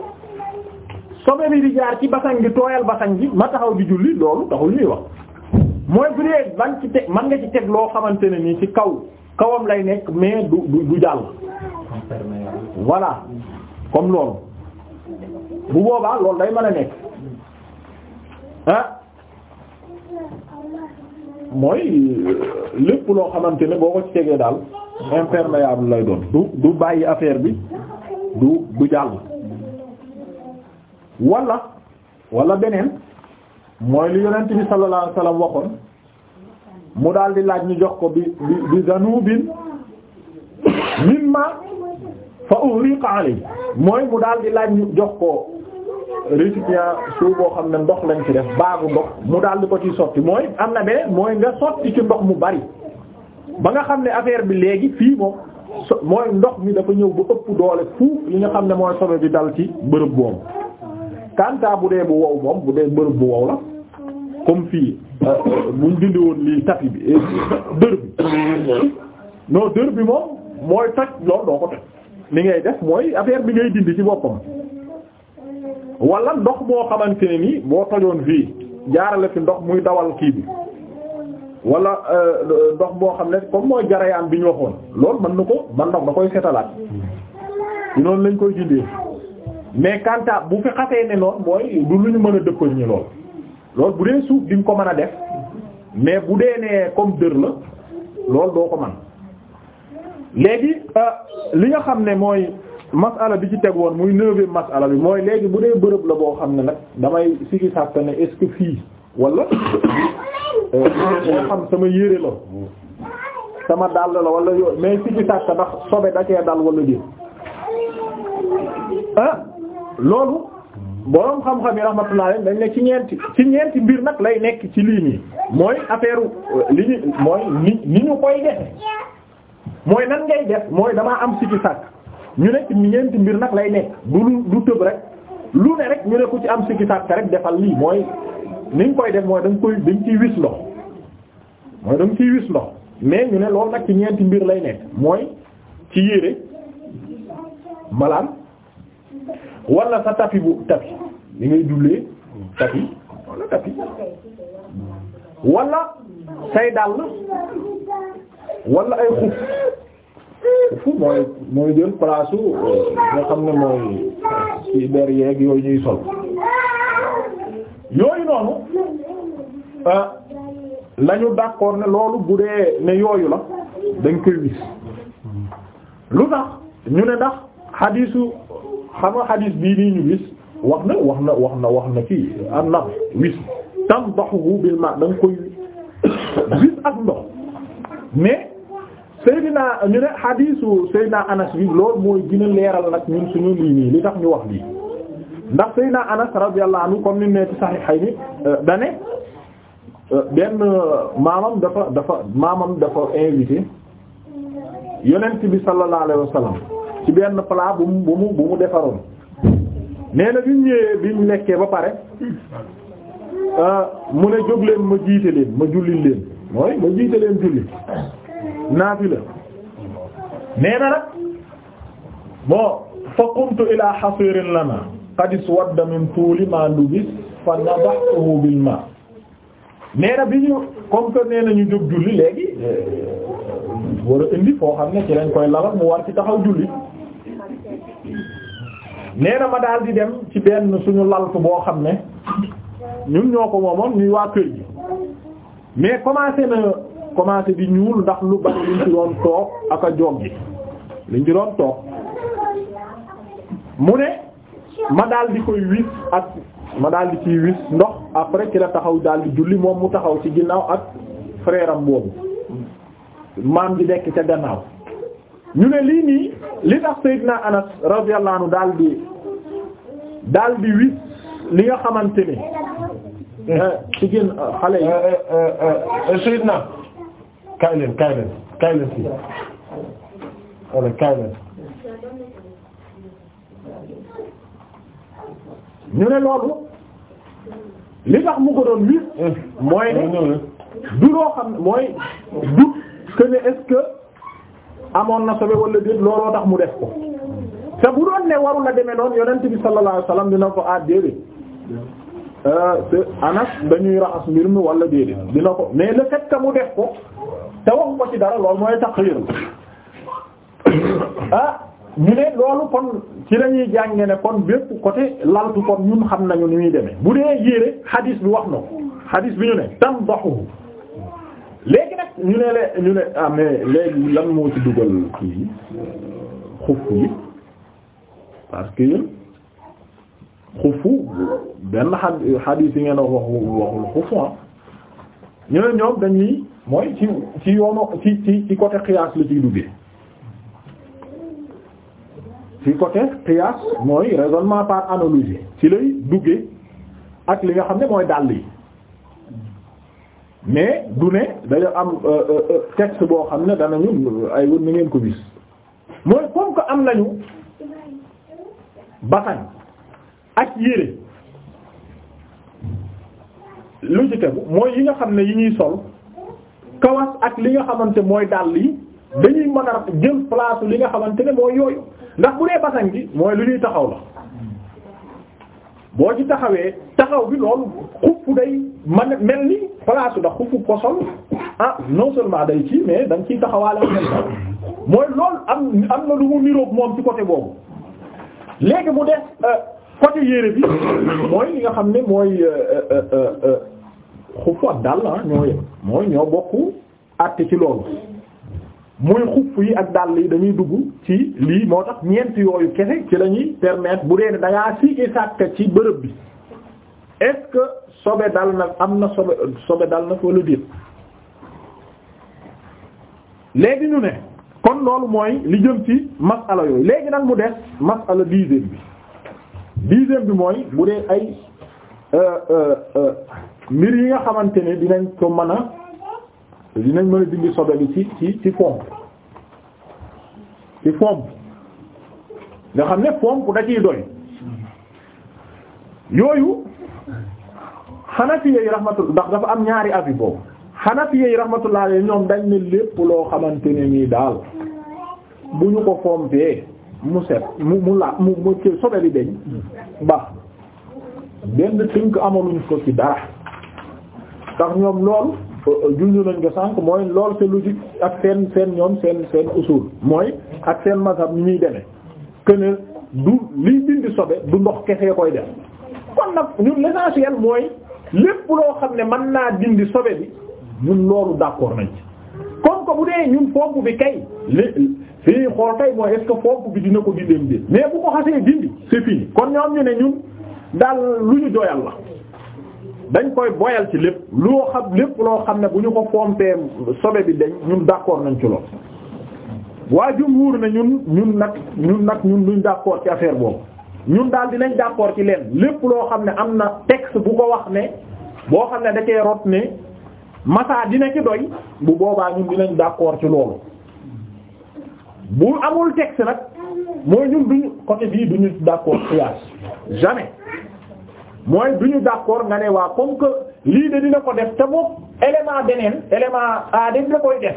sobe bi di jaar ci basang bi tooyal basang bi ma taxaw di julli loolu taxul ñuy wax mooy bu man ci teg man nga ci teg loo xamante ne nii ci kaw kawam lay nekk mais du du du jàll. voilà comme loolu bu boobaa loolu day mën a nekk ah mooy euh, lépp loo xamante ne boo ko ci tegee daal imperméable lay doon du du bàyyi affaire bi du du jàll wala wala beneen. mooy li yonent bi sallallahu waxoon mu daal di laaj ñu jox ko bi bi bi zanubin mimma fa uhriqa alayhi mooy mu daal di laaj ñu jox ko récipient suuf boo xam ne ndox lañ ci def baagu ndox mu daal di ko ci sotti mooy am na beneen mooy nga sotti ci ndox mu bari ba nga xam ne affaire bi léegi fii moom so mooy ndox mi dafa ñëw bu ëpp doole fuuf li nga xam ne mooy sobe bi dal ci bërëb boobu. kanta bu dee bu wow moom bu dee bërëb bu wow la comme fii euh, buñ dindi woon lii tapi bi euh, dër bi non dër bi moom mooy toj loolu doo ko toj li ngay def mooy affaire bi ngay dindi ci boppam wala ndox boo xamante ne ni boo tojoon fii jaarale fi ndox muy dawal kii bi wala euh, ndox boo xam ne comme mooy jarayaan bi ñu waxoon lool mën na ko man ndox da koy setalaat noonu lañ koy dindee mais kanta bu fi xasee ne noonu mooy du lu ñu mën a dëppal ñu lool loolu bu dee suuf di nga ko mën a def mais bu dee nee comme dër la loolu doo ko man léegi euh, li nga xam ne mooy masala bi ci teg woon muy neuvième masala bi mooy léegi bu dee bërëb la boo xam ne nag damay sigi sàkk ne est-ce que fii wala euh, xam sama yére la sama dàll la wala yooyu mais sigi sàkk ndax sobe da dal wala jé ah loolu boroom xam-xam yi rahmatullah alayhi dañ ne ci ñeenti ci ñeenti mbir nag lay nekk ci lii nii mooy affaire euh, li ñu mooy ni ni ñu koy defe mooy nan ngay def mooy damaa am sikki sàkk ñu nekk ñeenti mbir nag lay nekk du du tëb rek lu ne rek ñu ne ko ci am sikki sàkk rek defal lii mooy ni ñu koy def mooy dañ koy dañ ciy wis loxo mooy dañ ciy wis loxo mais ñu ne loolu nag ci ñeenti mbir lay nekk mooy ci yére malam wala sa tapi bu tapi li ngay jullee tapi wala tapi wala say dàll wala ay xuf xuf mooy mooy jël place euh, nga xam ne mooy ci der yooyu ñuy sol yooyu noonu euh, lañu d'accord ne loolu bu dee ne yooyu la dañ koy wis lu tax ñu ne ndax xadiisu xam nga xadis bii nii ñu wis wax na wax na wax na wax na kii am na wis tam ndoxu bil ma da koy wis ak ndox mais Seydina ñu ne xadisu Seydina Anas bi loolu mooy gën a leeral nag ñun suñu lii nii li tax ñu wax lii ndax Seydina Anas radiyallahu anhu comme ni ne ci saxiixay ni euh, dane euh, benn euh, maamam dafa dafa maamam dafa invité yonent bi sallallahu alayhi ci benn plat bu mu bu mu defaroon nee bi mu ñëwee lekkee ba pare euh, mu ne jóg leen ma jiite leen ma julli leen mooy ma jiite leen julli naafila nee na nag bon fa qumtu ila hasirin lana qad iswadda min tuuli ma lubis fa nadahtuhu bil ma nee bi ñu comme que nee na ñu jóg julli léegi euh, war a indi foo xam ne ci lañ koy lalal mu war ci taxaw julli nee ma daal di dem ci benn suñu laltu boo xam ne ñun ñoo ko moomoon ñuy waa kër gi mais commencé na commencé bi ñuul ndax lu bari liñ ci doon toog ak a joog gi liñ ci doon toog mu ne ma daldi di koy wis ak ma daal di ciy ndox après ki la taxaw daal julli moom mu taxaw ci ginnaaw ak frère boobu maam di nekk ca gannaaw ñu ne lii nii li tax Seydina Anas radiyallahu anhu daal di daal di li nga xamante eh. Eh, ci gën eh, xale yi. Seydina. kaay leen kaay leen kaay ñu ne loolu li tax mu doon wis. mooy du loo xam mooy du que ne est amoon na sobe wala déet looloo tax mu def ko te bu doon ne waru la demee noonu yonent bi dina ko ah déedéet euh, te anas dañuy raxas mbir mi wala déedéet dina ko mais le fait que mu def ko te waxu ko ci dara lool mooy taqrir ah ñu ne loolu kon ci lañuy jànge ne kon bépp côté laltu kon ñun xam nañu ni muy demee bu dee yére xadiis bi wax na ko xadiis bi ñu ne tam doxu léegi ñu ne le ñu ne ah mais léegi lan moo ci dugal kii yi xuf yi parce que xufu benn xa xadiis yi ngeen wax waxul xufu ah ñu ne ñoom dañuy mooy ci ci yoonu ci ci ci côté xiyaas la ciy duggee ci côté xiyaas mooy raisonnement par analogie ci lay duggee ak li nga xam ne mooy dàll yi. mais du ne dañu am euh, euh, euh, texte boo xam ne danañu ay wër na ko gis mooy comme que am nañu batañ ak yére lu ci tegu mooy yi nga xam ne yi ñuy sol kawas ak li nga xamante mooy dàll yi dañuy man a jël place li nga xamante ne mooy yooyu ndax bu dee batañ gi mooy lu ñuy taxaw la boo ci taxawee taxaw bi loolu xufu day man mel ni place da xufu posol ah non seulement day ci mais da nga ciy taxawaale mel mooy loolu am am na lu mu niroog moom ci côté boobu léegi mu def euh, côté yére bi mooy li nga xam ne mooy euh, euh, xufu ak dal ah ñoo yem mooy ñoo bokk àtte ci loolu mooy xupp yi ak dàll yi dañuy dugg ci lii moo tax ñeent yooyu kese ci lañuy ñuy permettre bu dee ne da ngaa si sàkk ci bërëb bi est-ce que sobe dal nag am na sobe sobe dal na wala déet léegi ñu ne kon loolu mooy li jëm ci masala yooyu léegi nag mu des masala dixième bi dixième bi mooy bu dee ay euh, euh, euh, mbir yi nga xamante ne dinañ ko mën a dinañ mën a dindi sobe bi ci ci ci fomp ci fomp nga xam ne fomp da ciy doy yooyu Hanafiya yi rahmatullah ndax dafa am ñaari avis boobu Hanafiya yi rahmatullah alayhi ñoom dañ ne lépp loo xamante ne nii daal bu ñu ko fompee mu set mu mu la mu mu ci sobe bi deñ ba benn tënk amaluñ ko ci dara tax ñoom loolu junj nañ ko sànq mooy lool c'est logique ak seen seen ñoom seen seen usul mooy ak seen mazhab ni ñuy demee que du liy dindi sobe du ndox kese koy def kon nag ñun l'essentiel mooy lépp loo xam ne man naa dindi sobe bi ñun loolu d'accord nañ ci comme que bu dee ñun fomp bi kay li fii xool tey mooy est-ce que fomp bi dina ko dindeem dé mais bu ko xasee dindi c'est fini kon ñoom ñu ne ñun daal lu ñu doyal la dañ koy boyal ci lépp loo xam lépp loo xam ne bu ñu ko fompee sobe bi dañ ñun d'accord nañ ci lool waa jumhuur ne ñun ñun nag ñun nag ñun luñ d'accord ci affaire boobu ñun daal dinañ d'accord ci leen lépp loo xam ne am na texte bu ko wax ne boo xam ne da cee rot ne massa dina ci doy bu boobaa ñun dinañ d'accord ci loolu bu amul texte nag mooy ñun duñu côté bii duñu d'accord xiyaas jamais mooy du ñu d'accord nga ne waa comme que lii de dina ko def te boobu élément beneen élément a de dina koy def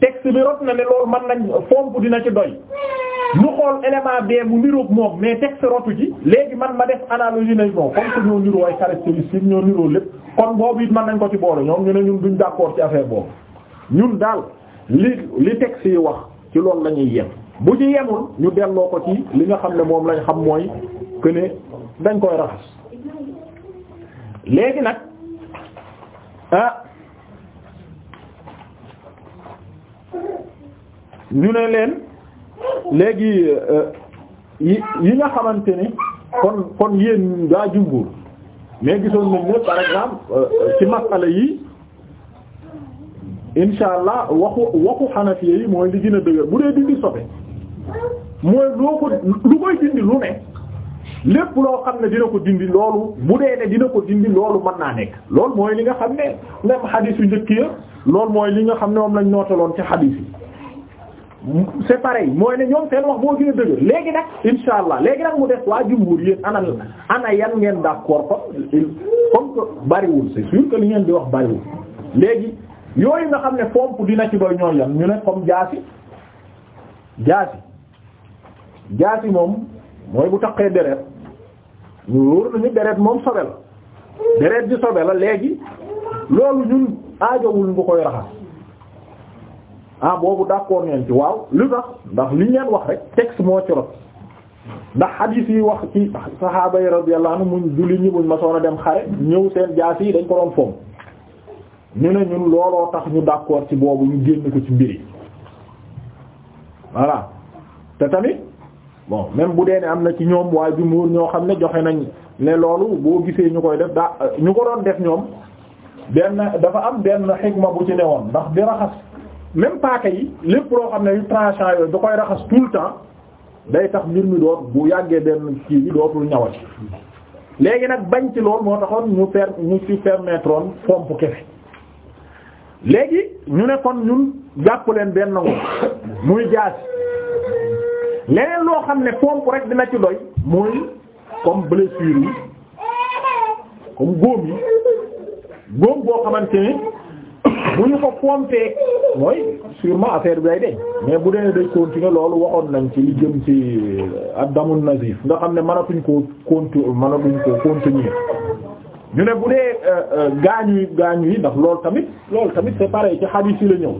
texte bi rot na ne loolu mën nañ fomp dina ci doy mu xool élément bee mu niroog moom mais texte rotu ci léegi man ma def analogie nañ moom comme que ñoo niroo ay caractéristiques ñoo niroo lépp kon boobu it mën nañ ko ci boole ñoom ñu ne ñun duñ d'accord ci affaire boobu ñun daal li li texte yi wax ci loolu la ñuy yem bu ci yemul ñu delloo ko ci li nga xam ne moom lañ xam mooy que ne dañ koy raxas léegi nag ah ñu ne leen léegi euh, yi yi nga xamante ni kon kon yéen gaa jumbur mais gisoon nañ ne par exemple euh, ci masala yi insha allah waxu waxu xanafiya yi mooy li gën a dëgër bu dee dindi sobe mooy loo ko lu koy dindi lu ne lépp loo xam ne dina ko dindi loolu bu dee ne dina ko dindi loolu mën naa nekk lool mooy li nga xam ne même xadiis yu njëkk ya mooy li nga xam ne moom lañ nootaloon ci xadiis yi c'est pareil mooy ne ñoom seen wax boo gën a dëgër léegi nag insha allah léegi nag mu def waa jumhur yéen ana ana yan ngeen d'accord ko bariwul c'est sûr que li ngeen di wax bariwul léegi yooyu nga xam ne pompe dina ci doy ñoo yan ñu ne comme jaasi jaasi jaasi moom mooy bu taqee deret ñu wóor nañu deret moom sobe la deret di sobe la léegi loolu ñun aajowul nga koy raxas ah boobu d'accord ngeen ci waaw lu tax ndax li ngeen wax rek texte moo ci rot ndax hadith yi wax ci saxaaba yi radiyallahu anhu mu julli ñi muñ masoon a dem xare ñëw seen jaas yi dañ ko doon fomm ñu ne ñun looloo tax ñu d'accord ci boobu ñu génn ko ci mbiri voilà te tamit bon même bu dee ne am na ci ñoom bi jumhur ñoo xam ne joxe nañ ne loolu boo gisee ñu koy def daa ñu ko doon def ñoom benn dafa am benn xigma bu ci woon ndax di raxas même paaka yi lépp loo xam ne yu tranchant yooyu da koy raxas tout temps day tax mbir mi doot bu yàggee benn kii bi dootul ñawati léegi nag bañ ci loolu moo taxoon ñu per ñu ci permettre woon fomp kefe léegi ñu ne kon ñun jàpp leen benn ngo muy jaas leneen loo xam ne pompe rek dina ci doy mooy comme blessure yi comme góom yi góom boo xamante ni bu ñu ko pompé mooy sûrement affaire bi day mais bu dee day nga loolu waxoon nañ ci li jëm ci euh, ad-damul nazif nga xam ne mënatuñ koo conti mënatuñ koo continuer ñu ne bu dee euh, euh, gaañ yi gaañu yi ndax loolu tamit loolu tamit c'est pareil ci hadith yi la ñëw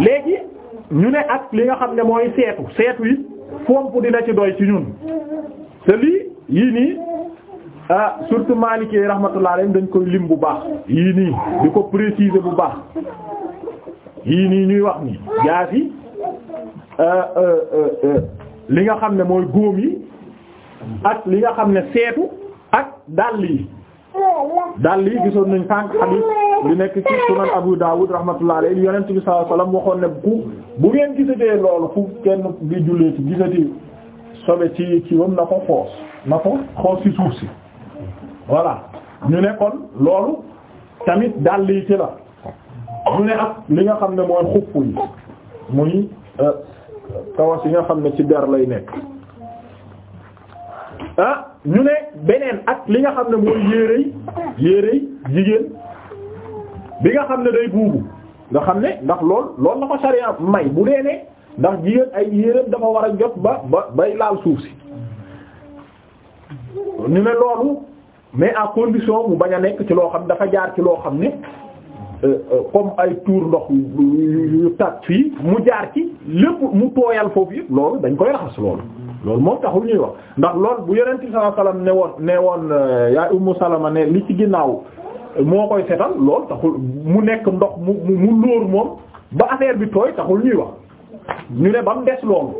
léegi ñu ne ak li nga xam ne mooy seetu seetu yi fomp dina ci doy ci ñun te lii yii nii ah surtout Maliki rahmatullah alayhi dañ koy lim bu baax yii nii di ko préciser bu baax yii nii ñuy wax ni gaz yi li nga xam ne mooy góom yi ak li nga xam ne seetu ak dàll yi dàll yi gisoon nañ tànk xadiis li nekk ci sunan Abu Dawud rahmatullahi alayhi yonent bi sallallahu alayhi wasallam waxoon ne ku bu ngeen gisatee loolu fu kenn bi jullee ci gisati sobe ci ci wam na ko xoos na ko xoos ci suuf si voilà ñu ne loolu tamit dàll yi ci la ñu ne ak li nga xam ne mooy xupp yi muy euh, kawas yi nga xam ne ci der lay nekk ah ñu ne beneen ak li nga xam ne mooy yéerey yéerey jigéen bi nga xam ne day buubu nga xam ne ndax lool loolu la ko sariya may bu dee ne ndax jigéen ay yéereem dafa war a jot ba ba bay laal suuf si ñu ne loolu mais à condition bañ a nekk ci loo xam dafa jaar ci loo xam ne euh, euh, comme ay tuur ndox yu tat fii mu jaar ci lépp mu tooyal foofu yi loolu dañ koy raxas loolu loolu moom taxul ñuy wax ndax loolu bu yonent bi sallallahu ne woon ne woon euh, yaay ummu salama ne li ci ginnaaw moo koy setal lool taxul mu nekk ndox mu mu lóor moom ba affaire bi tooy taxul ñuy wax ñu ne ba mu des loolu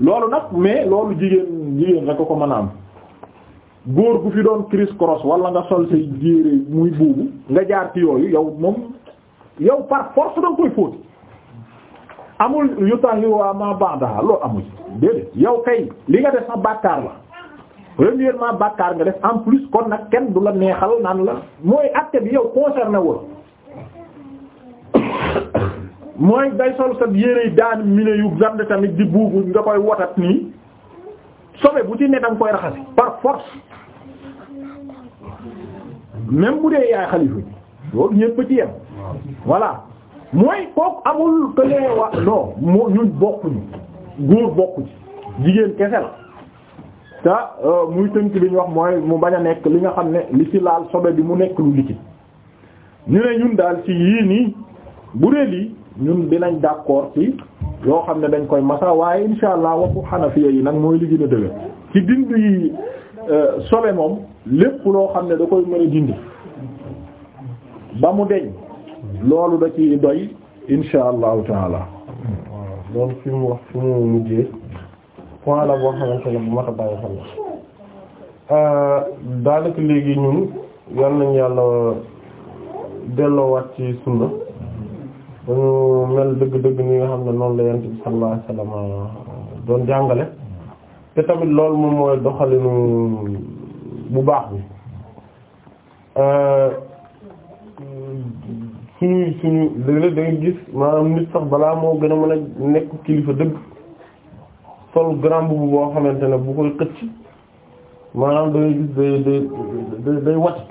loolu nag mais loolu jigéen jigéen rek ko ko mën a am góor gu fi doon criss cross wala nga sol say jéere muy buubu nga jaar ci yooyu yow moom yow par force danga koy fóoti amul yu tax yu waa ma ba'daha loolu amul déedéet yow kay li nga def sax bàkkaar la premièrement bàkkaar nga def en plus kon nag kenn du la neexal naan la mooy acte bi yow concerné wul mooy day sol sa yérey daan mi yu gand tamit di buubu nga koy wotat nii sobe bu ci ne danga koy raxasi par force même bu dee yaay xalifa bi loolu ñépp ci yem voilà mooy kooku amul que nee wa non ñun bokkuñu góor bokku ci jigéen kese la te euh, muy tënk bi ñu wax mooy mu bañ a nekk li nga xam ne li ci laal sobe bi mu nekk lu liquide ñun daal ci yii nii bu dee lii dinañ d'accord ci yoo xam ne dañ koy masa waaye insha allah waxu xanafiya yi nag mooy li gën a dëgër ci dindi euh, sobe moom lépp loo xam ne da koy mën a dindi ba mu deñ loolu da ci doy insha allahu taala loolu fi mu wax fi mu mujjee point la boo xamante ne bu mat a bàyyi xel euh, daanaka léegi ñun yal nañu yàlla delloowaat ci sunna ba mel dëgg-dëgg ni nga xam ne noonu la yonent bi sallallahu euh, doon jàngale te tamit loolu moom mooy doxalinu bu baax bi euh, suñuy suñu dëgg da nga gis maanaam nit sax balaa moo gën a mën a nekk kilifa dëgg sol grand boubou boo xamante ne bu koy xëcc maanaam da ngay gis day day day wàcc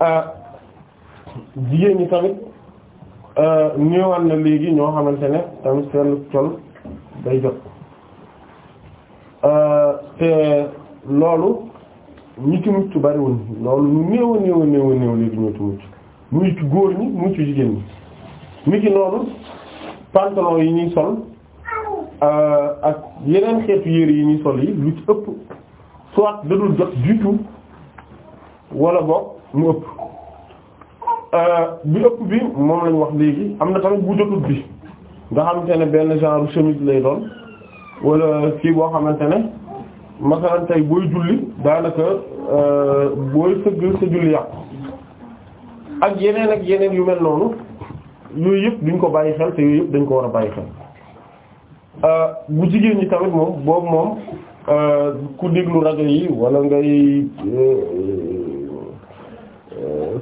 ah, jigéen ñi tamit ah, ñëwaat na léegi ñoo xamante ne tamit seen col day jot ah, te loolu ñi ci mucc bariwul loolu ñu néew a néew a néew léegi ñoo ci mu ci góor ñi muy ci jigéen ñi mi ci noonu pantalon yi ñuy sol euh, ak yeneen xeetu yére yi ñuy sol yi lu ci ëpp soit da dul jot du tout wala boog mu ëpp euh, bi ëpp bi moom lañ wax léegi am na tamit bu jotul bi nga xamante benn genre chemise lay doon wala kii boo xamante ne masalan tey booy julli daanaka euh, booy sëgg sa julli yàqu ak yeneen ak yeneen yu mel noonu yooyu yëpp duñ ko bàyyi xel te yooyu yëpp dañ ko war a bàyyi xel euh, bu jigéen ñi tamit moom boobu moom euh, ku déglu rajo yi wala ngay euh,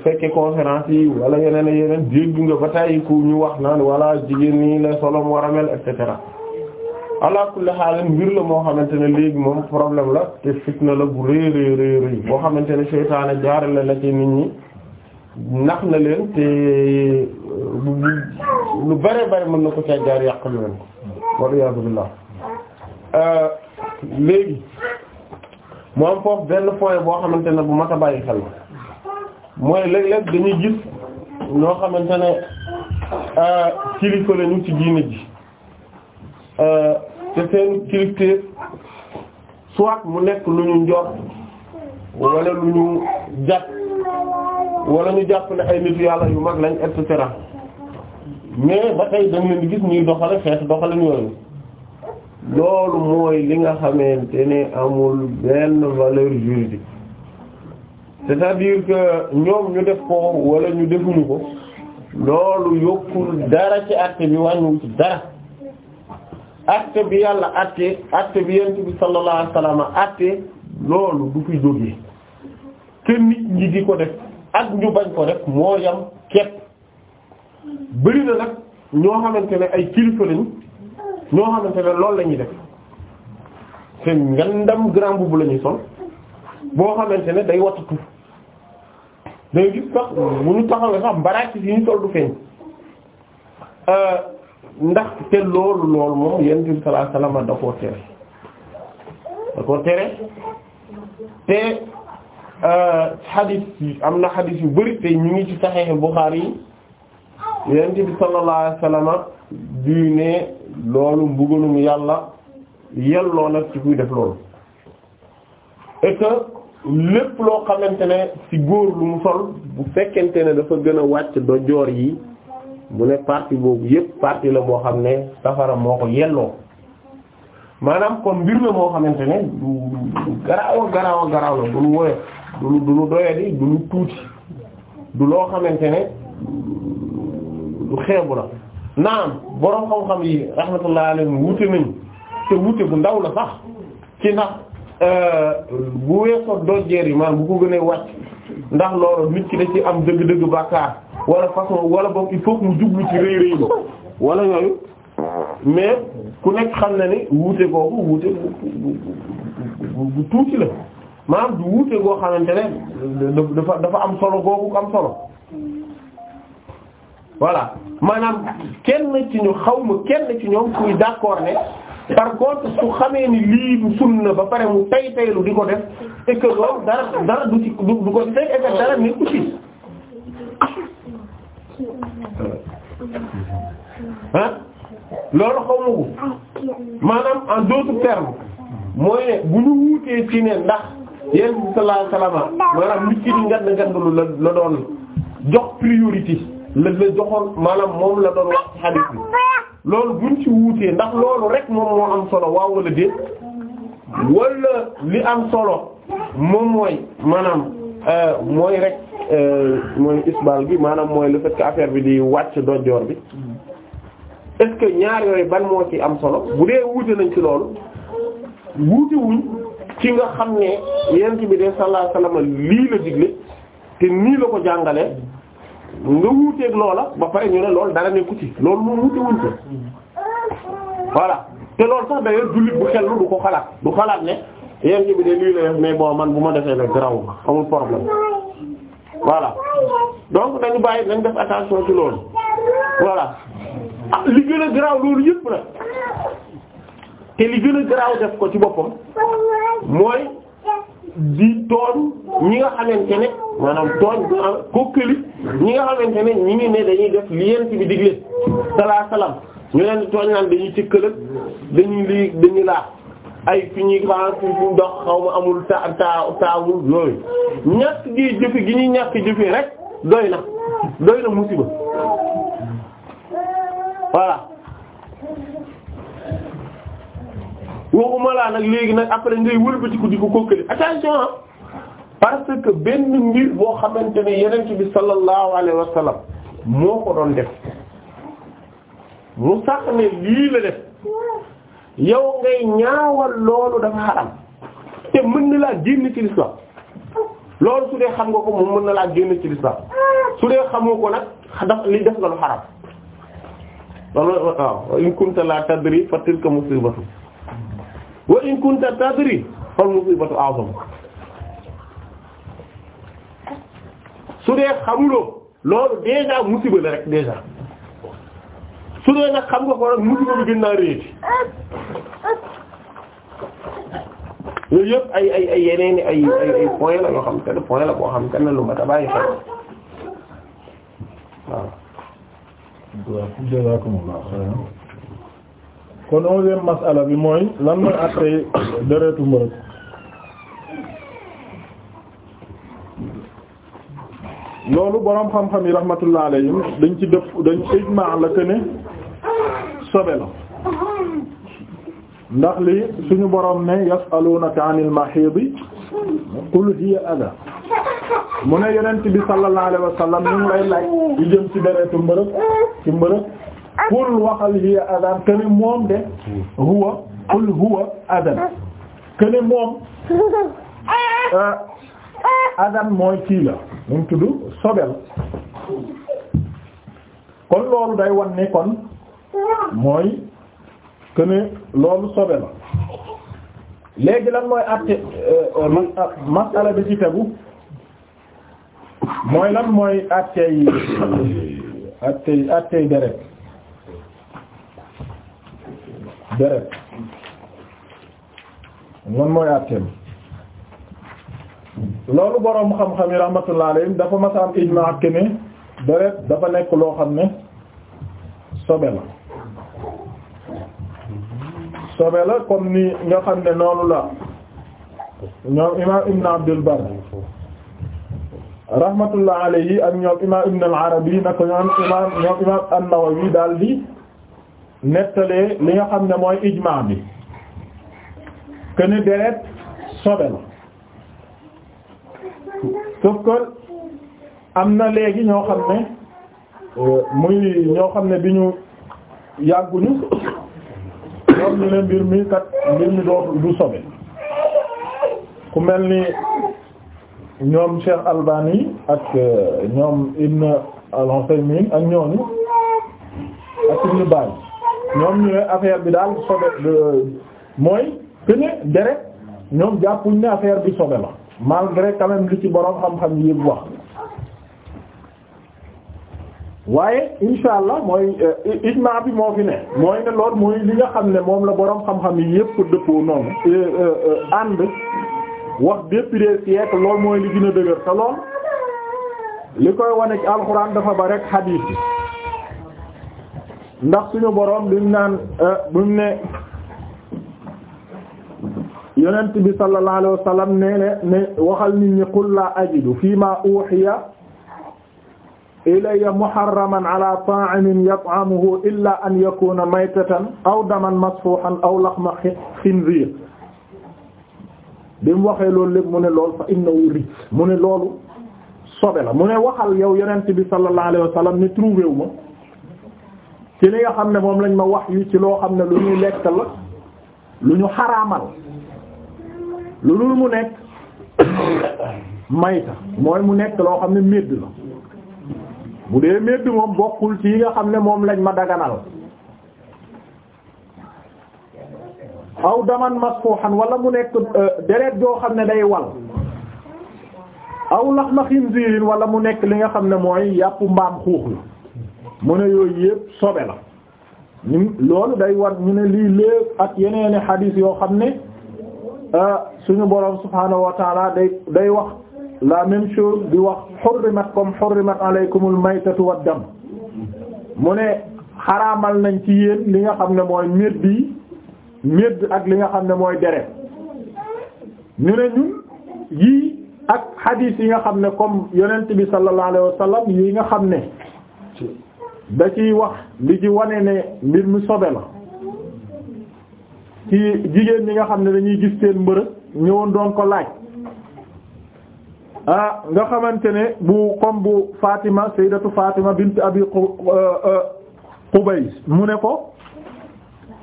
fekke conférence yi wala yeneen ak yeneen dégg nga ba tàyyi ku ñu wax naan wala jigéen ñi la solom war a mel et cetera ala kulli mbir la moo xamante ne léegi moom problème la te fitna la bu rëy rëy rëy boo xamante ne seytaane jaarale la ci nit ñi nax na leen te euh, lu bare bare mën na ko caa jaar yàqal leen walla iyaazu billaah euh, léegi mu foofu benn point boo xamante ne bu mat a bàyyi xel mooy léeg-léeg dañuy gis ñoo xamante ne euh, kilifa ñu ci diine ji te seen kilifteef soit mu nekk lu ñu njort wala lu ñu jàpp wala ñu jàpp ne ay nit yàlla yu mag lañ et cetera mais ba tey dañ leen gis ñuy doxale xeet doxale yooyu loolu mooy li nga xamante ne amul benn valeur juridique cest à ñoom ñu def ko wala ñu defuñu ko loolu yokkul dara ci acte bi wàññiwul dara acte bi yàlla acte acte bi yent bi sallallahu alayhi acte loolu du fi jógee kenn nit ko def ak ñu bañ ko def moo yam képp bëri na nag ñoo xamante ne ay kilifa lañ ñoo xamante ne loolu la ñuy def seen ngandam grand boubou la sol boo xamante ne day wattatu day gis sax bu ñu taxawee sax mbaraak yi ñu sol du feeñ euh, ndax te loolu loolu moom yonent bi sallallahu da koo tere da koo tere te. xadis euh, yi am na xadis yu bari te ñu ngi ci Sahih Bukhari yi yonent bi sallallahu alayhi wasallam di ne loolu mbugalum yàlla yelloo nag ci kuy def loolu et lépp loo xamante ne ci góor lu mu sol bu fekkente ne dafa gën a wàcc do joor yi mu ne partie boobu yépp parti la boo xam ne safara moo ko yelloo maanaam kon mbir la moo xamante ne du garaaw garaaw garaaw la du woyof du lu du doyadi du lu tuuti du loo xamante ne lu xeebu la naam boroom xam-xam yi rahmatullah alayhim wute nañ te wute bu ndaw la sax ci ndax euh, bu weesoo dojjeer yi maanaam bu ko gënee wàcc ndax loolu nit ki da ci am dëgg-dëgg bàkkaar wala façon wala boog il faut mu jublu ci rëy rëy wala yooyu mais ku nekk xam na ni wuute googu wuute bu tuuti la maanaam du wuute goo xamante ne dafa dafa am solo googu am solo voilà maanaam kenn ci ñu xaw ma kenn ci ñoom kuy d'accord ne par contre su xamee ni lii du sunna ba pare mu tay taylu di ko def et que dara du ci du ko fekk et que dara nekku ci ah loolu xaw ma ko maanaam en d'autres termes mooy ne bu ñu wuutee ci ne ndax yéen sallallahu alayhi wasallam maanaam nit ki di ngand la la doon jox priorité la la joxoon maanaam moom la doon wax hadith bi loolu buñ ci wuutee ndax loolu rek moom moo am solo waaw wala déet wala li am solo moom mooy maanaam euh, mooy rek euh, mooy isbal bi maanaam mooy le fait affaire bi di wàcc dojjoor bi est ñaar yooyu ban moo ci am solo bu dee wuute nañ ci loolu wuute wuñ ki nga xam ne yonent bi de sallallahu lii la digle te nii la ko jàngale nga wuuteeg loola ba pare ñu ne loolu dara nekku ci loolu moom wuute wuñ ko voilà te loolu sax d'ailleurs bu du ko xalaat du xalaat ne mais bon man bu ma defee nag garaw amul problème voilà donc dañu bàyyi dañ def attention ci loolu voilà ah li gën a garaaw loolu yëpp la te gën a garaaw def ko ci boppam mooy di tooñ ñi nga xamante ne maanaam tooñ kokkali ñi nga xamante ne ñi ngi ne dañuy def li yent bi digle salaa salaam ñu leen di tooñ naan dañuy cëkkalëg dañuy lii dañuy laa ay fi ñuy xaar fi ñu dox xaw ma amul ta ta taawul yooyu ñàkk gi jëfe gi ñuy ñàkk jëfe rek doy na doy na musiba voilà waxuma laa nag léegi nag après ngay wëlbatiku di ko kookale attention ah parce que benn mbir boo xamante ne yenent bi sallallahu alayhi wa sallam moo ko doon def mu sax ne lii la def yow ngay ñaawal loolu dafa xaram te mën na laa génn ci l'islam loolu su dee xam nga ko moom mën na laa génn ci l'islam su dee xamoo ko nag daf li def nga lu xaram in kunta la tadri fa tilka musibatu wa in kunta tadri fal musibatu a'zam su dee xamuloo loolu déjà musiba la rek déjà su dee nag xam nga ko rek musiba bi gën naa réeti yooyu yëpp ay ay ay yeneen i ay point la point la boo xam te ne lu mat a bàyyi kon onzième masala bi mooy lan mooy attey deretu mbërëg loolu boroom xam-xam yi rahmatullah alayhim dañ ci dëpp dañ ijmaa la que ne la ndax li suñu boroom ne yasalunaka anil mahidi qul hiya adha mu ne yonent bi sallallahu alayhi wa sallam ñu ngi lay laaj jëm ci deretu mbërëg ci mbërëg qul waxal hiya adaan kene moom de huwa qul huwa adan kene moom eh, adan mooy kii la nu mu tudd sobel kon loolu day wax ne kon mooy kene loolu sobe la léegi lan mooy àtte eh, masala bi ci tegu mooy lan mooy àttey àttey àttey deret deret man mooy àtteem loolu boroom xam-xam yi rahmatullah alayhim dafa masaan ijmaa ke ne deret dafa nekk loo xam ne sobe la sobe la comme ni nga xam ne noonu la ñoom imaam ibn abdul bar rahmatullah alayhi ak ñoom imaam ibn al arabi naka ñoom imaam ñoom imaam an-nawawi daal di nettalee li nga xam ne mooy ijmaa bi këne deret sobe la sauf am na léegi ñoo xam ne euh, muy ñoo xam ne bi ñu yàgguñu ñoom ñu mbir mi kat mbir mi doo du sobe ku mel ni ñoom Cheikh Albani ak euh, ñoom Ibn al-Uthaymeen ak ñooñu ak Ibn Baz ñoom ñu ne affaire bi daal sobe mooy que ne deret ñoom jàppuñ ne affaire bi sobe la malgré quand li ci borom xam-xam yëpp wax waaye insha allah mooy euh, ijmaa bi moo fi ne mooy ne lool mooy li nga xam ne moom la borom xam-xam yi yëpp dëppoo noonu euh, euh, ànd wax depuis des yet lool mooy li gën a dëgër te lool li koy wane ci alxuraan dafa ba rek xadiis ndax suñu boroom bi mu naan euh, bi mu ne yonent bi sallallahu alayhi wa sallam nee ne ne waxal nit ñi qul laa ajidu fii maa uhiya ilayya muharraman ala ta'imin yat'amuhu illa an yakuna maytatan aw daman masfuhan aw laxma xinziir bi mu waxee loolu lépp mu ne loolu fa innahu rijs mu ne loolu sobe la mu ne waxal yow yonent bi sallallahu alayhi wa sallam ne trouvé wu ma ci li nga xam ne moom lañ ma wax yu ci loo xam ne lu ñu lekk la lu ñu xaraamal lu dul mu nekk mayta mooy mu nekk loo xam ne médd la bu dee médd moom bokkul ci yi nga xam ne moom lañ ma daganal aw daman masfuhan wala mu nekk euh, deret joo xam ne day wal aw laxma xinziirin wala mu nekk li nga xam ne mooy yàpp mbaam xuux la mu ne yooyu yëpp sobe la ñu loolu day war ñu ne lii léeg ak yeneeni xadiis yoo xam ne ah, suñu boroom subhaanahu wa taala day day wax la même chose di wax xurrimat comme xurrimat alaykumul maytatu wad dam mu ne xaraamal nañ ci yéen li nga xam ne mooy médd yi médd ak li nga xam ne mooy deret ñu ne ñun yii ak xadiis yi nga xam ne comme yonent bi sallallahu alayhi yi nga xam ne da ci wax li ci wane ne mbir mu sobe la ci jigéen ñi nga xam ne dañuy gis seen mbërëg ñëwoon doon ko laaj ah nga xamante ne bu comme bu Fatima sayyidatu Fatima bint Abi euh, euh, Qubays mu ne ko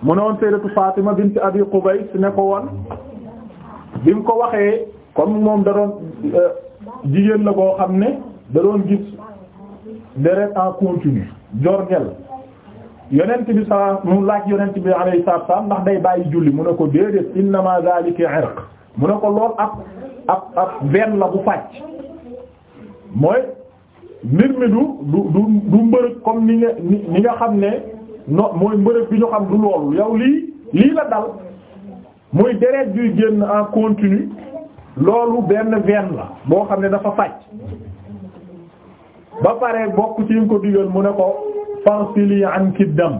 mu ne woon sayyidatu Fatima bint Abi Qubays ne ko woon bi mu ko waxee comme moom da doon euh, jigéen la koo xam ne da doon gis deret en continu jorgel yonent bi saa mu laaj yonent bi alayhi salaatu salaam ndax day bàyyi julli mu ne ko déedéet innama zalika irq mu ne ko lool ab ab ab benn la bu fàcc mooy mbir mi du du du du comme ni nga ni nga xam ne no mooy mbërëg bi ñu xam du loolu yow lii lii la dal muy deret bi génn en continu loolu benn veine la boo xam ne dafa fàcc ba pare bokk ci ko digal mu ne ko fansili an kiddam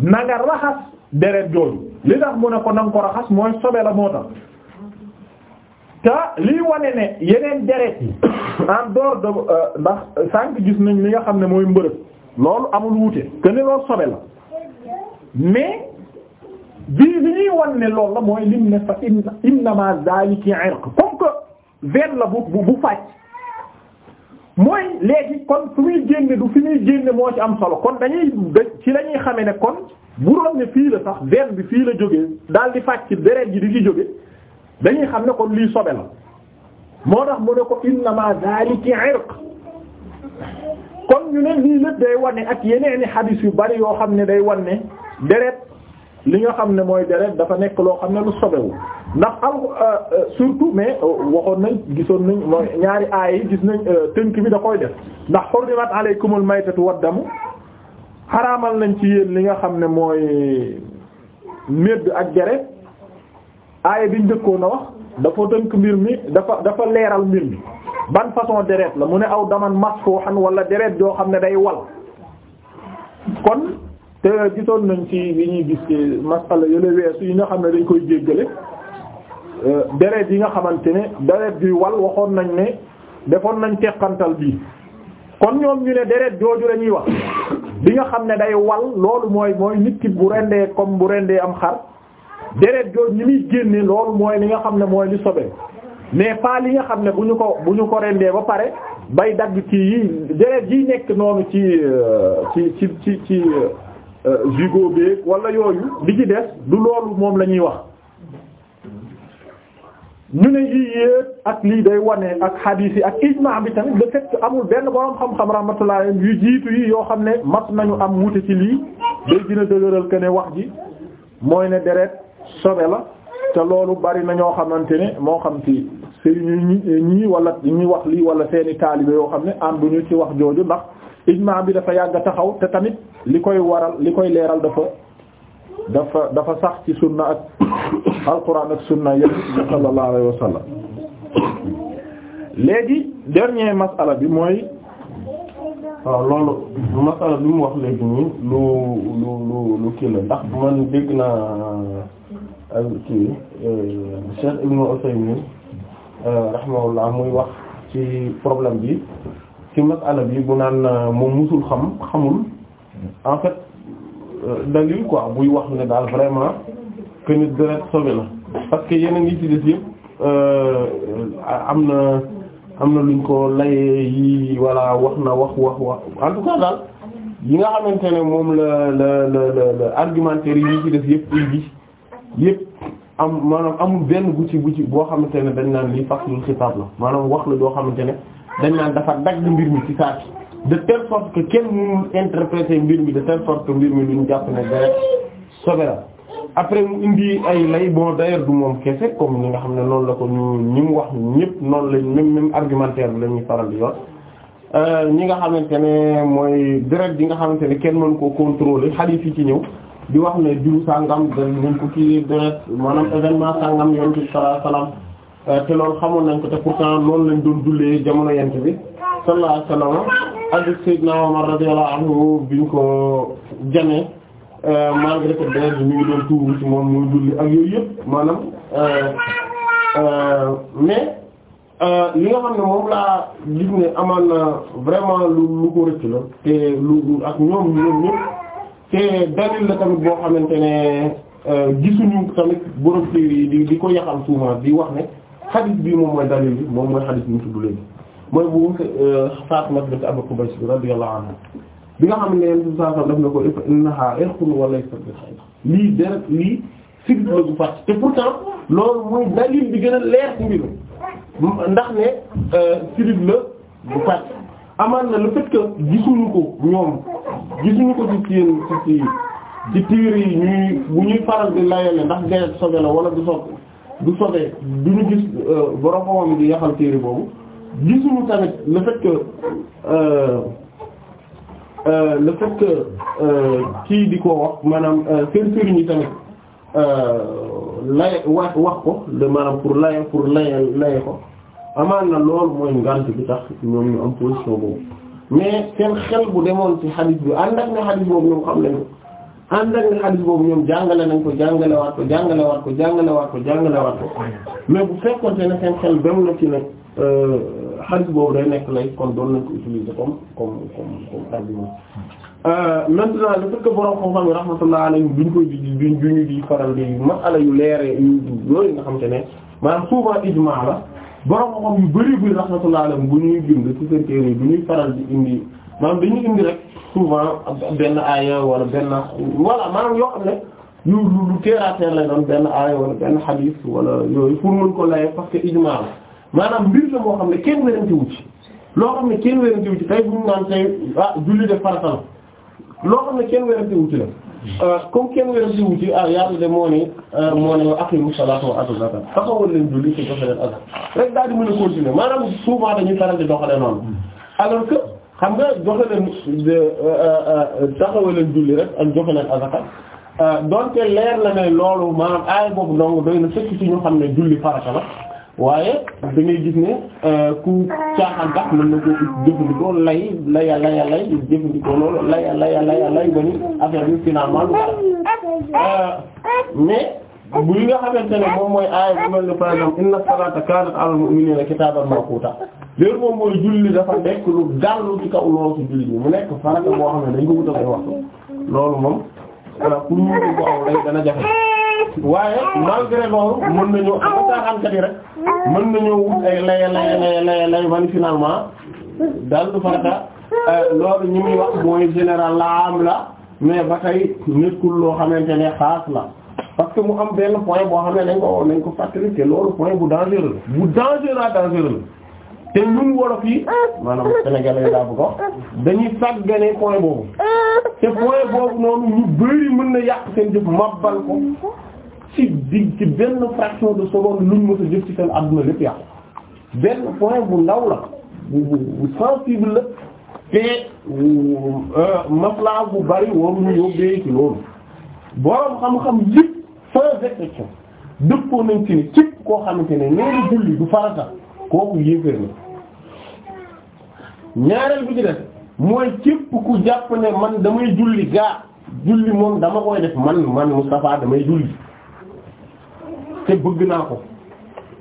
na nga raxas deret jooju li tax mu ne ko na nga ko raxas mooy sobe la moo tax te liy wane ne yeneen deret yi en dehors de euh, ndax sànq gis nañ li nga xam ne mooy mbërëg loolu amul wuute que ne loolu sobe la mais bii bi ñuy wan ne la mooy lim ne fa inna innama zalika irq comme que veine la bu bu fàcc mooy léegi kon fi muy génne du fi muy génne moo ci am solo kon dañuy ci la ñuy xamee ne kon bu doon ne fii la sax veine bi fii la jógee daal di fàcc deret ji di ci jóge dañuy xam ne kon lii sobe la moo tax mu ne ko innama zalika irq kon ñu ne lii lépp day wane ak yeneeni xadiis yu bari yoo xam ne day wane deret li nga xam ne mooy deret dafa nekk loo xam ne lu sobewu ndax al euh, euh, surtout mais euh, waxoon nañ gisoon nañ mooy ñaari aay yi gis nañ tënk mi da koy def ndax hurrimat alaykumul maytatu waddamu xaraamal nañ ci yéen li nga xam ne mooy médd ak deret aaya biñ dëkkoon a wax dafa tënk mbir mi dafa dafa leeral mbir mi ban façon deret la mu ne aw daman masfuhan wala deret joo xam ne day wal kon te gisoon nañ ci yi ñuy gis ci masala yële weesu yi nga xam ne dañ koy jéggale euh, deret yi nga xamante ne deret bi wal waxoon nañ ne defoon nañ teqantal bii kon ñoom ñu ne deret jooju lañuy wax bi nga xam ne day wal loolu mooy mooy nit bu rendee comme bu rendee am xar deret jooju ñi muy génne loolu mooy li nga xam ne mooy li sobe mais pas li nga xam ne bu ñu ko bu ñu ko rendee ba pare bay dagg ci yi deret yi nekk noonu euh, ci ci ci ci ci euh, Euh, Vigo beeg walla yooyu di ci des du loolu moom la ñuy wax ñu ne yii yépp ak lii day wane ak hadith yi ak ijmaa bi tamit le amul benn borom xam-xam rahmatullah yu jiitu yi yoo xam ne mat nañu am wute ci lii day gën dëgëral que ne wax ji mooy ne deret sobe la te loolu bari na ñoo xamante ne moo xam ci sëriñ ñi ñii wala ñi wax lii wala seeni taalibe yoo xam ne ñu ci wax jooju ndax. ijmaa bi dafa yàgg taxaw te tamit li koy waral li koy leeral dafa dafa dafa sax ci sunna ak alquran ak sunna yépp sallallahu alayhi wa sallam léegi dernier masala bi mooy waaw loolu masala bi mu wax léegi nii lu lu lu lu kii la ndax man dégg naa euh, kii euh, Cheikh Ibn Usaymin euh, rahimahullah muy wax ci problème bi ci masala bi bu naan euh, moom musul xam xamul en fait euh, dalil quoi buy wax ne daal vraiment que nit sobe la parce que yeneen yi ci des yëpp euh, am na am na luñ ko layee yi wax na wax wax wax nga xamante ne moom la la la la yëpp indi am maanaam amul benn bu ci bu ci boo xamante ne dañ naan lii faslul xitaab la maanaam wax la doo xamante ne dañ naan dafa dagg mbir mi ci saa si de kenn mënul mbir mi de telle sorte que mbir mi duñ jàpp ne deret sobe la après mu indi ay lay bon d'ailleurs du moom kese comme ni nga xam ne noonu la ko ñu ñi mu wax ñëpp noonu lañ même même argumentaire bi la ñuy faral di euh, ñi nga xamante ne mooy deret yi nga xamante ne kenn mënu ko contrôler xadiis yi ci ñëw di wax ne diw sàngam da nañ ko ci deret maanaam événement sàngam yoon ci salaam Euh, te loolu xamoon nañ ko te pourtant noonu lañ doon jullee jamono yent bi sallallahu alayhi wasallam hadith Seydina Omar radiyallahu anhu biñ ko janee euh, malgré que deret bi mi ngi doon tuuru ci moom muy julli ak yooyu yëpp maanaam euh, mais li nga xam ne moom laa gis ne amaan na vraiment lu lu ko rëcc la te lu ak ñoom ñoom ñëpp te dalil la tamit boo xamante ne gisuñu tamit borom téere yi di di ko yaxal souvent di wax ne xadis bii moom mooy dalil bi moom mooy xadis bi ñu tudd léegi mooy bu Fatima bint Abi Qubays radiyallahu anha bi nga xam ne yenn daf na ko innaha irqun wa laysa bi xayr lii deret lii sigid la bu fàcc te pourtant loolu mooy dalil bi gën a leer ci mbir ndax ne euh, sigid la bu fàcc amaan na le fait gisuñu ko ñoom gisuñu ko ci seen ci tiir yi ñuy bu ñuy faral di layale ndax deret sobe la wala du sobe. du sotee du ñu gis euh, borom xam-xam di yaxal téere boobu gisuñu tamit le fait la euh, euh, le kii di ko wax maanaam seen sëriñ yi tamit lay wax wax ko le maanaam pour lay pour laye laye ko amaan na loolu mooy ngant bi tax ñoom ñu am position boobu mais seen xel bu demoon ci xadis bi ànd ak na xadis boobu ñoom xam nañu ànd ak ne boobu ñoom jàngale nañ ko jàngalewaat ko waat ko jàngalewaat ko jàngalewaat ko mais bu fekkoonte ne seen xel dem na ci ne euh, xadis boobu day nekk lay kon doon nañ ko utiliser comme comme comme comme argument euh, maintenant le fait que borom xam-xam yi rahmatullah alayhi duñ koy di duñ duñu di faral di masala yu leere yu yooyu nga xam te ne maanaam souvent ijma la borom xam-xam yu bari bi rahmatullah alayhi bu ñuy bind ci seen téere yi du ñuy faral di indi maanaam dañuy indi rek souvent benn aaya wala benn voilà maanaam yoo xam ne yu lu teeraateer la doon benn aaya wala benn xadiis wala yooyu pour mën ko laye parce que ijmaa la maanaam mbir la moo xam ne kenn werante wu loo xam ne kenn werante wu ci tey bu naan tey ah julli de farata la loo xam ne kenn werante wu ci la euh, comme kenn werante wu ci ah yàlla de moo ne euh, moo ne aqimu salaata wa atu zakat taxawal leen julli ci joxe leen azak rek daal di mën a continuer maanaam di doxale noonu xam nga joxe leen euh, euh, euh, taxawe leen julli rek ak joxe leen azaka donte leer la ne loolu maanaam aay boobu ndongo doy na sëkk ñu xam ne julli farata la waaye da ngay gis ne ku caaxaan tax mën na ko jëfandikoo lay laya laya lay jëfandikoo loolu laya laya lay ba ni affaire bi finalement lu bara mais bu nga xamante ne moom mooy aay bu mel ne par exemple inna salata kanat ala mu'minina kitaban mawquta léegi moom mooy julli dafa nekk lu gàllu ci kaw loolu ci julli mu nekk farata boo xam ne dañ ko wutal ay waxtu loolu moom pour ñu ko ko aw lay dana loolu mën nañoo am caaxaankat yi mën nañoo wut ay lay lay lay lay lay man finalement daal du euh, wax mooy général laa am la mais ba tey nekkul loo xamante ne xaas la parce que mu am benn point boo xam ne dañ ko nañ ko fàttali loolu point bu dangereux bu dangereux dangereux te ñun wolof yi maanaam sénégalais yi daa bëgg dañuy sàggane point boobu te point boobu noonu ñu bari mën na yàq seen jëf mabbal ko ci di ci benn fraction de seconde luñ mën a ci seen adduna lépp yàqu benn point bu ndaw la bu bu sensible la te euh, maslaa bu bari woon ñu yóbbee ci loolu boroom xam-xam yëpp sans exception nañ ci ne képp koo xamante ne nee na julli du farata kooku yéeféer la ñaareel bi ci def mooy képp ku jàpp ne man damay julli gaa julli moom dama koy def man man Moustapha damay julli te bëgg naa ko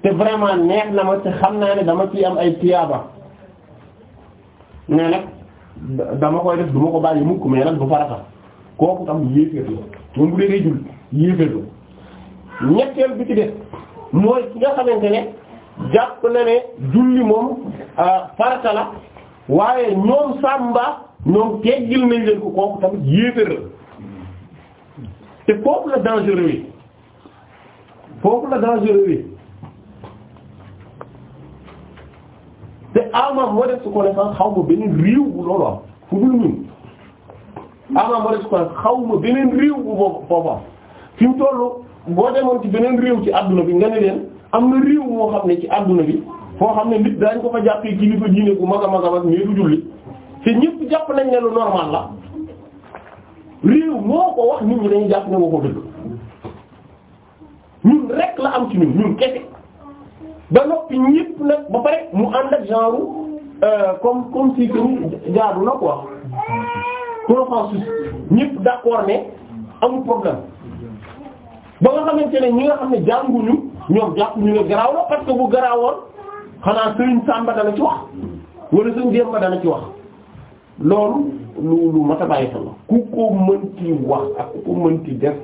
te vraiment neex na ma te xam naa ne dama ci am ay tiyaaba mais nag dama koy def du ma ko bàyyi mukk mais nag du farata kooku tam yéeféer la moom bu dee julli yéeféer la ñetteel bi ci def mooy ki nga xamante ne jàpp na ne julli moom euh, farata la waaye ñoom sàmba ñoom teggil nañ leen ko kooku tamit yéeféer la te foofu la dangereux yi foofu la te ama moo def su connaissance xaw ma beneen réew bu loolu am fu dul ñun ama moo def su connaissance beneen réew bu boobu foofu fi mu tollu boo demoon ci beneen réew ci àdduna bi nga ne leen am na réew moo xam ne ci àdduna bi foo xam ne nit daañ ko fa jàppee kilifa diine gu mag a mag du julli te ñëpp jàpp nañ ne lu normal la réew moo ko wax nit ñi dañu jàpp ne waxoo dëgg ñun rek la am ci ñun ñun kese ba noppi ñëpp nag ba pare mu ànd ak genre euh, comme comme si que jaadu na quoi consensus ñëpp d'accord ne amul problème ba nga xamante ne ñi nga xam ne jànguñu ñoom jàpp ñu ne garaaw la parce bu garaawoon xanaa sëriñ Samba dana ci wax wala sëriñ Demba dana ci wax loolu lu lu mat a bàyyi xel la ku ko mënti wax ak ku ko mënti def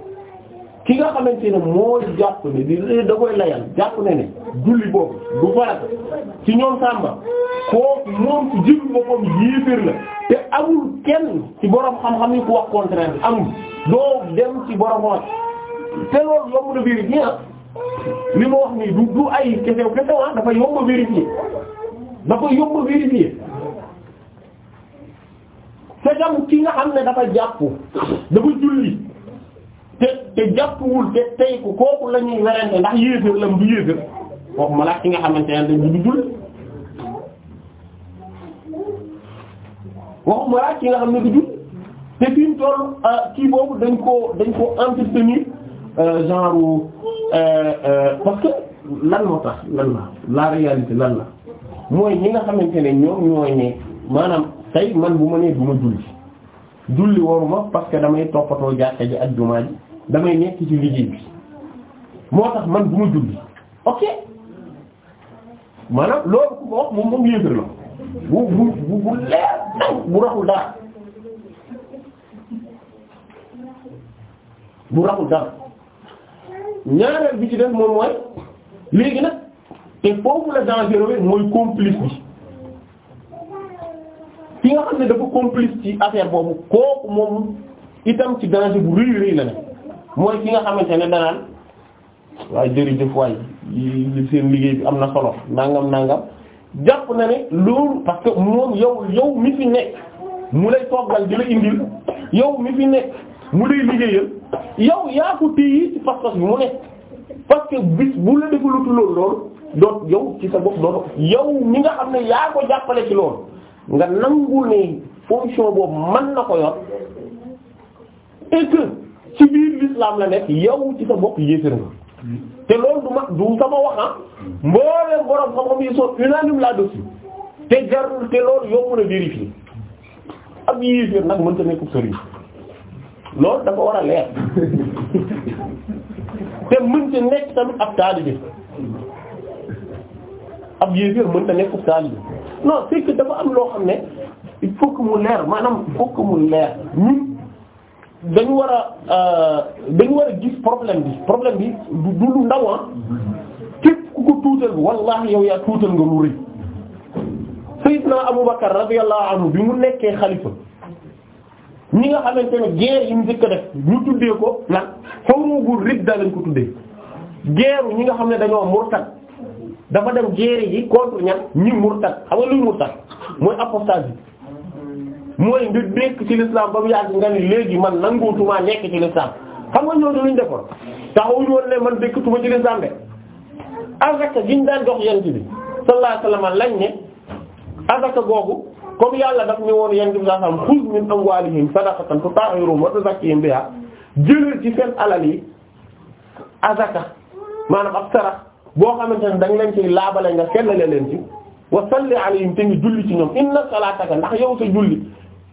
ki nga xamante ne moo jàpp ne di da koy layal jàpp ne ne julli boobu du farat ci ñoom Samba kooku moom ci jël boppam yéeféer la te amul kenn ci borom xam-xam yi ku wax contraire amul doo dem ci borom wax te loolu yomb na vérifier ah li ma wax nii du du ay kesew kesew ah dafa yomb a vérifier dafa yomb a vérifier te tam ki nga xam ne dafa jàpp dafa julli te te jàppuwul te tey ko kooku la ñuy werante ndax yéefër lam du yéefër kooku ma la ki nga xamante ne dañ du julli waxuma laa ki nga xam ne du julli te fi mu toll ah, kii boobu dañ koo dañ koo entretenir Euh, genre euh, euh, parce que lan moo tax lan la la réalité lan la mooy ñi nga xamante ne ñoom ñooy ne maanaam tey man bu ma nee du ma julli julli waruma parce que damay toppatoo jàkka ji ak jumaa ji damay nekk ci liggéey bi moo tax man du ma julli ok maanaam loolu ko moom moom yéefar la bu bu bu leer bu raxul dara bu raxul dara ñaareel bi ci def moom mooy léegi nag te foofu la dangereux mooy complice bi ki nga xam ne dafa complice ci affaire boobu kooku moom itam ci danger bu rëy rëy la ne mooy ki nga xamante ne danaan waaye jërëjëf waay yi seen liggéey bi am na solo nangam nangam jàpp na ne loolu parce que moom yow yow mi fi nekk mu lay toggal di la indil yow mi fi nekk mu lay liggéeyal yow yaa ko téye ci pas-pas bi mu nekk parce que bis bu la defalutu loolu loolu doot yow ci sa bopp doon yow ñi nga xam ne yaa ko jàppale ci loolu nga nangu ne fonction boobu man na ko yor et que ci biir l'islam la nekk yow ci sa bopp yéefér nga te loolu du ma du sama wax a ah. borom xam-xam yi sont unanimes là-dessus te jarul te loolu yow mën a vérifier ab yéefér nag mënta nekkub sëriñ loolu dafa war a leer te mën ci nekk tamit ab taalibe ab yéeféer mën na nekk ab taalibe non c'est dafa am loo xam ne il mu leer maanaam il faut mu leer ñun dañu war a euh, dañu war a gis problème bi problème bi du lu ndaw ah képp ku ko tuutal wallahi yow yaa tuutal nga lu rëy Sayyidna Abu Bakar radiyallahu anhu bi mu nekkee xalifa ñi nga xamante ne guerre yi mu dëkk a def ñu tuddee ko lan xurubul ridda lañ ko tuddee guerre ñi nga xam ne dañoo murtad dafa dem guerre yi contre ñan ñi murtad xam nga luy murtad mooy apostasie mooy nga nekk ci l'islam ba mu yàgg nga ni léegi man nanguutuma nekk ci l'islam xam nga ñooñu luñ defoon taxawuñu woon ne man dëkkatuma ci l'islam de azaka giñ daan jox yent bi sallallahu alayhi lañ ne azaka googu comme yàlla daf ni woon yéen di nga xam xuz min amwaalihim a tutahhiruhum wa tuzakkihim biha jëlal ci seen alal yi azaka maanaam ab sarax boo xamante ne da leen ciy laabale nga sellale leen ci wa salli alayhim te ñu julli ci ñoom inna salataka ndax yow sa julli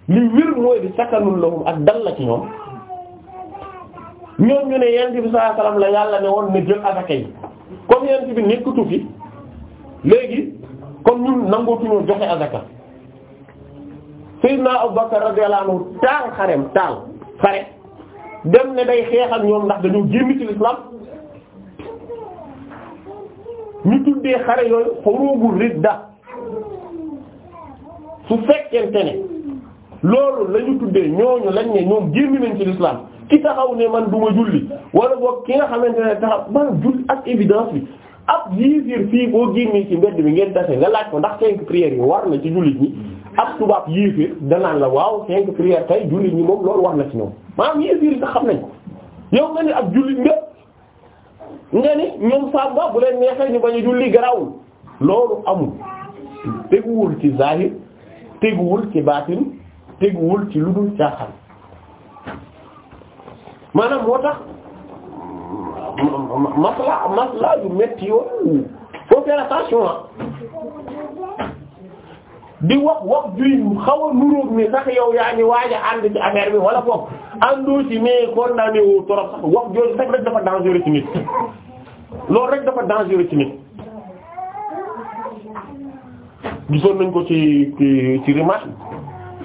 li wér mooy di sakanul lahum ak dal la ci ñoom ñoom ñu ne yent bi sallallahu alayhi wasallam la yàlla ne woon ne jël azaka yi comme yent bi nekkatu fi léegi comme ñun nangootuñoo joxe azaka Seydina Abubakar radiyallahu anhu taal xarem taal xare dem ne day xeexal ñoom ndax dañu génn ci l'islam ñu tuddee xare yooyu xurubu ridda su fekkente ne loolu lañu tuddee ñooñu lañ ne ñoom génn nañ ci l'islam ki taxaw ne man duma julli wala boog ki nga xamante ne taxaw man julli ak évidence bi ab yisir fii boo génnee ci mbedd bi ngeen dase nga laaj ko ndax cinq prières yi war na ci jullit ñi ak tubaab yéeféer danaan la waaw cinq prières tay jullit ñi moom loolu wax na ci ñoom maanaam yéeféer yi sax xam nañ ko yow nga ni ak jullit nga nga ni ñoom sàmba bu leen neexee ñu bañ a julli garawul loolu amul teguwul ci zahir teguwul ci baatin teguwul ci lu dul maanaam moo tax masla masla yu metti yoon faut faire attention di wax wax juy xaw a nuróog ni sax yow yaa ngi waaj a ànd ci affaire bi wala foofu àndoo ci mais condamné wu trop sax wax jooju sax rek dafa dangereux ci nit loolu rek dafa dangereux ci nit gisoon nañ ko ci ci rimage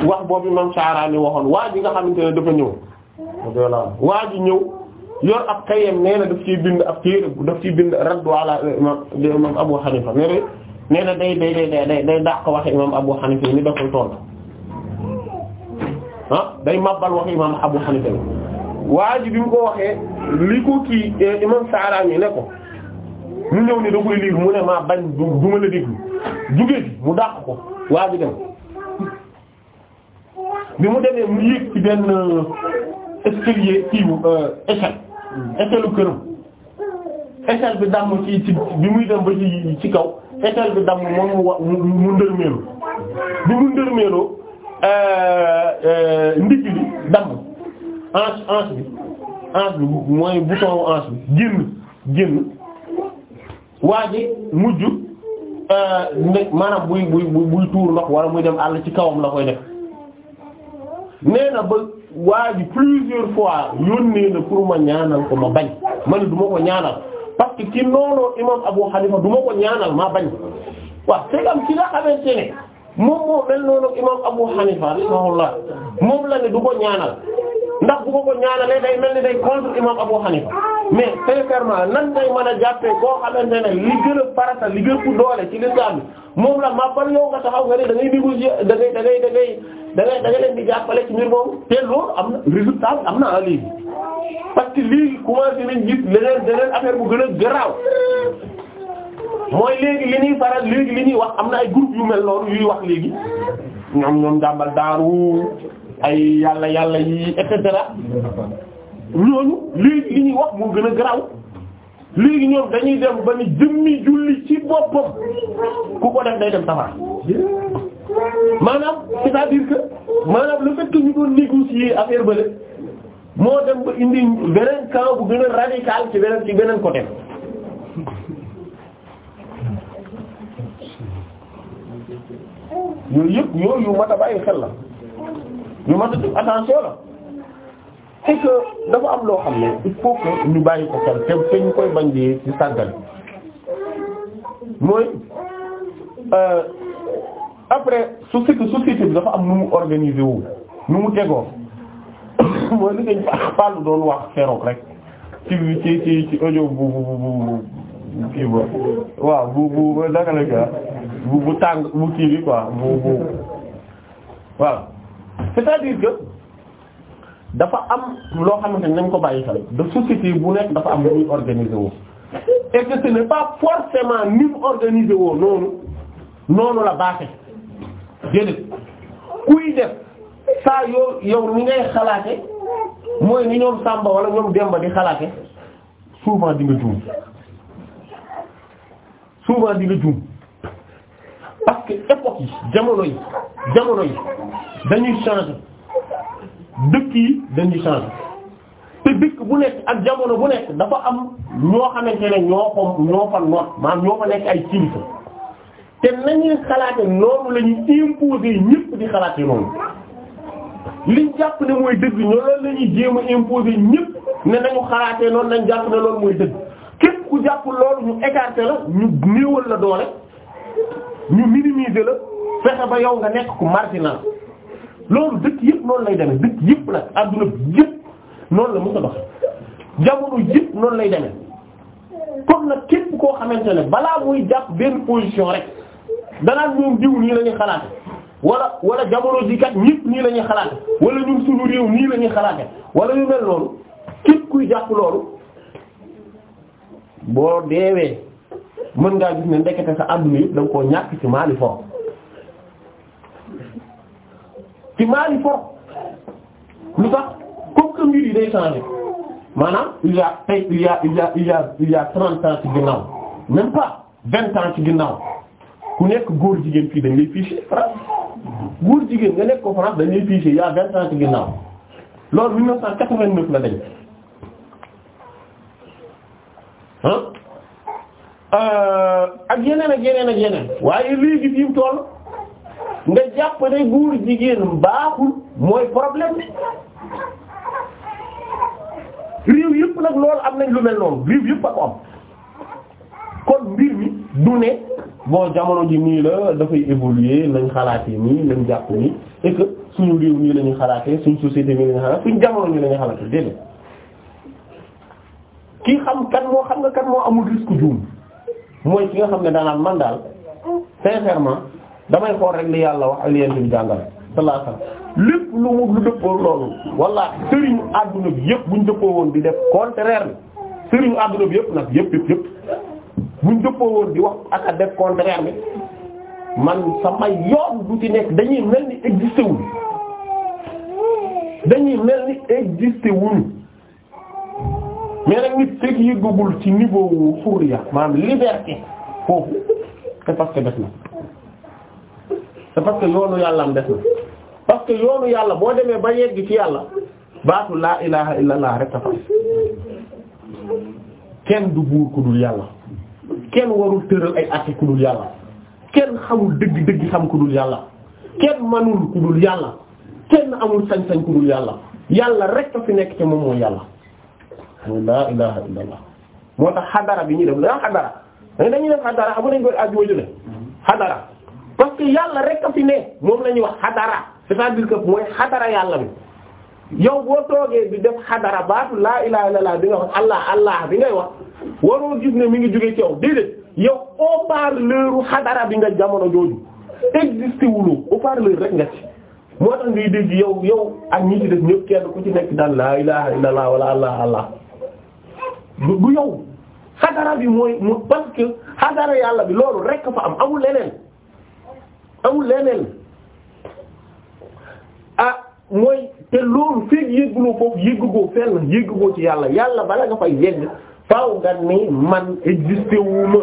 wax boobu moom saaraani waxoon waa ji nga xamante ne dafa ñëw waa ji ñëw yor ab kayem nee na daf ciy bind ab téere daf ciy bind raddu ala imam Abu Hanifa nee na day day day day day dàq ko waxe imam Abu Hanifa ni daful tontu ah day mabbal waxe imam Abu Hanifa ni waa ji bi mu ko waxee li ko kii eh, imam Sa'rani ne ko mu ñëw ni da koy lire mu ne maa bañ du ma la déglu jugee ji mu dàq ko waa ji dem bi mu demee mu yéeg ci benn euh, escalier kii euh, échelle échelle u këram échelle bi damm ci ci bi muy dem ba ci ci kaw étel bi damm moom mu wa mu mu ndërmeelu bi mu ndërmeeloo euh, euh, ndigg li damm ange ange bi ange bi mooy bouton ange bi génn génn waa ji euh, buy buy buy tuur ndox wala muy dem àll ci kawam la koy def nee ba waa plusieurs fois yónnee na pour ma ñaanal ko ma bañ ma ne ko ñaanal parce que ci noonu imam Abu Hanifa du ma ko ñaanal maa bañ waaw c'est am ci nga xamante ne moom moo mel noonu imam Abu Hanifa rahimahullah moom la ne du ko ñaanal ndax bu ko ko ñaanalee day mel ni day contre imam Abu Hanifa mais sincèrement nan day mën a jàppee koo xamante ne li gën a farata li gën ku doole ci l'islam moom la maa ban yow nga taxaw nga ne dangay ngay négocier da ngay da ngay da ngay da ngay da ngay leen di jàppale ci mbir moomu te am na am na parce que lii commencé nañ gis leneen leneen affaire bu gën a garaaw mooy léegi li ñuy faral léegi li ñuy wax am na ay groupe yu mel noonu yuy wax léegi ñoom ñoom jàmbal daaru ay yàlla yàlla yi et cetera léegi li ñuy wax moo gën a garaaw léegi ñoom dañuy dem ba ni jëmmi julli ci boppam ku ko def day dem safara maanaam c'est-à-dire maanaam le fait que ñu doon négocier affaire bële moo dem ba indi beneen camp bu gën a radical ci beneen ci beneen côté yooyu yëpp yooyu mat a bàyyi xel la yu mat a def la c'est dafa am loo xam ne il faut ñu bàyyi ko xel te koy bañ di ci sàggal mooy euh, après société société bi dafa am nu mu organiser wu nu mu tegoo. mooy li dañ fàllu doon wax keroog rek ci ci ci ci audio bu bu bu kii ba waaw bu bu naka la quoi bu bu tàng bu kii bi quoi bu waaw c'est-à-dire dafa am loo xamante ni nañ ko bàyyi xel de société bu nekk dafa am lu ñuy organiser woo et pas forcément ni mu woo noonu noonu la baaxe déedéet kuy def saa yoo yow ni ngay xalaate mooy ni ñoom Samba wala ñoom Demba di xalaate souvent di juum souvent di juum parce que yi jamono yi jamono yi dañuy changer dëkk yi dañuy changer te dëkk bu nekk ak jamono bu nekk dafa am ñoo xam ne ñoo ko ñoo fa noot ñoo fa nekk ay kilifa te nañuy xalaate noonu la ñuy ñépp di xalaate noonu liñ jàpp ne mooy dëgg ñoo loolu la ñuy jéem a imposer ñëpp ne nañu xalaatee noonu nañ jàpp ne loolu mooy dëgg képp ku jàpp loolu ñu écarter la ñu néewal la doole ñu minimiser la fexe ba yow nga nekk ku marginal loolu dëkk yëpp noonu lay demee dëkk yëpp nag adduna yëpp noonu la mën a dox jamono yëpp noonu lay deme comme nag képp koo xamante ne balaa muy jàpp benn position rek danaan ñoom diw nii la ñuy xalaate wala wala jamono ji kat ñëpp nii la xalaate wala ñun suñu réew nii la ñuy xalaate wala ñu mel loolu képp kuy jàpp loolu boo deewee mën ngaa gis ne ndekete sa àdduna yëpp da koo ñàkk ci maali for ci maali for lu tax comme que mbir yi day changer maanaam il y a tey il y a il y a il y a il a trente ans ci ginnaaw même pas vingt ans ci ginnaaw ku nekk góor jigéen fii dañ lay fiché góor jigéen nga nekk ko France dañuy piché yaa vingt ans ci ginnaaw loolu mille neuf cent quatre-vingt-neuf la dañ euh, ak yeneen ak yeneen ak yeneen waaye léegi fi mu toll nga jàpp ne góor jigéen baaxul mooy problème bi réew yëpp nag loolu am nañ lu mel noonu réew yëpp a ko am kon mbir mi du ne bon jamono ji nii la dafay évoluer nañ xalaatee nii nañ jàpp nii et suñu réew nii la ñuy xalaatee suñ société nii la ñuy xalaatee jamono nii la ñuy xalaatee déedéet kii xam kan moo xam nga kan moo amul risque juum mooy ki nga xam ne daanaan man daal sincèrement damay xool rek li yàlla wax ak li yent bi jàngal sallallahu alayhi wasallam lépp lu mu lu dëppoo loolu walla sëriñu àdduna bi yëpp buñ dëppoo woon di def contraire bi sëriñu àdduna bi yëpp nag yëpp bu dëppoo woon di wax ak a def contraire bi man sama yoon du ci nekk dañuy mel ni existé wul dañuy mel ni existé wul mais nag nit yëggagul ci niveau furia maanaam liberté foofu c'est parce que def na c'est parce yoonu yàlla am def na parce yoonu yàlla boo demee ba yegg ci yàlla baatu laa ilaha illallah rek a fas kenn du buur ku dul yàlla kenn warul tëral ay àtte ku dul yàlla kenn xamul dëgg dëgg xam ku dul yàlla kenn manul ku dul yàlla kenn amul sañ-sañ ku dul yàlla yàlla rek a fi nekk te moom mooy yàlla laa ilaha illa allah moo tax xadara bi ñuy def daa xadara mais dañuy def xadara xam nañ koy ajoo jële xadara parce yàlla rek a fi ne moom la ñuy wax xadara c'est-à-dire mooy xadara yàlla bi yow boo toogee di def xadara baatu laa ilaha illallah bi nga wax allah allah bi ngay wax waroo gis ne mi ngi jóge ci yow déedéet yow au parleur xadara bi nga jamono jooju existé wuloo au parleur rek nga ci moo tax ngay dégg yow yow ak ñi ci kenn ku ci nekk daan laa ilaha illallah wala allah allah bu yow xadara bi mooy mu parce que xadara yàlla bi loolu rek fa am amul leneen amul leneen ah mooy te loolu feeg yëgguloo foofu yëggugoo fenn yëggugoo ci yàlla yàlla bala nga fay yegg faaw nga ni man existé wu ma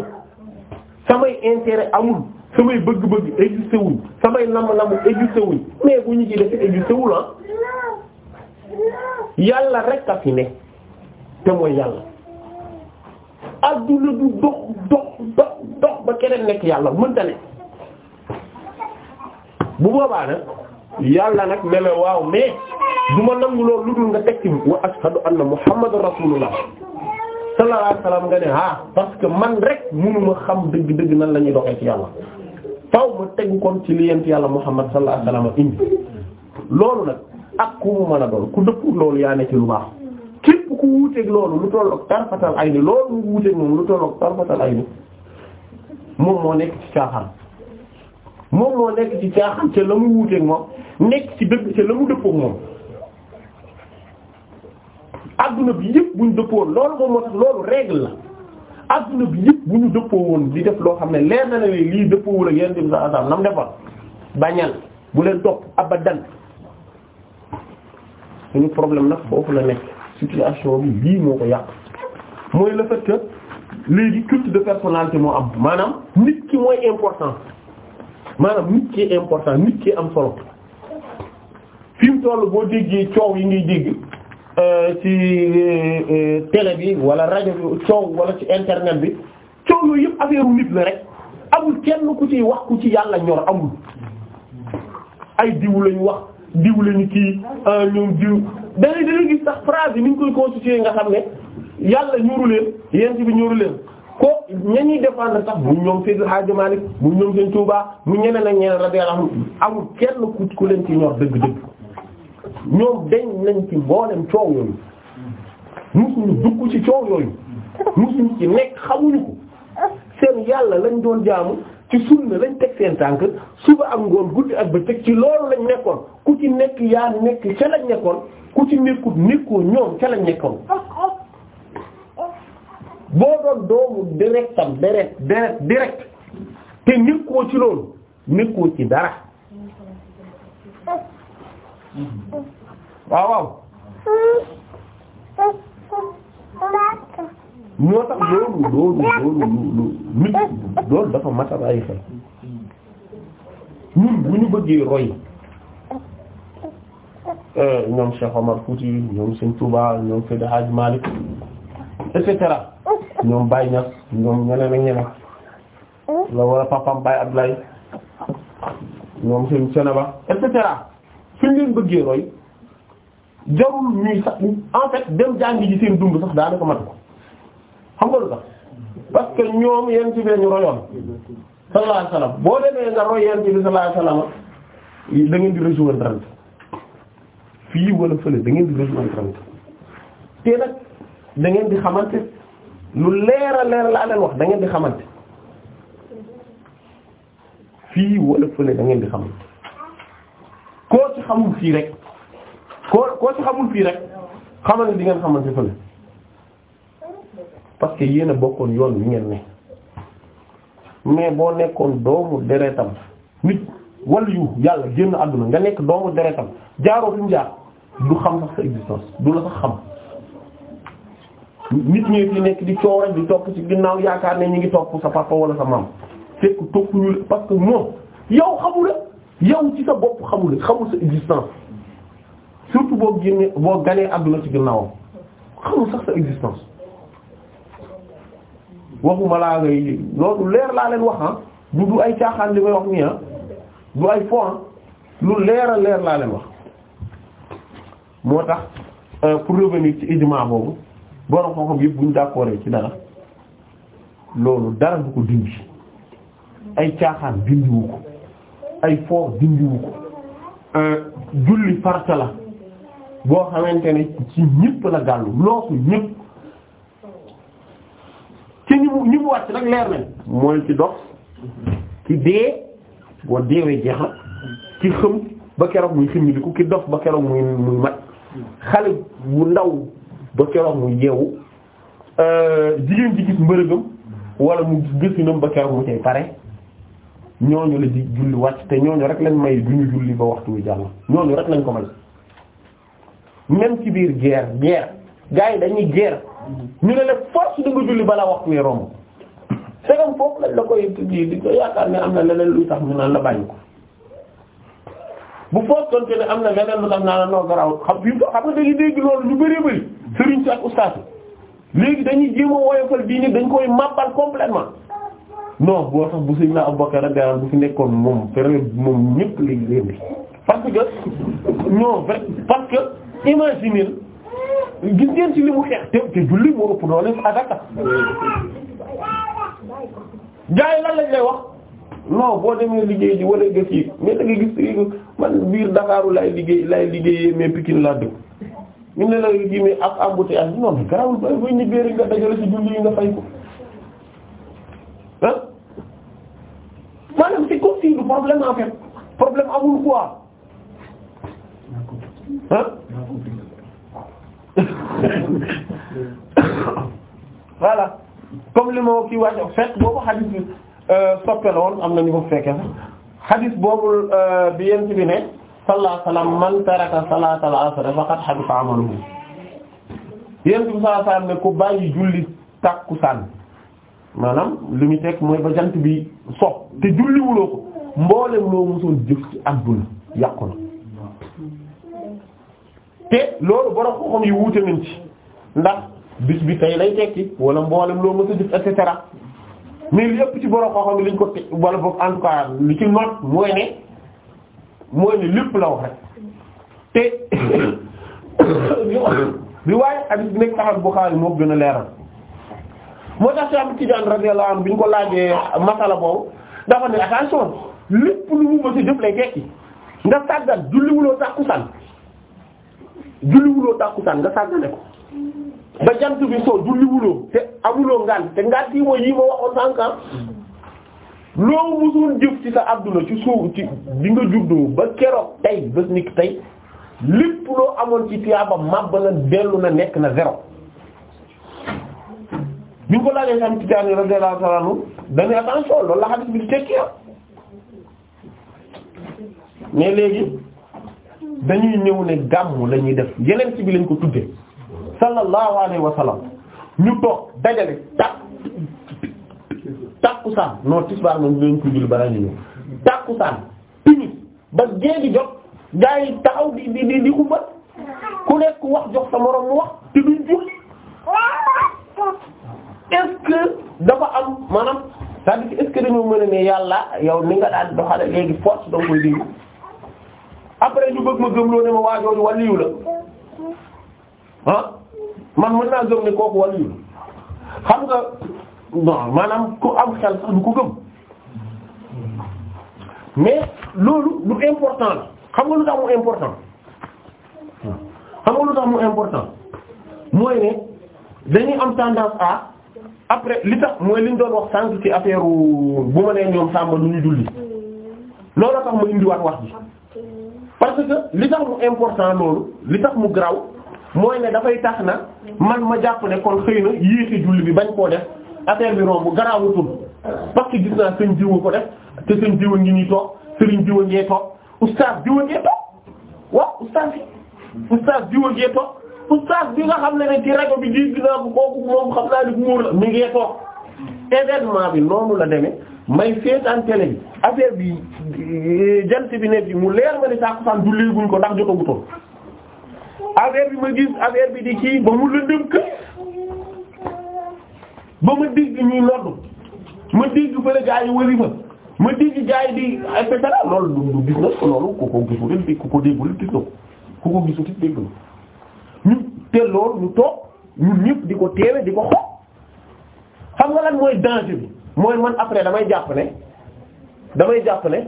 samay intérêt amul samay bëgg-bëgg existé samay namm-namm existé wuñ bu ñu ci def existé wul ah. yàlla rek a fi ne te mooy yàlla adduna du dox dox dox dox ba keneen nekk yàlla mënta ne bu boobaa nag yàlla nag ne waaw mais du ma nangu loolu lu dul nga tekki wa ashhadu anna muhammadur rasulullah sallallahu alayhi nga ne ah parce que man rek mënuma xam dëgg-dëgg nan la ñuy doxee ci yàlla faw ma tegu kon ci li yent yàlla muhammad sallallahu alayhi wasallam indi loolu nag ak ku mu mën a doon ku dëppul loolu yaa ne lu baax képp ku wuuteeg loolu lu tollook tarfatal ay ni loolu mu wuuteeg moom lu tollook tarfatal ay ni moom moo nekk ci caaxaan moom moo nekk ci caaxaan te la mu wuuteeg moom nekk ci dëgg te la mu dëppoog moom adduna bi yëpp bu ñu dëppoo loolu moom moo tax loolu règle la adduna bi yëpp bu ñu dëppoo woon di def loo xam ne leer na ne lii dëppoowul ak yenn sa asam nam defal bañal bu leen topp abadan suñu problème nag foofu la nekk situation bi lii moo ko yàq mooy le fait léegi culte de personnalité moo am maanaam nit ki mooy important maanaam nit ci important nit ki am solo fi toll boo déggee coow yi ngay dégg euh, ci euh, euh, télé bi wala rajo bi coow wala ci internet bi coow yooyu yëpp affaire nit la rek amul kenn ku ci wax ku ci yàlla ñor amul ay diw lañu wax diw lañu kii ñoom diw dangay dangay gis sax phrase yi ni ñu koy constituer nga xam ne yàlla ñoru leen yent bi ñoru leen ko ñañuy défendre sax bu ñoom Seydou Hadj Malick mu ñoom seen Touba mu ñeneen ak ñeneen radiyallahu amul kenn ku ku leen ci ñor dëgg-dëgg ñoom dañ nañ ci mboolem coow yooyu musuñu dugg ci coow yooyu musuñu ci nekk xamuñu ko seen yàlla lañ doon jaamu ci sunna lañ teg seen tànk suba ak ngoon guddi ak bëccëg ci loolu lañ nekkoon ku ci nekk yaa nekk ca lañ nekkoon ku ci nekkut nekkoo ñoom ca lañ nekkoon boo doon doomu directam direct direct direct te nekkoo ci loolu nekkoo ci dara waaw waaw moo tax loolu loolu loolu nit loolu dafa matal ay xel ñun bu ñu bëggee roy euh, ñoom Cheikh Omar Fouti ñoom Sëñ Touba ñoom Seydi Hadj Malick et cetera ñoom Baye Niass ñoom ñeneen ak ñeneen hmm? la wala papam Baye Abdoulaye ñoom seen Seneba et cetera fi ñu leen bëggee roy jarul ñuy sax en fait dem jàngi ji seen dund sax daanaka mat ko xam nga lu parce que ñoom yéen ci bee ñu royoon sallallahu alayhi boo demee nga roy yéen ci bi sallallahu alayhi wasallam da ngeen di rejoindre fii wala fële da ngeen di rejoindre te nag da ngeen di xamante lu leer a leer laa leen wax da di xamante fii wala fële da ngeen di xamante koo ci xamul fii rek koo koo ci xamul fii rek xamal ne di ngeen xamante fële parce que yéen bokkoon yoon wi ngeen ne mais boo nekkoon doomu deretam nit wala yu yàlla génn àdduna nga nekk doomu deretam jaaroo fi mu jaar du xam sax existence du la sax xam nit ñi fi nekk di coow rek topp ci ginnaaw yaakaar ne ñu ngi topp sa papa wala sa maam fekk toppuñu la parce que moom yow xamula yow ci sa bopp xamula xamul sa existence surtout boo génnee boo ganee àdduna ci ginnaawam xamul sax sa existence waxuma laa ngay loolu leer laa leen wax ah du du ay caaxaan li may wax nii ah du ay fond ah lu leer leer laa leen wax moo tax euh, pour ci ijma boobu borom xam-xam yëpp bu ci dara loolu dara du ko dindi ay caaxaan dindiwu ko ay foof dindiwu ko euh, julli farta la boo xamante ne ci ñëpp la gàllu loosu ñëpp ci ñi mu ñi mu wàcc nag leer nañ mooy ci dox ci dee boo deewee jeex na xëm ba keroog muy ximiliku ki dof ba keroog muy muy xale bu ndaw ba keroog mu yeewu jigéen ji gis mbërëgam wala mu gis gësinam ba keroog mu cay pare ñooñu la di julli wàcc te ñooñu rek lañ may duñu julli ba waxtu wi jàll ñooñu rek lañ ko may même ci biir guerre guerre gars yi dañuy guerre ñu ne la force di nga julli balaa waxtu wi romb segam foofu lañ la koy di ko yaakaar ne am na leneen luy tax ñu naan la bàyyi ko bu fekkoon que ne am na leneen lu la noo garaawul xam fi mu ko xam nga dañuy dégg loolu lu bëree bëri sëriñ si ak ustaas léegi dañuy jéem a woyofal diine dañ koy màbbal complètement no boo tax bu Seydina fi nekkoon moom période moom ñëpp léegi leen bi parce que non parce que imaginer gis ngeen ci li mu xeex te te julli moo ëpp doole adaka gaa yi lan lañ lay wax non boo demee liggéey ji wala nga gi mais da nga gis man biir Dakar laay liggéey laay liggéeyee mais Pikine laa dëkk ñu ne la gi mais ak embouteillage bi noonu garawul ba bay ñibbee rek nga dajale ci julli yi nga fay ko ah maanaam c'est comme si du problème en fait problème amul quoi ah voilà comme li ma kii wàcc fekk boo ko xadis Euh, soppe la woon am na ñu ko fekke sax xadis boobu euh, bi yent bi ne sallallahu alayhi wa sallam man taraka salatal asr faqad habita bi sallallahu alayhi wa ku bàyyi julli tàkkusaan maanaam li mu tekk mooy ba jant bi sopp te julliwuloo ko mboolem loo mosoon jëf ci àdduna yàqu te loolu borom xam-xam yi wuute nañ ci ndax bis bi tey lay tekki wala mboolem loo mos jëf et cetera mais li ëpp ci borom xam-xam ni liñ ko teg wala boog en tout li ci noot mooy ne mooy ne lépp la wax te riwaayu hadith bi nekk Sahih Bukhari moo gën a leeral moo tax Cheikh Ahmad Tidiane radiyallahu bi ñu ko laajee masala boobu dafa ne attention lépp lu mu mën si jëf lay tekki nga sàggan julliwuloo tàkkusaan julliwuloo tàkkusaan nga sàggane ko ba jant bi soo julliwuloo te amuloo ngànt te ngànt yi mooy yi ma waxoon sànqan ah. loo musul jëf ci sa àdduna ci suuf ci bi nga juddoo ba keroog tey bés ni tey lépp loo amoon ci tiyaaba màbb na dellu na nekk na zéro bi ko laajee xam ci taani radiyallahu ta'ala anhu dañuy attention la hadith bi di tekki ah. mais léegi dañuy ñëw ne gàmm la ñuy def yeneen ci bi lañ ko tuddee sallallahu alayhi wa sallam ñu toog dajale tàkk tàkkusaan non tisbaar moom dinañ ko jul balaa ñu ñëw tàkkusaan timis ba géegi jot gaa yi taxaw di di di di ku nekk wax jox sa moroom mu wax te duñ julli est dafa am maanaam c'est-à-dire est dañoo mën a ne yàlla yow ni nga daan doxale léegi force danga koy déglu après ñu bëgg ma gëmloo ne ma waajooju wàlliyu la man mën naa gëm ne kooku waliyu xam nga non maanaam ku am xel sax du ko gëm mais loolu lu important la xam nga lu tax mu important xam nga lu tax mu important mooy ne dañuy am tendance a après li tax mooy li ñu doon wax sànq ci affaire bu ma nee ñoom sàmba nu ñu julli loolu tax ma indiwaat wax bi parce que li tax mu important loolu li tax mu graw mooy ne dafay tax na man ma jàpp ne kon xëy na yéexi julli bi bañ koo def affaire bi romb garaawutul parce que gis naa sëñ jiwa ko def te sëñ jiwa ngi ñuy toog sëriñ jiw ngee toog oustaz jiwa ngee toog waaw oustaz oustaz jiwa ngee toog oustaz bi nga xam ne ne ci rajo bi gis naa ko kooku moom xam naa ni muur la mi ngee toog événement bi noonu la demee may seetaan télé bi affaire bi jant bi ne bi mu leer ma ne saaku saan julleeguñ ko ndax jotagutoon affaire bi ma gis affaire bi di kii ba mu lëndëm kër ba ma dégg ñuy nodd ma dégg fële gaa yi ma ma dégg gaa yi di et cetera loolu du gis ko loolu ku ko gisul ku ko déggul gis na ko ku ko gisul it dégg ñu te loolu ñu toog ñun ñëpp di ko teewe di ko xool xam nga lan mooy danger bi mooy man après damay jàpp ne damay jàpp ne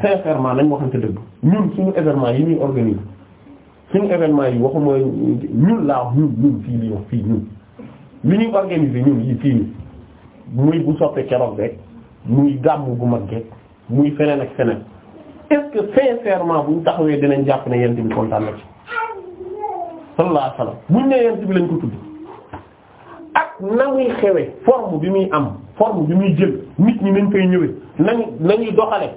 sa événement nañ waxante dëgg ñun suñu événement yi ñuy organiser suñu événement yi waxuma ñun laa wax ñun ñun fii li wax fii ñun li ñuy organiser ñun yi fii nii muy bu soppe keroog rek muy gàmm bu mag rek muy feneen ak feneen est-ce que buñ taxawee dinañ jàpp ne yent bi kontaan na ci sallallahu alayhi wasallam ne yent bi lañ ko tudd ak na muy xewe forme bi muy am forme bi muy jël nit ñi nañ koy ñëwee nañ nañuy doxale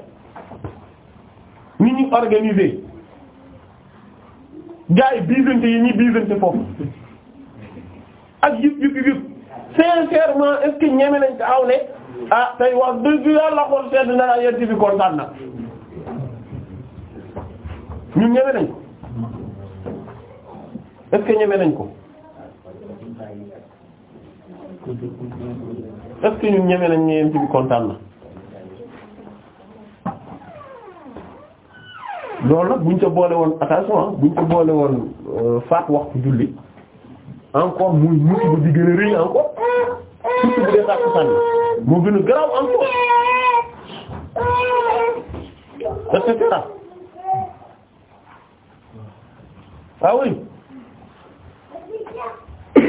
ni ñu organisé gars yi yi ñuy biisante foofu ak gis gis gis sincèrement est-ce que ñeme nañ ko aw ne ah tey wax sedd na yéen ci bi na ñun ñeme nañ ko est-ce que ñun ñeme nañ na. loolu nag buñ ko boole woon attention ah buñ ko boole woon euh, faat waxtu julli encore muy musiba bi gën a rëy encore surtout gën a garaaw encore et ah oui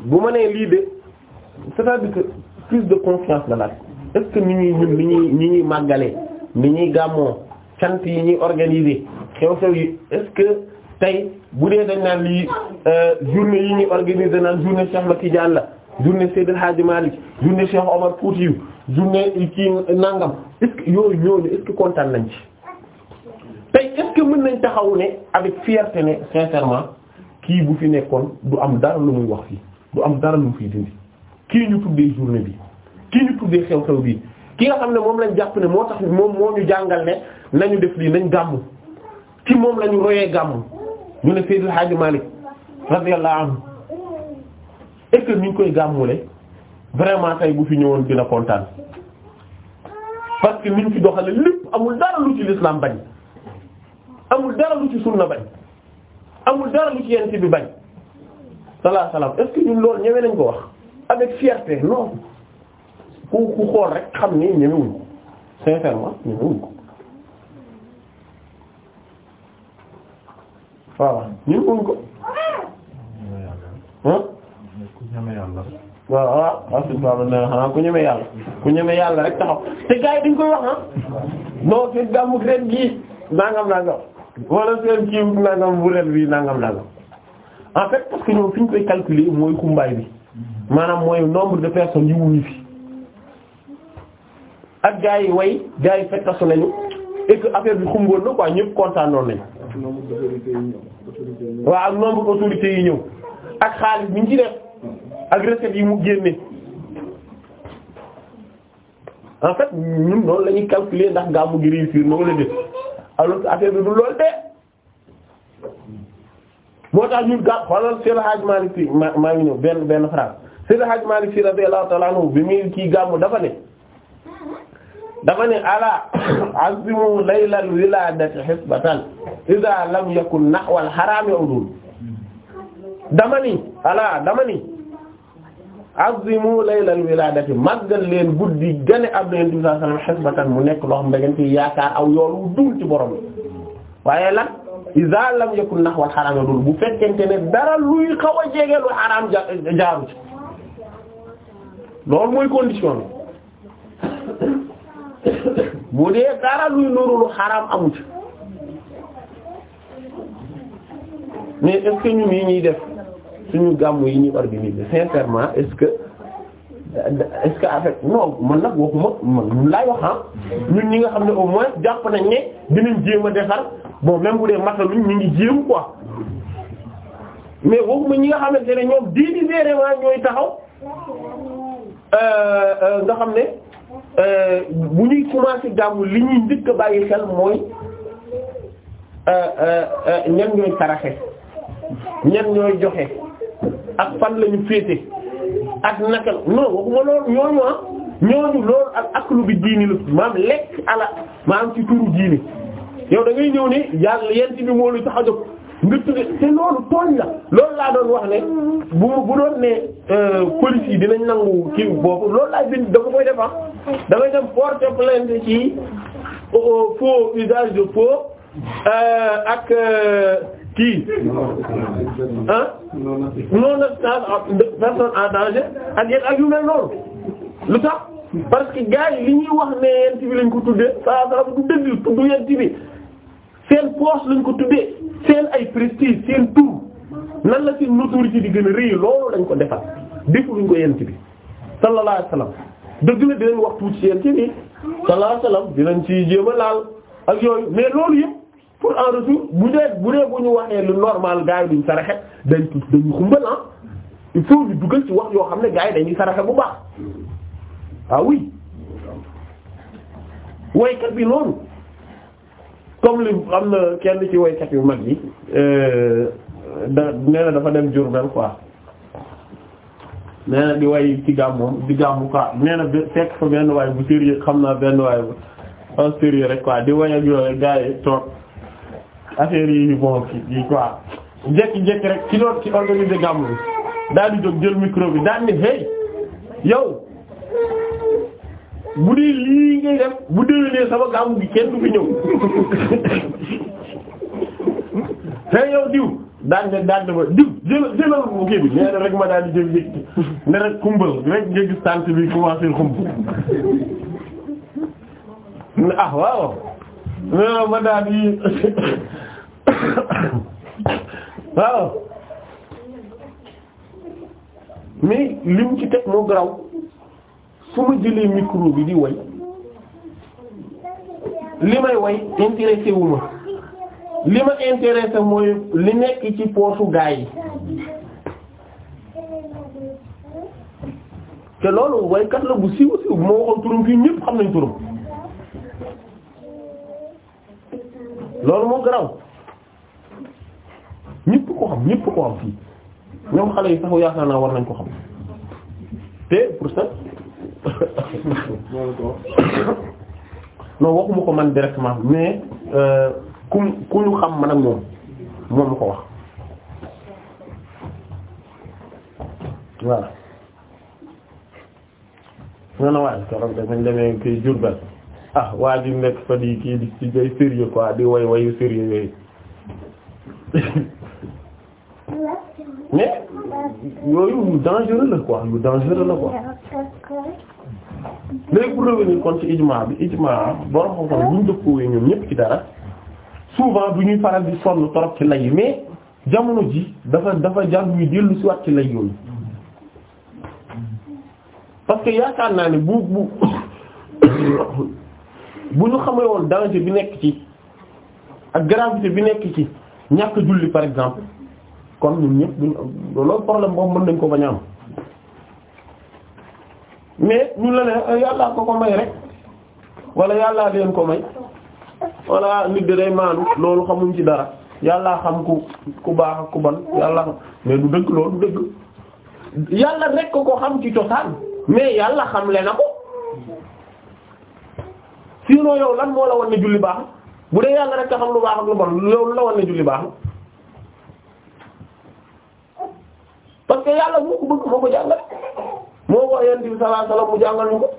bu ma nee lii de c'est-à-dire que plus de confiance la laaj est-ce ni ñuy ni ñuy ni ni ñuy gàmmoo cant yi ñuy organiser xew-xew yi est tey bu dee dañ naan lii euh, journée yi ñuy organiser naan journée Cheikh la Tidiane la journée Seydil Hadji Malick journée Cheikh Omar Foutiyou journée kii nangam est-ce yooyu ñooñu est kontaan lañ ci tey est mën nañ taxaw ne avec fierté ne sincèrement kii bu fi nekkoon du am dara lu muy wax fii du am dara lu mu fiy dindi kii ñu tuddee journée bi kii ñu tuddee xew-xew bi ki nga xam ne moom lañu jàpp ne moo tax moom moo ñu jàngal ne nañu def lii nañ gàmm ci moom lañu ñu royee gàmm ñu ne Seydil Hadji Malick radiyallahu anhu et que ñu koy gàmmule vraiment tey bu fi ñëwoon dina kontaan parce que niñ fi doxale lépp amul dara lu ci l'islam bañ amul dara lu ci sunna bañ amul dara lu ci yent bi bañ salaa salaam est ñun loolu ñëwee nañ ko wax avec fierte non ku ku xool rek xam ni ñemewuñ ko sincèrement ñemewuñ ko voilà ñemewuñ ko. ah. ku ñeme yàlla. waaw waaw ku ñeme yàlla ku ñeme yàlla rek taxaw te gars yi dañ koy wax ah. non c'est gàmmu ren gii nangam nangam wala seen kii nangam bu ren bii nangam nangam en fait parce que ñoom fi ñu koy mooy xumbaay bi maanaam mooy nombre de personnes yu wuñu ak gaa yi way gaa yi fekkasu nañu et que affaire bi xumboon na quoi ñëpp kontaanoon nañu. waa ak nombre autorités yi ñëw ak xaalis bi ñu ci def ak recettes yi mu génne en fait ñun noonu la ñuy calculer ndax gàmmu gi réussir moo la def alors bi du loolu de moo tax ñun gàmm xoolal Seydou Hadj Malick Sy maa maa ngi ñëw benn benn phrase Seydou Hadj Malick Sy radiyallahu bi muy kii gàmmu dafa ne. dama ne ala azimu laylal wiladati hisbatan idha lam yakun nahwal harami udul dama ni ala dama ni azimu laylal wiladati leen guddi gane ab leen di hisbatan mu nekk loo xam da ngeen aw yoolu dul ci borom waaye lan idha lam yakun nahwal harami udul bu fekkente ne dara luy xaw a jege lu haram jaaru ci loolu condition bu dee dara luy nuru xaraam amu ci mais est ñun yi ñuy def suñu gàmm yi ñuy organiser sincèrement est-ce que est-ce que en fait man nag waxuma man laay wax ah. ñun ñi nga xam ne au moins jàpp nañ ne dinañ jéem a defar bon même bu dee mataluñ ñu ngi jéem quoi mais waxuma ñi nga xamante ne ñoom ma ñooy taxaw euh, euh, nga xam ne. Euh, bu ñuy commencé gàmmu li ñuy njëkk a bàyyi xel mooy euh, euh, ñan ñooy saraxe ñan ñooy joxe ak fan la féete ak naka non waxuma loolu ñooñu ah loolu ak aklu bi diini la maam lekk ala maam ci turu diini yow da ngay ñëw ni yàlla yent bi moo lu tax a jóg nga tudde te loolu tooñ la loolu laa doon wax ne bu bu doon ne euh, police yi dinañ nangu kii boobu loolu laay bind dama koy def ah damay dem porter plainte ci faux usage de faux euh, ak euh, kii ah non assistance personne en danger ak yu mel noonu lu tax parce que gars li ñuy wax ne yent bi lañ ko tuddee saa saa du dëgg tudd yent bi seen poche lañ ko tudde seen ay prestige seen tur nan la seen notoriété di gën a rëy loolu lañ ko defal defuñu ko yent bi sallallahu alayhi wasallam dëgg na dinañ wax tuuti ci yent bi sallallahu alayhi wasallam dinañ ci jéem a laal ak yooyu mais loolu yëpp pour en retour bu dee bu dee bu ñu waxee lu normal gars yi duñ saraxe dañ dañu xumbal ah il faut ñu ci wax yoo xam ne gars yi dañuy saraxe bu baax ah oui waykat bi noonu comme li am na kenn ci woykat yu mag yi euh, dafa dem Jurbel quoi nee na di way ci gàmmoom di gàmmu quoi nee na fekk fa benn waay bu sérieux xam na benn waay bu en sérieux rek quoi di way ak yooyu gars yi toog affaire yi bon yi quoi jékki-jékki rek ci doon ci organiser gàmmu bi daal di jóg jël micro bi daal yow. bu dee lii ngay def bu déwénee sama gàmmu gi kenn du fi ñëw te diw daan ne daan ne ma diw jëlal jëlal bu kii bi nee rek ma daal di jël ne rek kumbal rek nga bi commencé xumb ne ah waaw nee na ma daal ci teg moo garaw su ma jëlee micro di way li may way intéressé li ma intéressé mooy li nekk ci poosu yi te loolu waykat la bu siiw siiw bu ma waxoon turam fii ñépp xam nañ turam loolu moo garaw ñépp ko xam ñépp ko xam fii ñoom xale yi sax yaakaar naa war nañ ko xam te pour ça non waxuma ko man directement mais euh, ku ku ñu xam man ak moom moom mu ko wax voilà. non non waaye keroog dañu demee kii Diourbel ah waa ji nekk fa di kii di ci day sérieux quoi di way wayu sérieux yooyu mais yooyu yu dangereux la quoi yu dangereux la quoi. léegi pour revenir kon ci ijmaa bi ijmaa borom xam xam buñ dëppoowee ñoom ñépp ci dara souvent du ñuy paral di sonn trop ci lay mais jamono ji dafa dafa jar ñuy dellu ci waat ci lay yooyu parce que yaakaar naa ne bu bu bu ñu xamee woon danger bi nekk ci ak gravité bi nekk ci ñàkk julli par exemple kon ñun ñëpp duñ loolu problème boobu mën nañ ko bañ a am mais ñu la ne euh, yàlla ko ko may rek wala yàllaa leen ko may wala nit de day maanu loolu xamuñ ci dara yàlla xam ku ku baax ak ku ban yàllaa xam mais du dëgg loolu dëgg yàlla rek ko ko xam ci cosaan mais yàlla xam le na ko sinon yow lan moo la wan ne julli baax bu dee yàlla rek ka xam lu baax ak lu bon loolu la wan ne julli baax parce que yàlla moo ko bëgg moo ko jàngale moo wax yonent bi sallallahu alayhi mu jàngal ko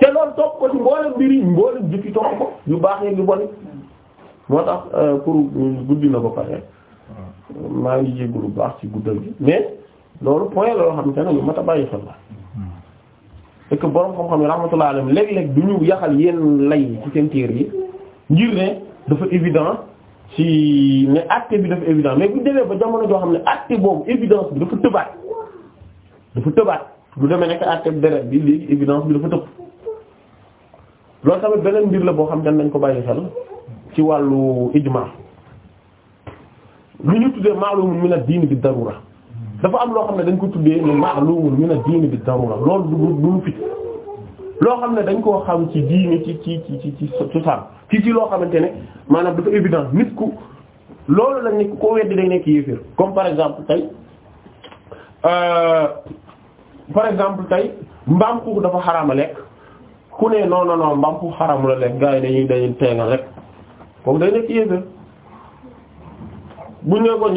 te loolu topp ko ci mboolem mbir yi mboolem jikko topp ko yu baax yi yu bon moo tax euh, pour guddi na ba pare maa ngi yëgu lu baax ci guddal bi mais loolu point la yoo xamante ne lu mat a bàyyi xel borom xam-xam yi rahmatullahi alayhim léeg du ñu yaxal yenn lay ci seen téere yi ngir ne dafa évident ci ne acte bi dafa évident mais bu ñu ba jamono joo xam ne acte boobu évidence bi dafa tëbaat. dafa tëbaat du demee nekk àtteeb deret bi léegi évidence bi dafa tëb loolu tamit beneen mbir la boo xam ne dañ ko bàyyi xel ci wàllu ijma lu ñu tuddee ma'lumun min bi darura dafa am loo xam ne dañ ko tuddee ne ma'lumun min ad-din bi darura loolu du du fit loo xam ne dañ koo xam ci diini ci ci ci ci cosaan ci ci loo xamante ne maanaam dafa évident nit ku loolu lañ ne ko weddi day nekk yéeféer comme par exemple tey euh, par exemple tey mbaam xuux dafa xaraama lekk ku ne non non non mbaam xuux xaraamu la lekk gars yi dañuy dañuy teengal rek kooku day nekk yéegal buñ ne ko lu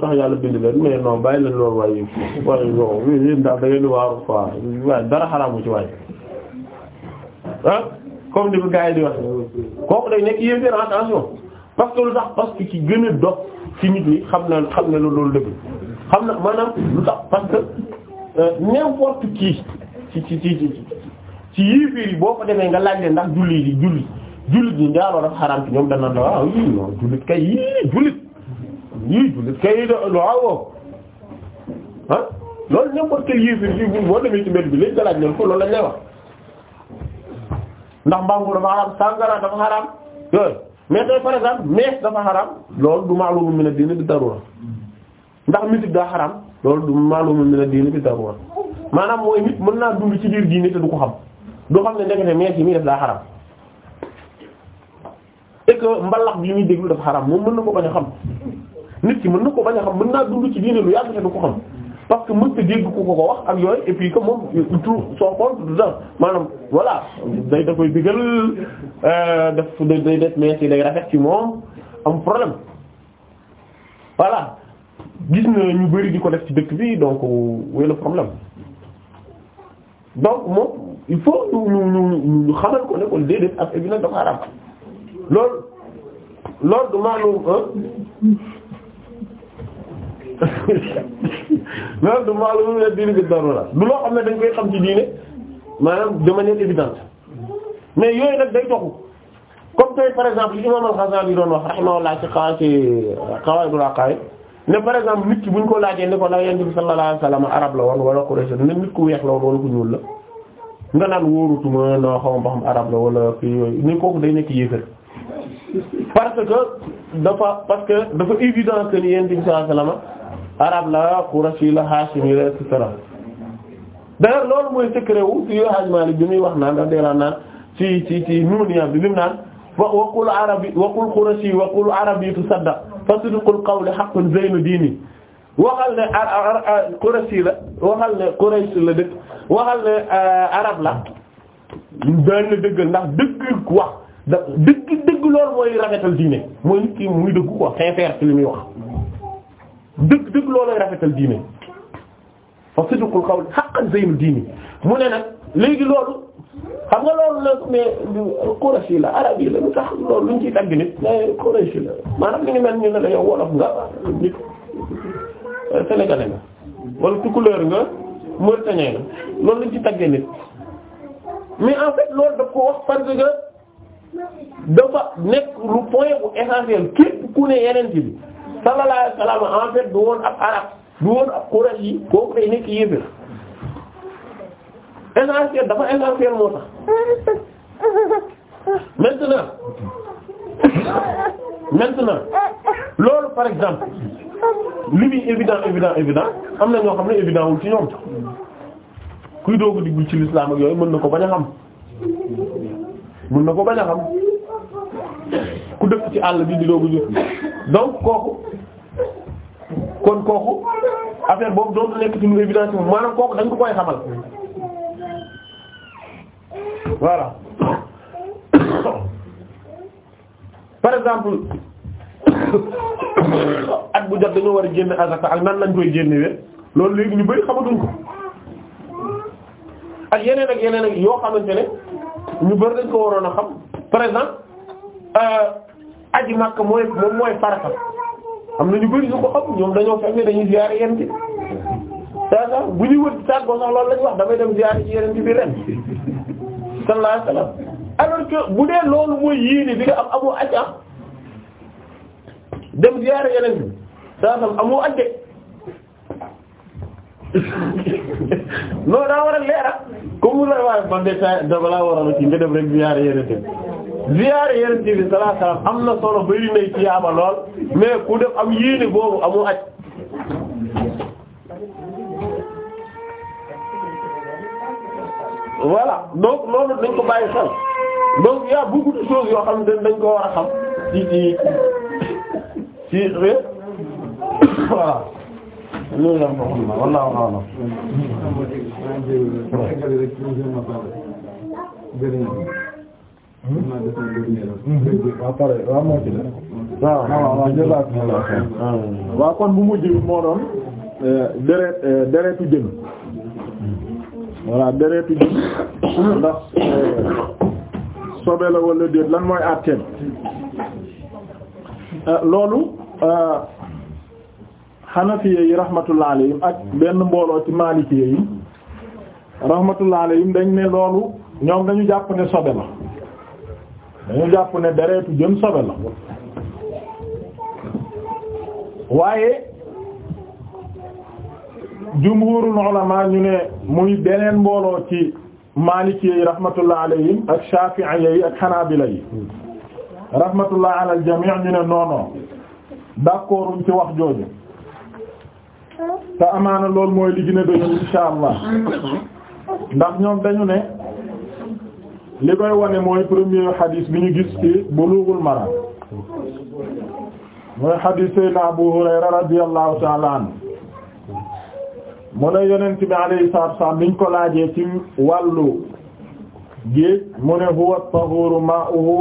tax yàlla bind leen mais non bàyyi leen loolu waaye waaye non ah, parce que lu tax parce que xam xam na loolu dëgg xam na maanaam lu tax parce que euh, n'importe qui ci ci ci ci ci yéeféer yi boo ko demee nga laaj leen ndax julli di julli jullit ñi njaaloo dafa xaraam ci ñoom dana na waaw yii kay yii jullit yii jullit kay da lu awoo ah loolu n'importe quel yéeféer yi boo demee ci mbedd bi léegi nga laaj leen ko loolu lañ lay wax ndax mbangu dafa xaraam sàngara dafa xaraam yooyu mais par exemple mees dafa xaraam lool du ma'lum min ad-din bi darura ndax musique daa xaraam loolu du maaluma mi ne diine bi daruwa maanaam mooy nit mën naa dund ci biir diine te du ko xam doo xam ne ndekete mees yi muy def daa xaraam et que mbalax bi muy déglu dafa xaraam moom mën na ko bañ a xam nit ki mën na ko bañ a xam mën naa dund ci diine lu yàgg te du ko xam parce que mënta dégg ku ko ko wax ak yooyu et puis que moom tout son compte du daa maanaam voilà day da koy digal euh, daf day def mees yi day rafet ci moom am problème gis na ñu bari di ko def ci dëkk bi donc wéy le problème donc moom il faut ñu ñu ñu xamal ko ne kon déedéet ak évidence dafa araam loolu loolu du maalum loolu du maalum ne diine bi darura du loo xam ne dañ koy xam ci diine maanaam de manière évidente mais yooyu nag day toxu comme tey par exemple li imam al-Ghazali doon wax rahimahullah ci xawa ci xawaay du laa ne par exemple nit ki bu ñu ko laajee ne ko la yonent bi sallallahu alayhi wasallam arab la woon wala Quraysh ne nit ku weex la woon wala ku ñuul la nga naan wóorutuma noo xaw ma ba xam arab la wala kii yooyu ne kooku day nekk yéefar parce que dafa parce que dafa évident que ni yonent bi sallallahu alayhi wasallam arab la Quraysh la Haashimi la et cetera d'ailleurs loolu mooy secret wu ci Hajj Maalik bi muy wax naan da dee naan ci ci ci nuuniya bi lim naan wa waqul arabi waqul Qurashi waqul arabi tusaddaq fa sidqul qawli haqqun zeynu diini waxal ne Quraysi la waxal ne Quraysi la dëkk waxal ne arab la daan la dëggal ndax dëgg wax da dëgg dëgg loolu mooy rafetal diine mooy nit ki muy dëgg quoi sincère ci li muy wax dëgg dëgg loolooy rafetal diine fa sidqul qawli haqqan zeynu diini mu ne nag léegi loolu xam nga loolu la mais Quraysh yi la arab yi la lu tax loolu luñ ciy dagg nit mais Quraysh yi la maanaam li ngi mel ñu ne la yow wolof nga nit sénégalais nga wala tukulóor nga mauritanien loolu luñ ci tagge nit mais en loolu daf ko wax parce que dafa nekk lu point bu essentiel képp ku ne yeneen bi sallallahu alayhi wa sallam en fait woon ab arab du woon ab Quraysh kooku day nekk yéefér essentiel dafa essentiel moo tax maintenant maintenant loolu par exemple li muy évident évident évident am na ñoo xam ne évident wul ci ñoom kuy doogu diggu ci l'islam ak yooyu mën na ko bañ a xam mën na ko bañ a xam ku dëkk ci àll bi di doogu jëf donc kooku kon kooku affaire boobu doon nekk ci lu évident ci moom maanaam kooku dañ ko koy xamal voilà par exemple ak bu jot dañoo war a génn azaka ak nan lañ koy génnewee loolu léegi ñu bari xamatuñ ko ak yeneen ak yeneen ak yoo xamante ne ñu bëri dañ ko waroon a xam par exemple euh, aji Makka mooy moom mooy farata am na ñu bari ñu ko xam ñoom dañoo fekk dañuy ziyaare yent bi saa saa bu ñuy wër tàggoo sax loolu lañ wax damay dem ziyaare ci yent bi ren sallallahu alayhi wa sallam bu dee lool mooy yéene bi nga am amoo aj ah dem ziyaare yeneen bi saa sam amoo aj de non daa wara a leera ah. comme mu la waaye man de ta dama laa waral ci nga dem rek ziyaare yeneen bi ziyaare yeneen bi sallallahu alayhi wa sallam am na solo bari nay lool mais ku dem am yéene boobu amoo aj voilà donc loolu dañ ko bàyyi xel donc y a beaucoup de choses yoo xam ne dañ ko war a xam ci ci ci ré voilà loolu la ko xam na wala wala waaw kon bu mujj bi moo doon deret deretu jën voilà deretu ji ndax eh, sobe la wala déet lan mooy àtteem eh, loolu xanafiye eh, yi rahmatullah alayhim ak benn mbooloo ci maalikiye yi rahmatullah yi dañ ne loolu ñoom dañu jàpp ne sobe la dañu jàpp ne deretu jën sobe la waaye jumhurul ulama ñu ne muy beneen mbooloo ci maliki yi rahmatullah alayhim ak shafi'i yi ak hanabila yi rahmatullah ala al jami' ñu ne non non d'accord ci wax jooju te amaana loolu mooy li gën a insha allah ndax ñoom dañu ne li koy wane mooy premier hadith bi ñu gis ci Bulughul Maram mooy hadith Sayyidina Abu Hurayra radiyallahu ta'ala mu ne yonent bi alayhi salaatu biñ ko laajee ci wàllu géej mu ne huwa at-tahuuru maa'uhu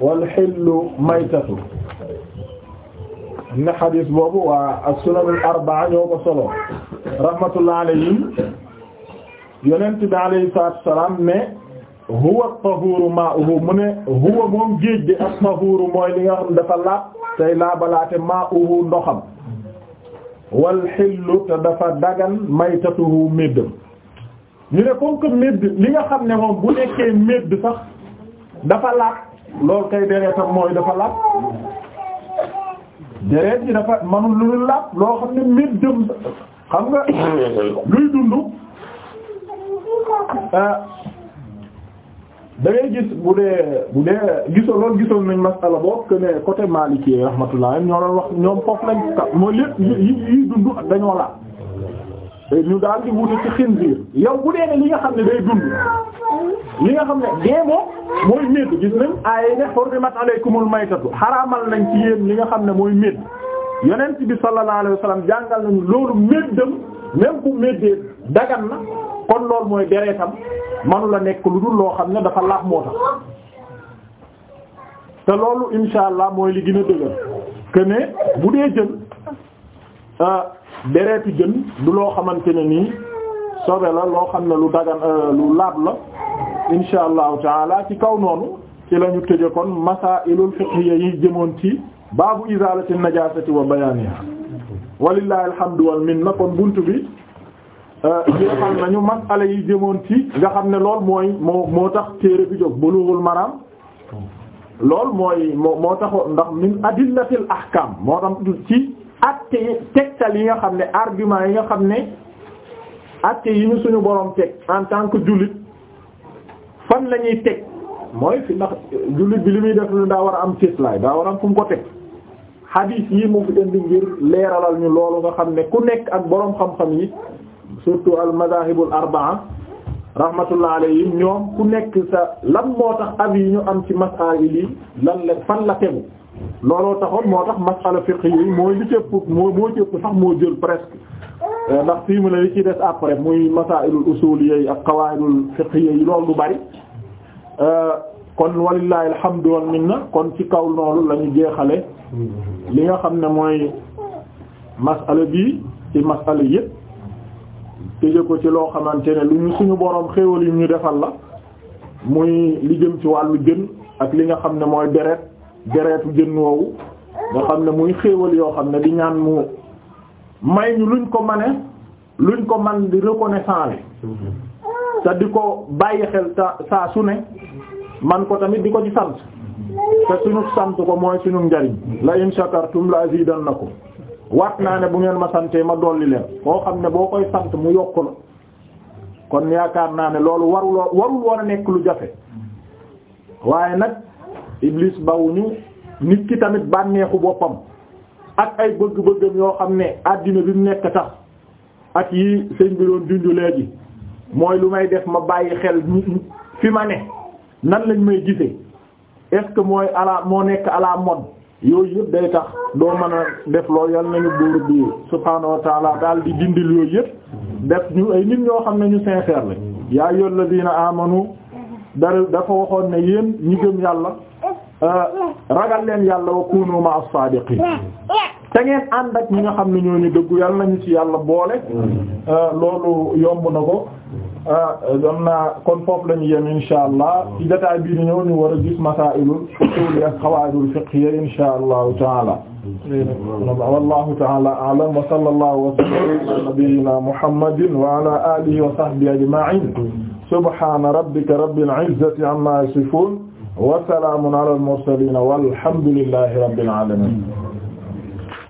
wal hillu maytatu ne xadiis boobu waa as-sunan arbaa ñoo ko solo rahmatullah alayhim yonent bi alayhi salaatu ne huwa at-tahuuru maa'uhu mu ne huwa moom géej bi at-tahuuru mooy li nga xam dafa laab tey laabalaate maa'uhu ndoxam wal xillu te dafa dagan maytatuhu méddam ñu ne comme médd li nga xam ne moom bu nekkee médd sax dafa laat loolu kay deretam mooy dafa laat deret ji dafa manul lu laat loo xam ne méddam xam nga luy dund euh, da ngay gis bu dee bu dee gisoo loolu gisoon nañ masala boobu que ne côté Maliki rahmatullah ñoo doon wax ñoom foofu lañ ka mooy lépp yi yi dund dañoo la ñu daal di wute ci xinziir yow bu dee ne li nga xam ne day dund li nga xam ne dee moom mooy médd gis nañ ay ne hurrimat alaykumul maytatu xaraamal nañ ci yéen li nga xam ne mooy médd yonent bi sallallahu alayhi wa sallam jàngal nañu loolu méddam même bu méddee dagan na kon loolu mooy deretam manu la nekk lu dul loo xam ne dafa laab moo tax te loolu insha allah mooy li gën a dëgër que bu dee jën euh, deretu jën du loo xamante ne nii sobe la loo xam ne lu dagan euh, lu laab la insha allahu taala ci kaw noonu ci la ñu tëje kon masailul fiqhiyya yi jëmoon ci baabu izalati najasati wa bayaniha walillahi alhamdu wal minna kon buntu bi jeexal euh, man ale yi jëmoon ci nga xam ne lool mooy moo moo tax téere bi jóg Bulughul Maram lool mooy moo tax taxoon ndax min adillatil ahkam moo tax ci acte tegtal yi nga xam ne argument yi nga xam ne acte yi ñu suñu borom teg en tant que jullit fan la teg mooy fi ndax jullit bi li muy def lu daa war a am cëslaay daa war a am fu mu ko teg hadith yi mu fi indi ngir leeralal ñu loolu nga xam ne ku nekk ak boroom xam-xam yi surtout al madahibul arbaa rahmatullah yi ñoom ku nekk sa lan moo tax avis yi ñu am ci masala yi lan la fan la tegu looloo taxoon moo tax masala fiqh yi mooy li cëpp moo moo cëpp sax moo jël presque euh, ndax fii mu ne li ci des après muy masailul usuliyya yi ak qawaidul fiqhiyya yi loolu lu bari euh, kon walillahi alhamdu wal minna kon ci kaw loolu la ñu jeexale li nga xam ne mooy masala bii ci masala yépp tëje ko ci loo xamante ne lu ñu suñu boroom xéewal yu ñu defal la muy li jëm ci wàllu jën ak li nga xam ne mooy deret deretu jën woowu nga xam ne muy xéewal yoo xam ne di ñaan mu may ñu luñ ko mane luñ ko man di reconnaissant li te di ko bàyyi xel sa saa su ne man ko tamit di ko ci sant te suñu sant ko mooy suñu njariñ la in shakartum la ko waat naa ne bu ngeen ma santee ma dolli leen koo xam ne boo koy sant mu yokk la kon yaakaar naa ne loolu warul warul woon a nekk lu jafe waaye nag iblis bawuñu nit ki tamit bànneexu boppam ak ay bëgg-bëggam yoo xam ne àddina bi mu nekk tax ak yi sëñ bi doon junj léegi mooy lu may def ma bàyyi xel fi ma ne nan lañ may gisee est mooy ala moo nekk ala mon yooyu yëpp day tax doo mën a def loolu yal nañu buur bi subhaanahu wa taala daal di dindil yooyu yëpp def ñu ay nit ñoo xam ne ñu sincère la yaa ayyuhal ladina amanu dara dafa waxoon ne yéen ñi gëm yàlla euh, ragal leen yàlla wa kunu ma'as saadiqin te ngeen ànd ak ñi nga xam ne ñoo ñu dëggu yàlla nañu ci yàlla boole euh, loolu yomb na ko ah am naa kon foofu la ñu yem insha allah ci jotaay bii di ñëw ñu war a gis masaa'ilul usuul ak qawaa'idul fiqhiyya insha allahu taala. wallahu taala a'lam wa sallallahu wa sallama ala nabiyyina muhammadin wa ala alihi wa sahbihi ajma'in subhana rabbika rabbil izzati amma yasifun wa salamun ala al mursalin walhamdulillahi rabbil alamin